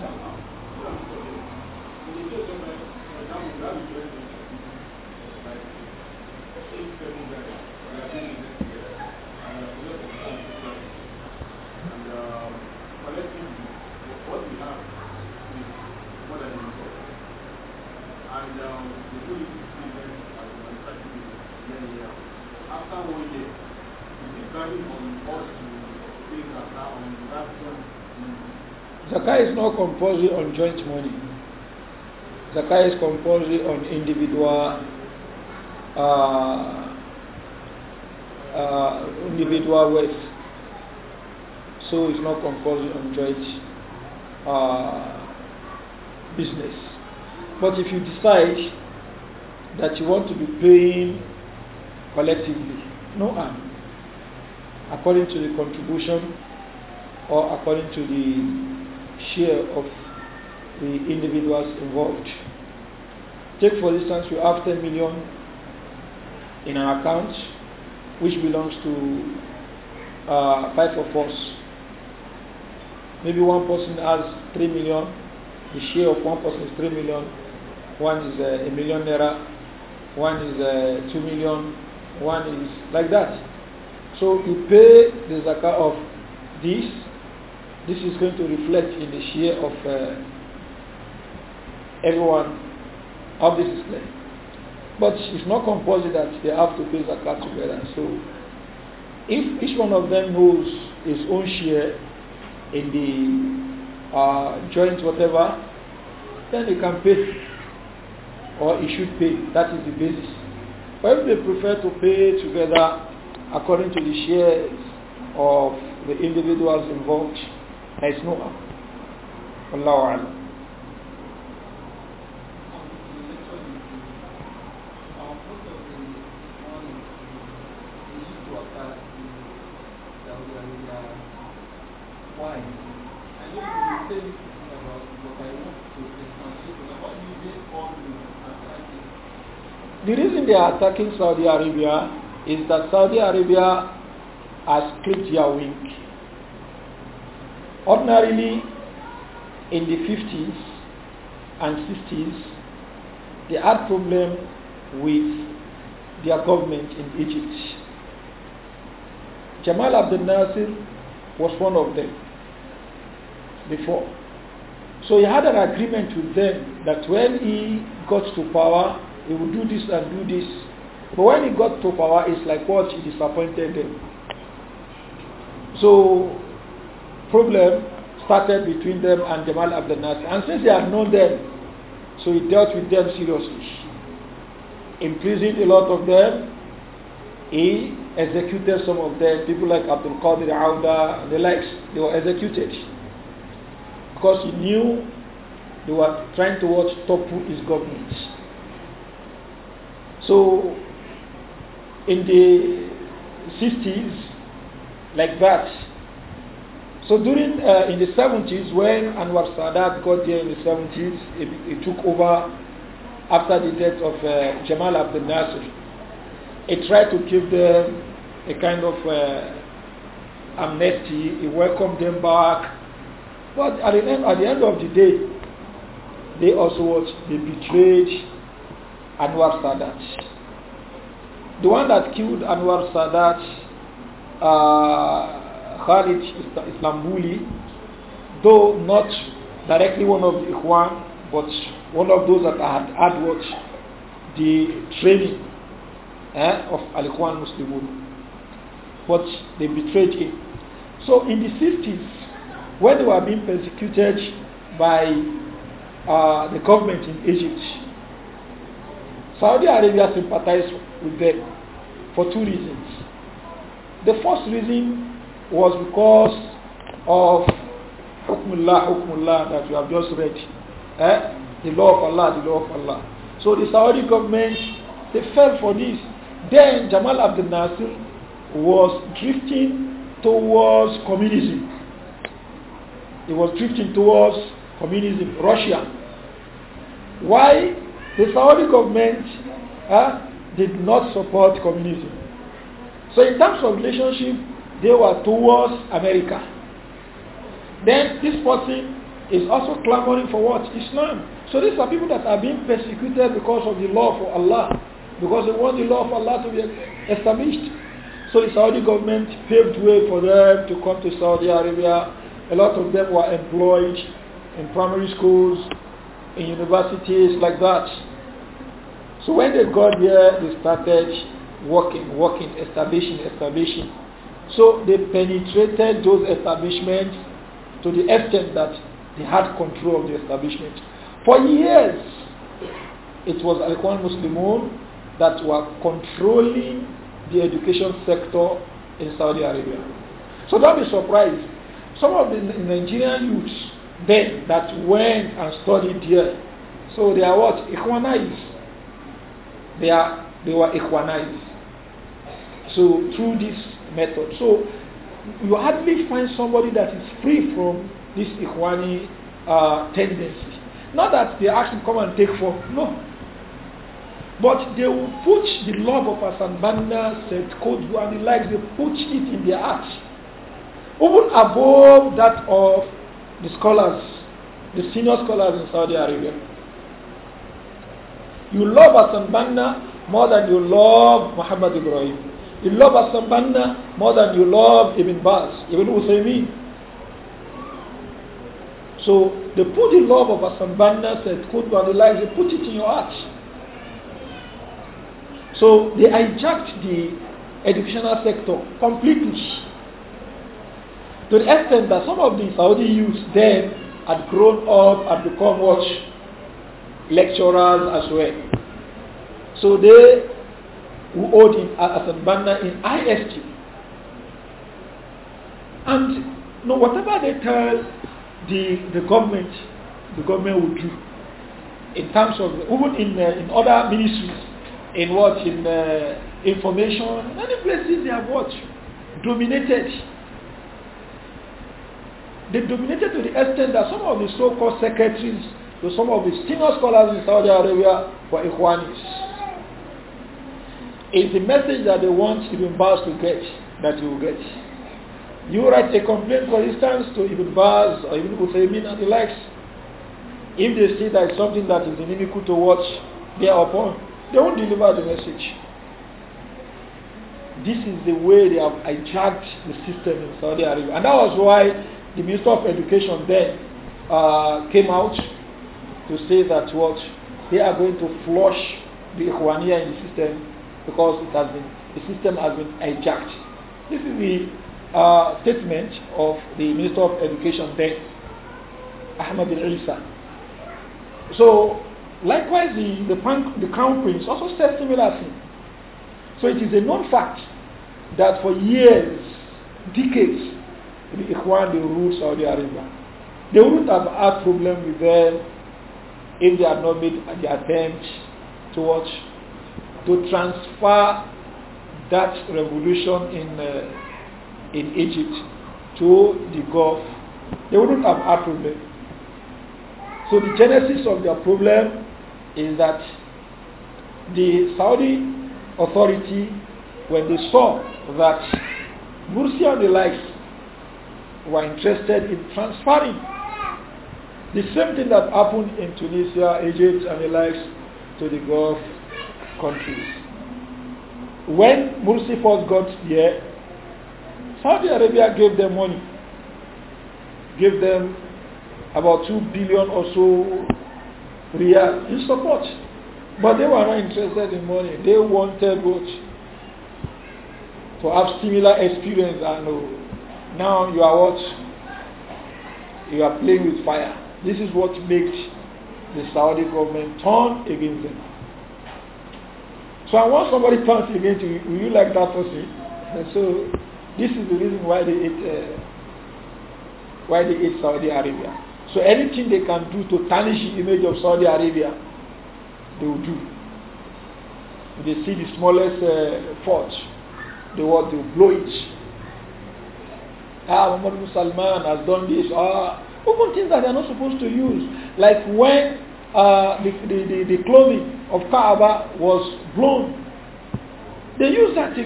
Thank you. compulsory on joint money. Zakat is compulsory on individual uh, uh, individual wealth. So it's not compulsory on joint uh, business. But if you decide that you want to be paying collectively, no harm, according to the contribution or according to the share of the individuals involved. Take for instance, you have 10 million in an account which belongs to uh, five of us. Maybe one person has 3 million, the share of one person is 3 million, one is uh, a million naira, one is uh, 2 million, one is like that. So you pay the zakah of this this is going to reflect in the share of uh, everyone. How this is But it's not compulsory that they have to pay zakat together. So if each one of them knows his own share in the uh, joint whatever, then they can pay or he should pay. That is the basis. But if they prefer to pay together according to the shares of the individuals involved, there's no Allah The reason they are attacking Saudi Arabia is that Saudi Arabia has clipped their wing. Ordinarily, in the 50s and 60s, they had problem with their government in Egypt. Jamal Abdel Nasser was one of them before. So he had an agreement with them that when he got to power, he would do this and do this. But when he got to power, it's like what he disappointed them. So problem started between them and Jamal Abdel Nasser. And since they had known them, so he dealt with them seriously. Imprisoned a lot of them. He executed some of them. People like Abdul Qadir Auda and the likes, they were executed. Because he knew they were trying to watch topple his government. So in the 60s, like that, so during uh, in the 70s, when Anwar Sadat got there in the 70s, he, took over after the death of uh, Jamal Abdel Nasser. He tried to give them a kind of uh, amnesty. He welcomed them back, but at the end, at the end of the day, they also what they betrayed Anwar Sadat. The one that killed Anwar Sadat. Uh, Khalid Islambuli, though not directly one of the Ikhwan, but one of those that had had watched the training eh, of Al Ikhwan Muslimun. But they betrayed him. So in the 60s, when they were being persecuted by uh, the government in Egypt, Saudi Arabia sympathized with them for two reasons. The first reason was because of hukmullah, hukmullah that you have just read. Eh? The law of Allah, the law of Allah. So the Saudi government, they fell for this. Then Jamal Abdel Nasser was drifting towards communism. He was drifting towards communism, Russia. Why the Saudi government eh, did not support communism? So in terms of relationship, they were towards America. Then this person is also clamoring for what? Islam. So these are people that are being persecuted because of the law for Allah, because they want the law of Allah to be established. So the Saudi government paved way for them to come to Saudi Arabia. A lot of them were employed in primary schools, in universities, like that. So when they got here, they started working, working, establishing, establishing. So they penetrated those establishments to the extent that they had control of the establishment. For years, it was Al-Quran Muslimun that were controlling the education sector in Saudi Arabia. So don't be surprised. Some of the Nigerian youths then that went and studied here, so they are what? equanized. They, are, they were equanized. So through this method. So you hardly find somebody that is free from this Ikhwani uh, tendency. Not that they actually come and take for, no. But they will put the love of Hassan Banna, Seth Kodbu and the likes, they put it in their hearts. Even above that of the scholars, the senior scholars in Saudi Arabia. You love Hassan Banna more than you love Muhammad Ibrahim. You love Hassan more than you love Ibn Baz, Ibn Uthaymeen. So they put the love of Hassan Banna, said could and the they put it in your heart. So they hijacked the educational sector completely. To the extent that some of the Saudi youths then had grown up and become what? Lecturers as well. So they who hold him as a banner in IST. And you know, whatever they tell the, the government, the government will do in terms of even in, uh, in other ministries, in what, in uh, information, many places they have what? Dominated. They dominated to the extent that some of the so-called secretaries to some of the senior scholars in Saudi Arabia were Ikhwanis. It's the message that they want Ibn Baz to get that you will get. You write a complaint, for instance, to Ibn Baz or Ibn Uthaymin and the likes. If they see that it's something that is inimical to what they are upon, they won't deliver the message. This is the way they have hijacked the system in Saudi Arabia. And that was why the Minister of Education then uh, came out to say that what they are going to flush the Ikhwaniyah in the system because it has been, the system has been hijacked. This is the uh, statement of the Minister of Education then, Ahmad bin Isa. So, likewise, the, the, the Crown Prince also said similar thing. So it is a known fact that for years, decades, the Ikhwan, they ruled Saudi Arabia. They wouldn't have had problem with them if they had not made the attempt to watch to transfer that revolution in, uh, in Egypt to the Gulf, they wouldn't have had problem. So the genesis of their problem is that the Saudi authority, when they saw that Mursi and the likes were interested in transferring the same thing that happened in Tunisia, Egypt and the likes to the Gulf countries. When Mursi first got here, Saudi Arabia gave them money, gave them about 2 billion or so real in support. But they were not interested in money. They wanted what? To have similar experience and uh, now you are what? You are playing with fire. This is what makes the Saudi government turn against them. So I want somebody turns against you, will you like that person? so this is the reason why they eat uh, why they Saudi Arabia. So anything they can do to tarnish the image of Saudi Arabia, they will do. If they see the smallest uh, fault, they want to will blow it. Ah, Muhammad bin Salman has done this. Ah, open things that they are not supposed to use, like when uh, the, the, the, the clothing of Kaaba was blown. They used that to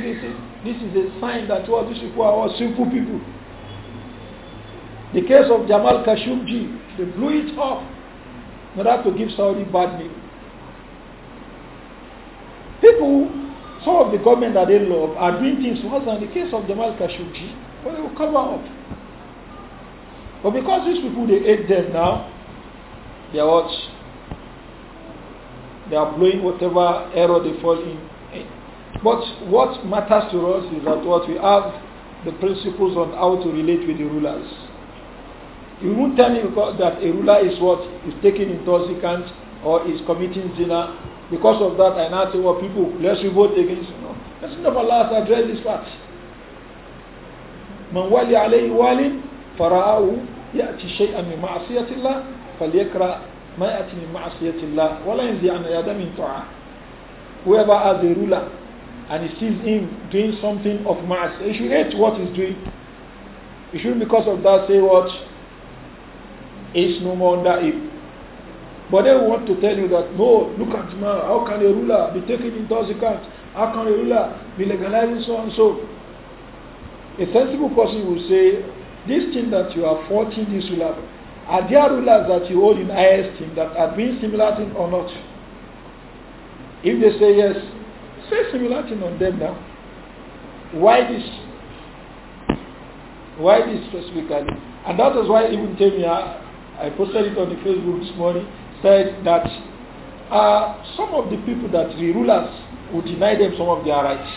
this is a sign that was. these people are simple people. The case of Jamal Khashoggi, they blew it up in order to give Saudi bad name. People, some of the government that they love are doing things worse than the case of Jamal Khashoggi, but they will cover up. But because these people, they hate them now, they are what? They are blowing whatever error they fall in. But what matters to us is that what we have the principles on how to relate with the rulers. You won't tell me that a ruler is what is taking intoxicant or is committing zina. Because of that, I now say, well, people, let's revolt against you. No. Let's never last address this fact. من ولي عليه وال فرآه يأتي شيئا من معصية الله ما يأتي من معصية الله ولا ينزي عن من طاعة whoever has a ruler and he sees him doing something of mass, he should hate what he's doing. He shouldn't because of that say what is no more under him. But they want to tell you that no, look at man, how can a ruler be into account? How can a ruler be legalizing so and so? A sensible person will say, this thing that you are faulting this ruler are there rulers that you hold in high esteem that are doing similar thing or not? If they say yes, say similar thing on them now. Why this? Why this specifically? And that is why even Temia, I posted it on the Facebook this morning, said that uh, some of the people that the rulers would deny them some of their rights.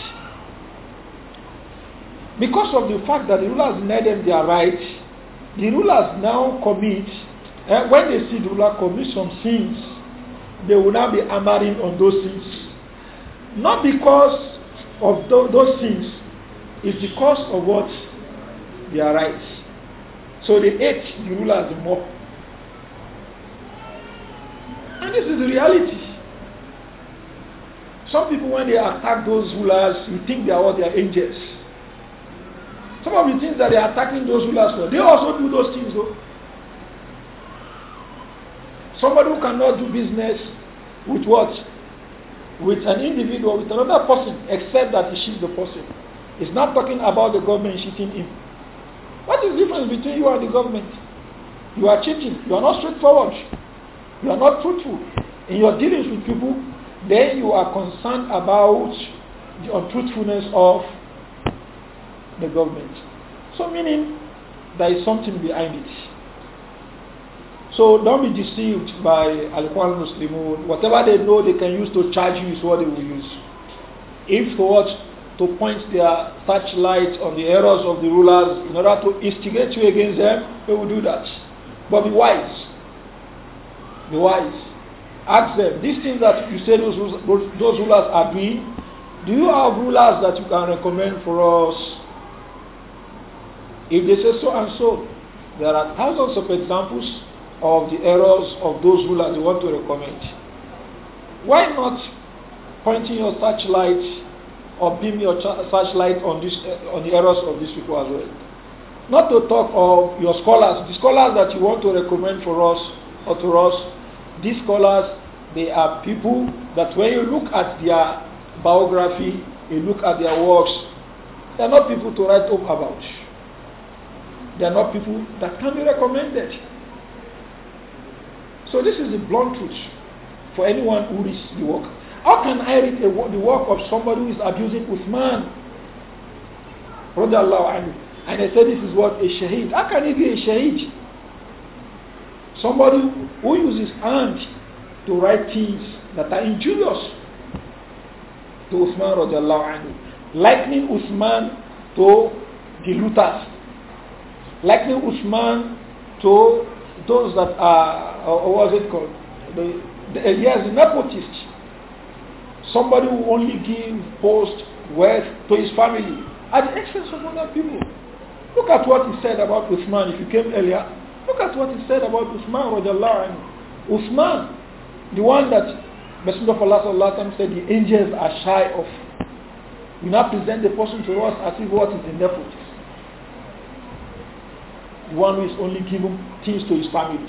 Because of the fact that the rulers deny them their rights, the rulers now commit, uh, when they see the ruler commit some sins, they will now be hammering on those sins. Not because of th those sins, it's because of what? Their rights. So they hate the rulers more. And this is the reality. Some people, when they attack those rulers, you think they are all their angels. Some of the things that they are attacking those rulers for, they also do those things though. Somebody who cannot do business with what? With an individual, with another person, except that he the person. It's not talking about the government cheating him. What is the difference between you and the government? You are cheating. You are not straightforward. You are not truthful in your dealings with people. Then you are concerned about the untruthfulness of the government. So meaning there is something behind it. So don't be deceived by Al-Quran Muslimun. Whatever they know they can use to charge you is what they will use. If what to point their searchlight on the errors of the rulers in order to instigate you against them, they will do that. But be wise. Be wise. Ask them, these things that you say those, those rulers are doing, do you have rulers that you can recommend for us if they say so and so, there are thousands of examples of the errors of those who you want to recommend. Why not pointing your searchlight or beam your searchlight on, this, eh, on the errors of these people as well? Not to talk of your scholars, the scholars that you want to recommend for us or to us, these scholars, they are people that when you look at their biography, you look at their works, they are not people to write up about. They are not people that can be recommended. So this is the blunt truth for anyone who reads the work. How can I read a, the work of somebody who is abusing Uthman? And I say this is what a shaheed. How can he be a shaheed? Somebody who uses hand to write things that are injurious to Uthman radiallahu anhu. Likening Uthman to the looters. Likely Usman to those that are, or uh, was it called? The, the, yes, nepotist. Somebody who only gives post wealth to his family at the expense of other people. Look at what he said about Usman if you came earlier. Look at what he said about Usman radiallahu and Usman, the one that Messenger of Allah said the angels are shy of. You now present the person to us as if what is the nepotist. one who is only giving things to his family.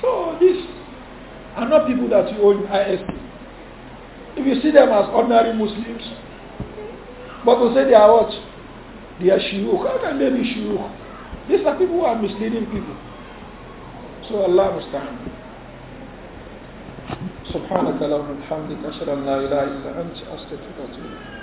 So these are not people that you owe in ISP. If you see them as ordinary Muslims, but to say they are what? They are shiuk. How can they be shiuk? These are people who are misleading people. So Allah understand. سبحانك اللهم وبحمدك أشهد أن لا إله إلا أنت أستغفرك وأتوب إليك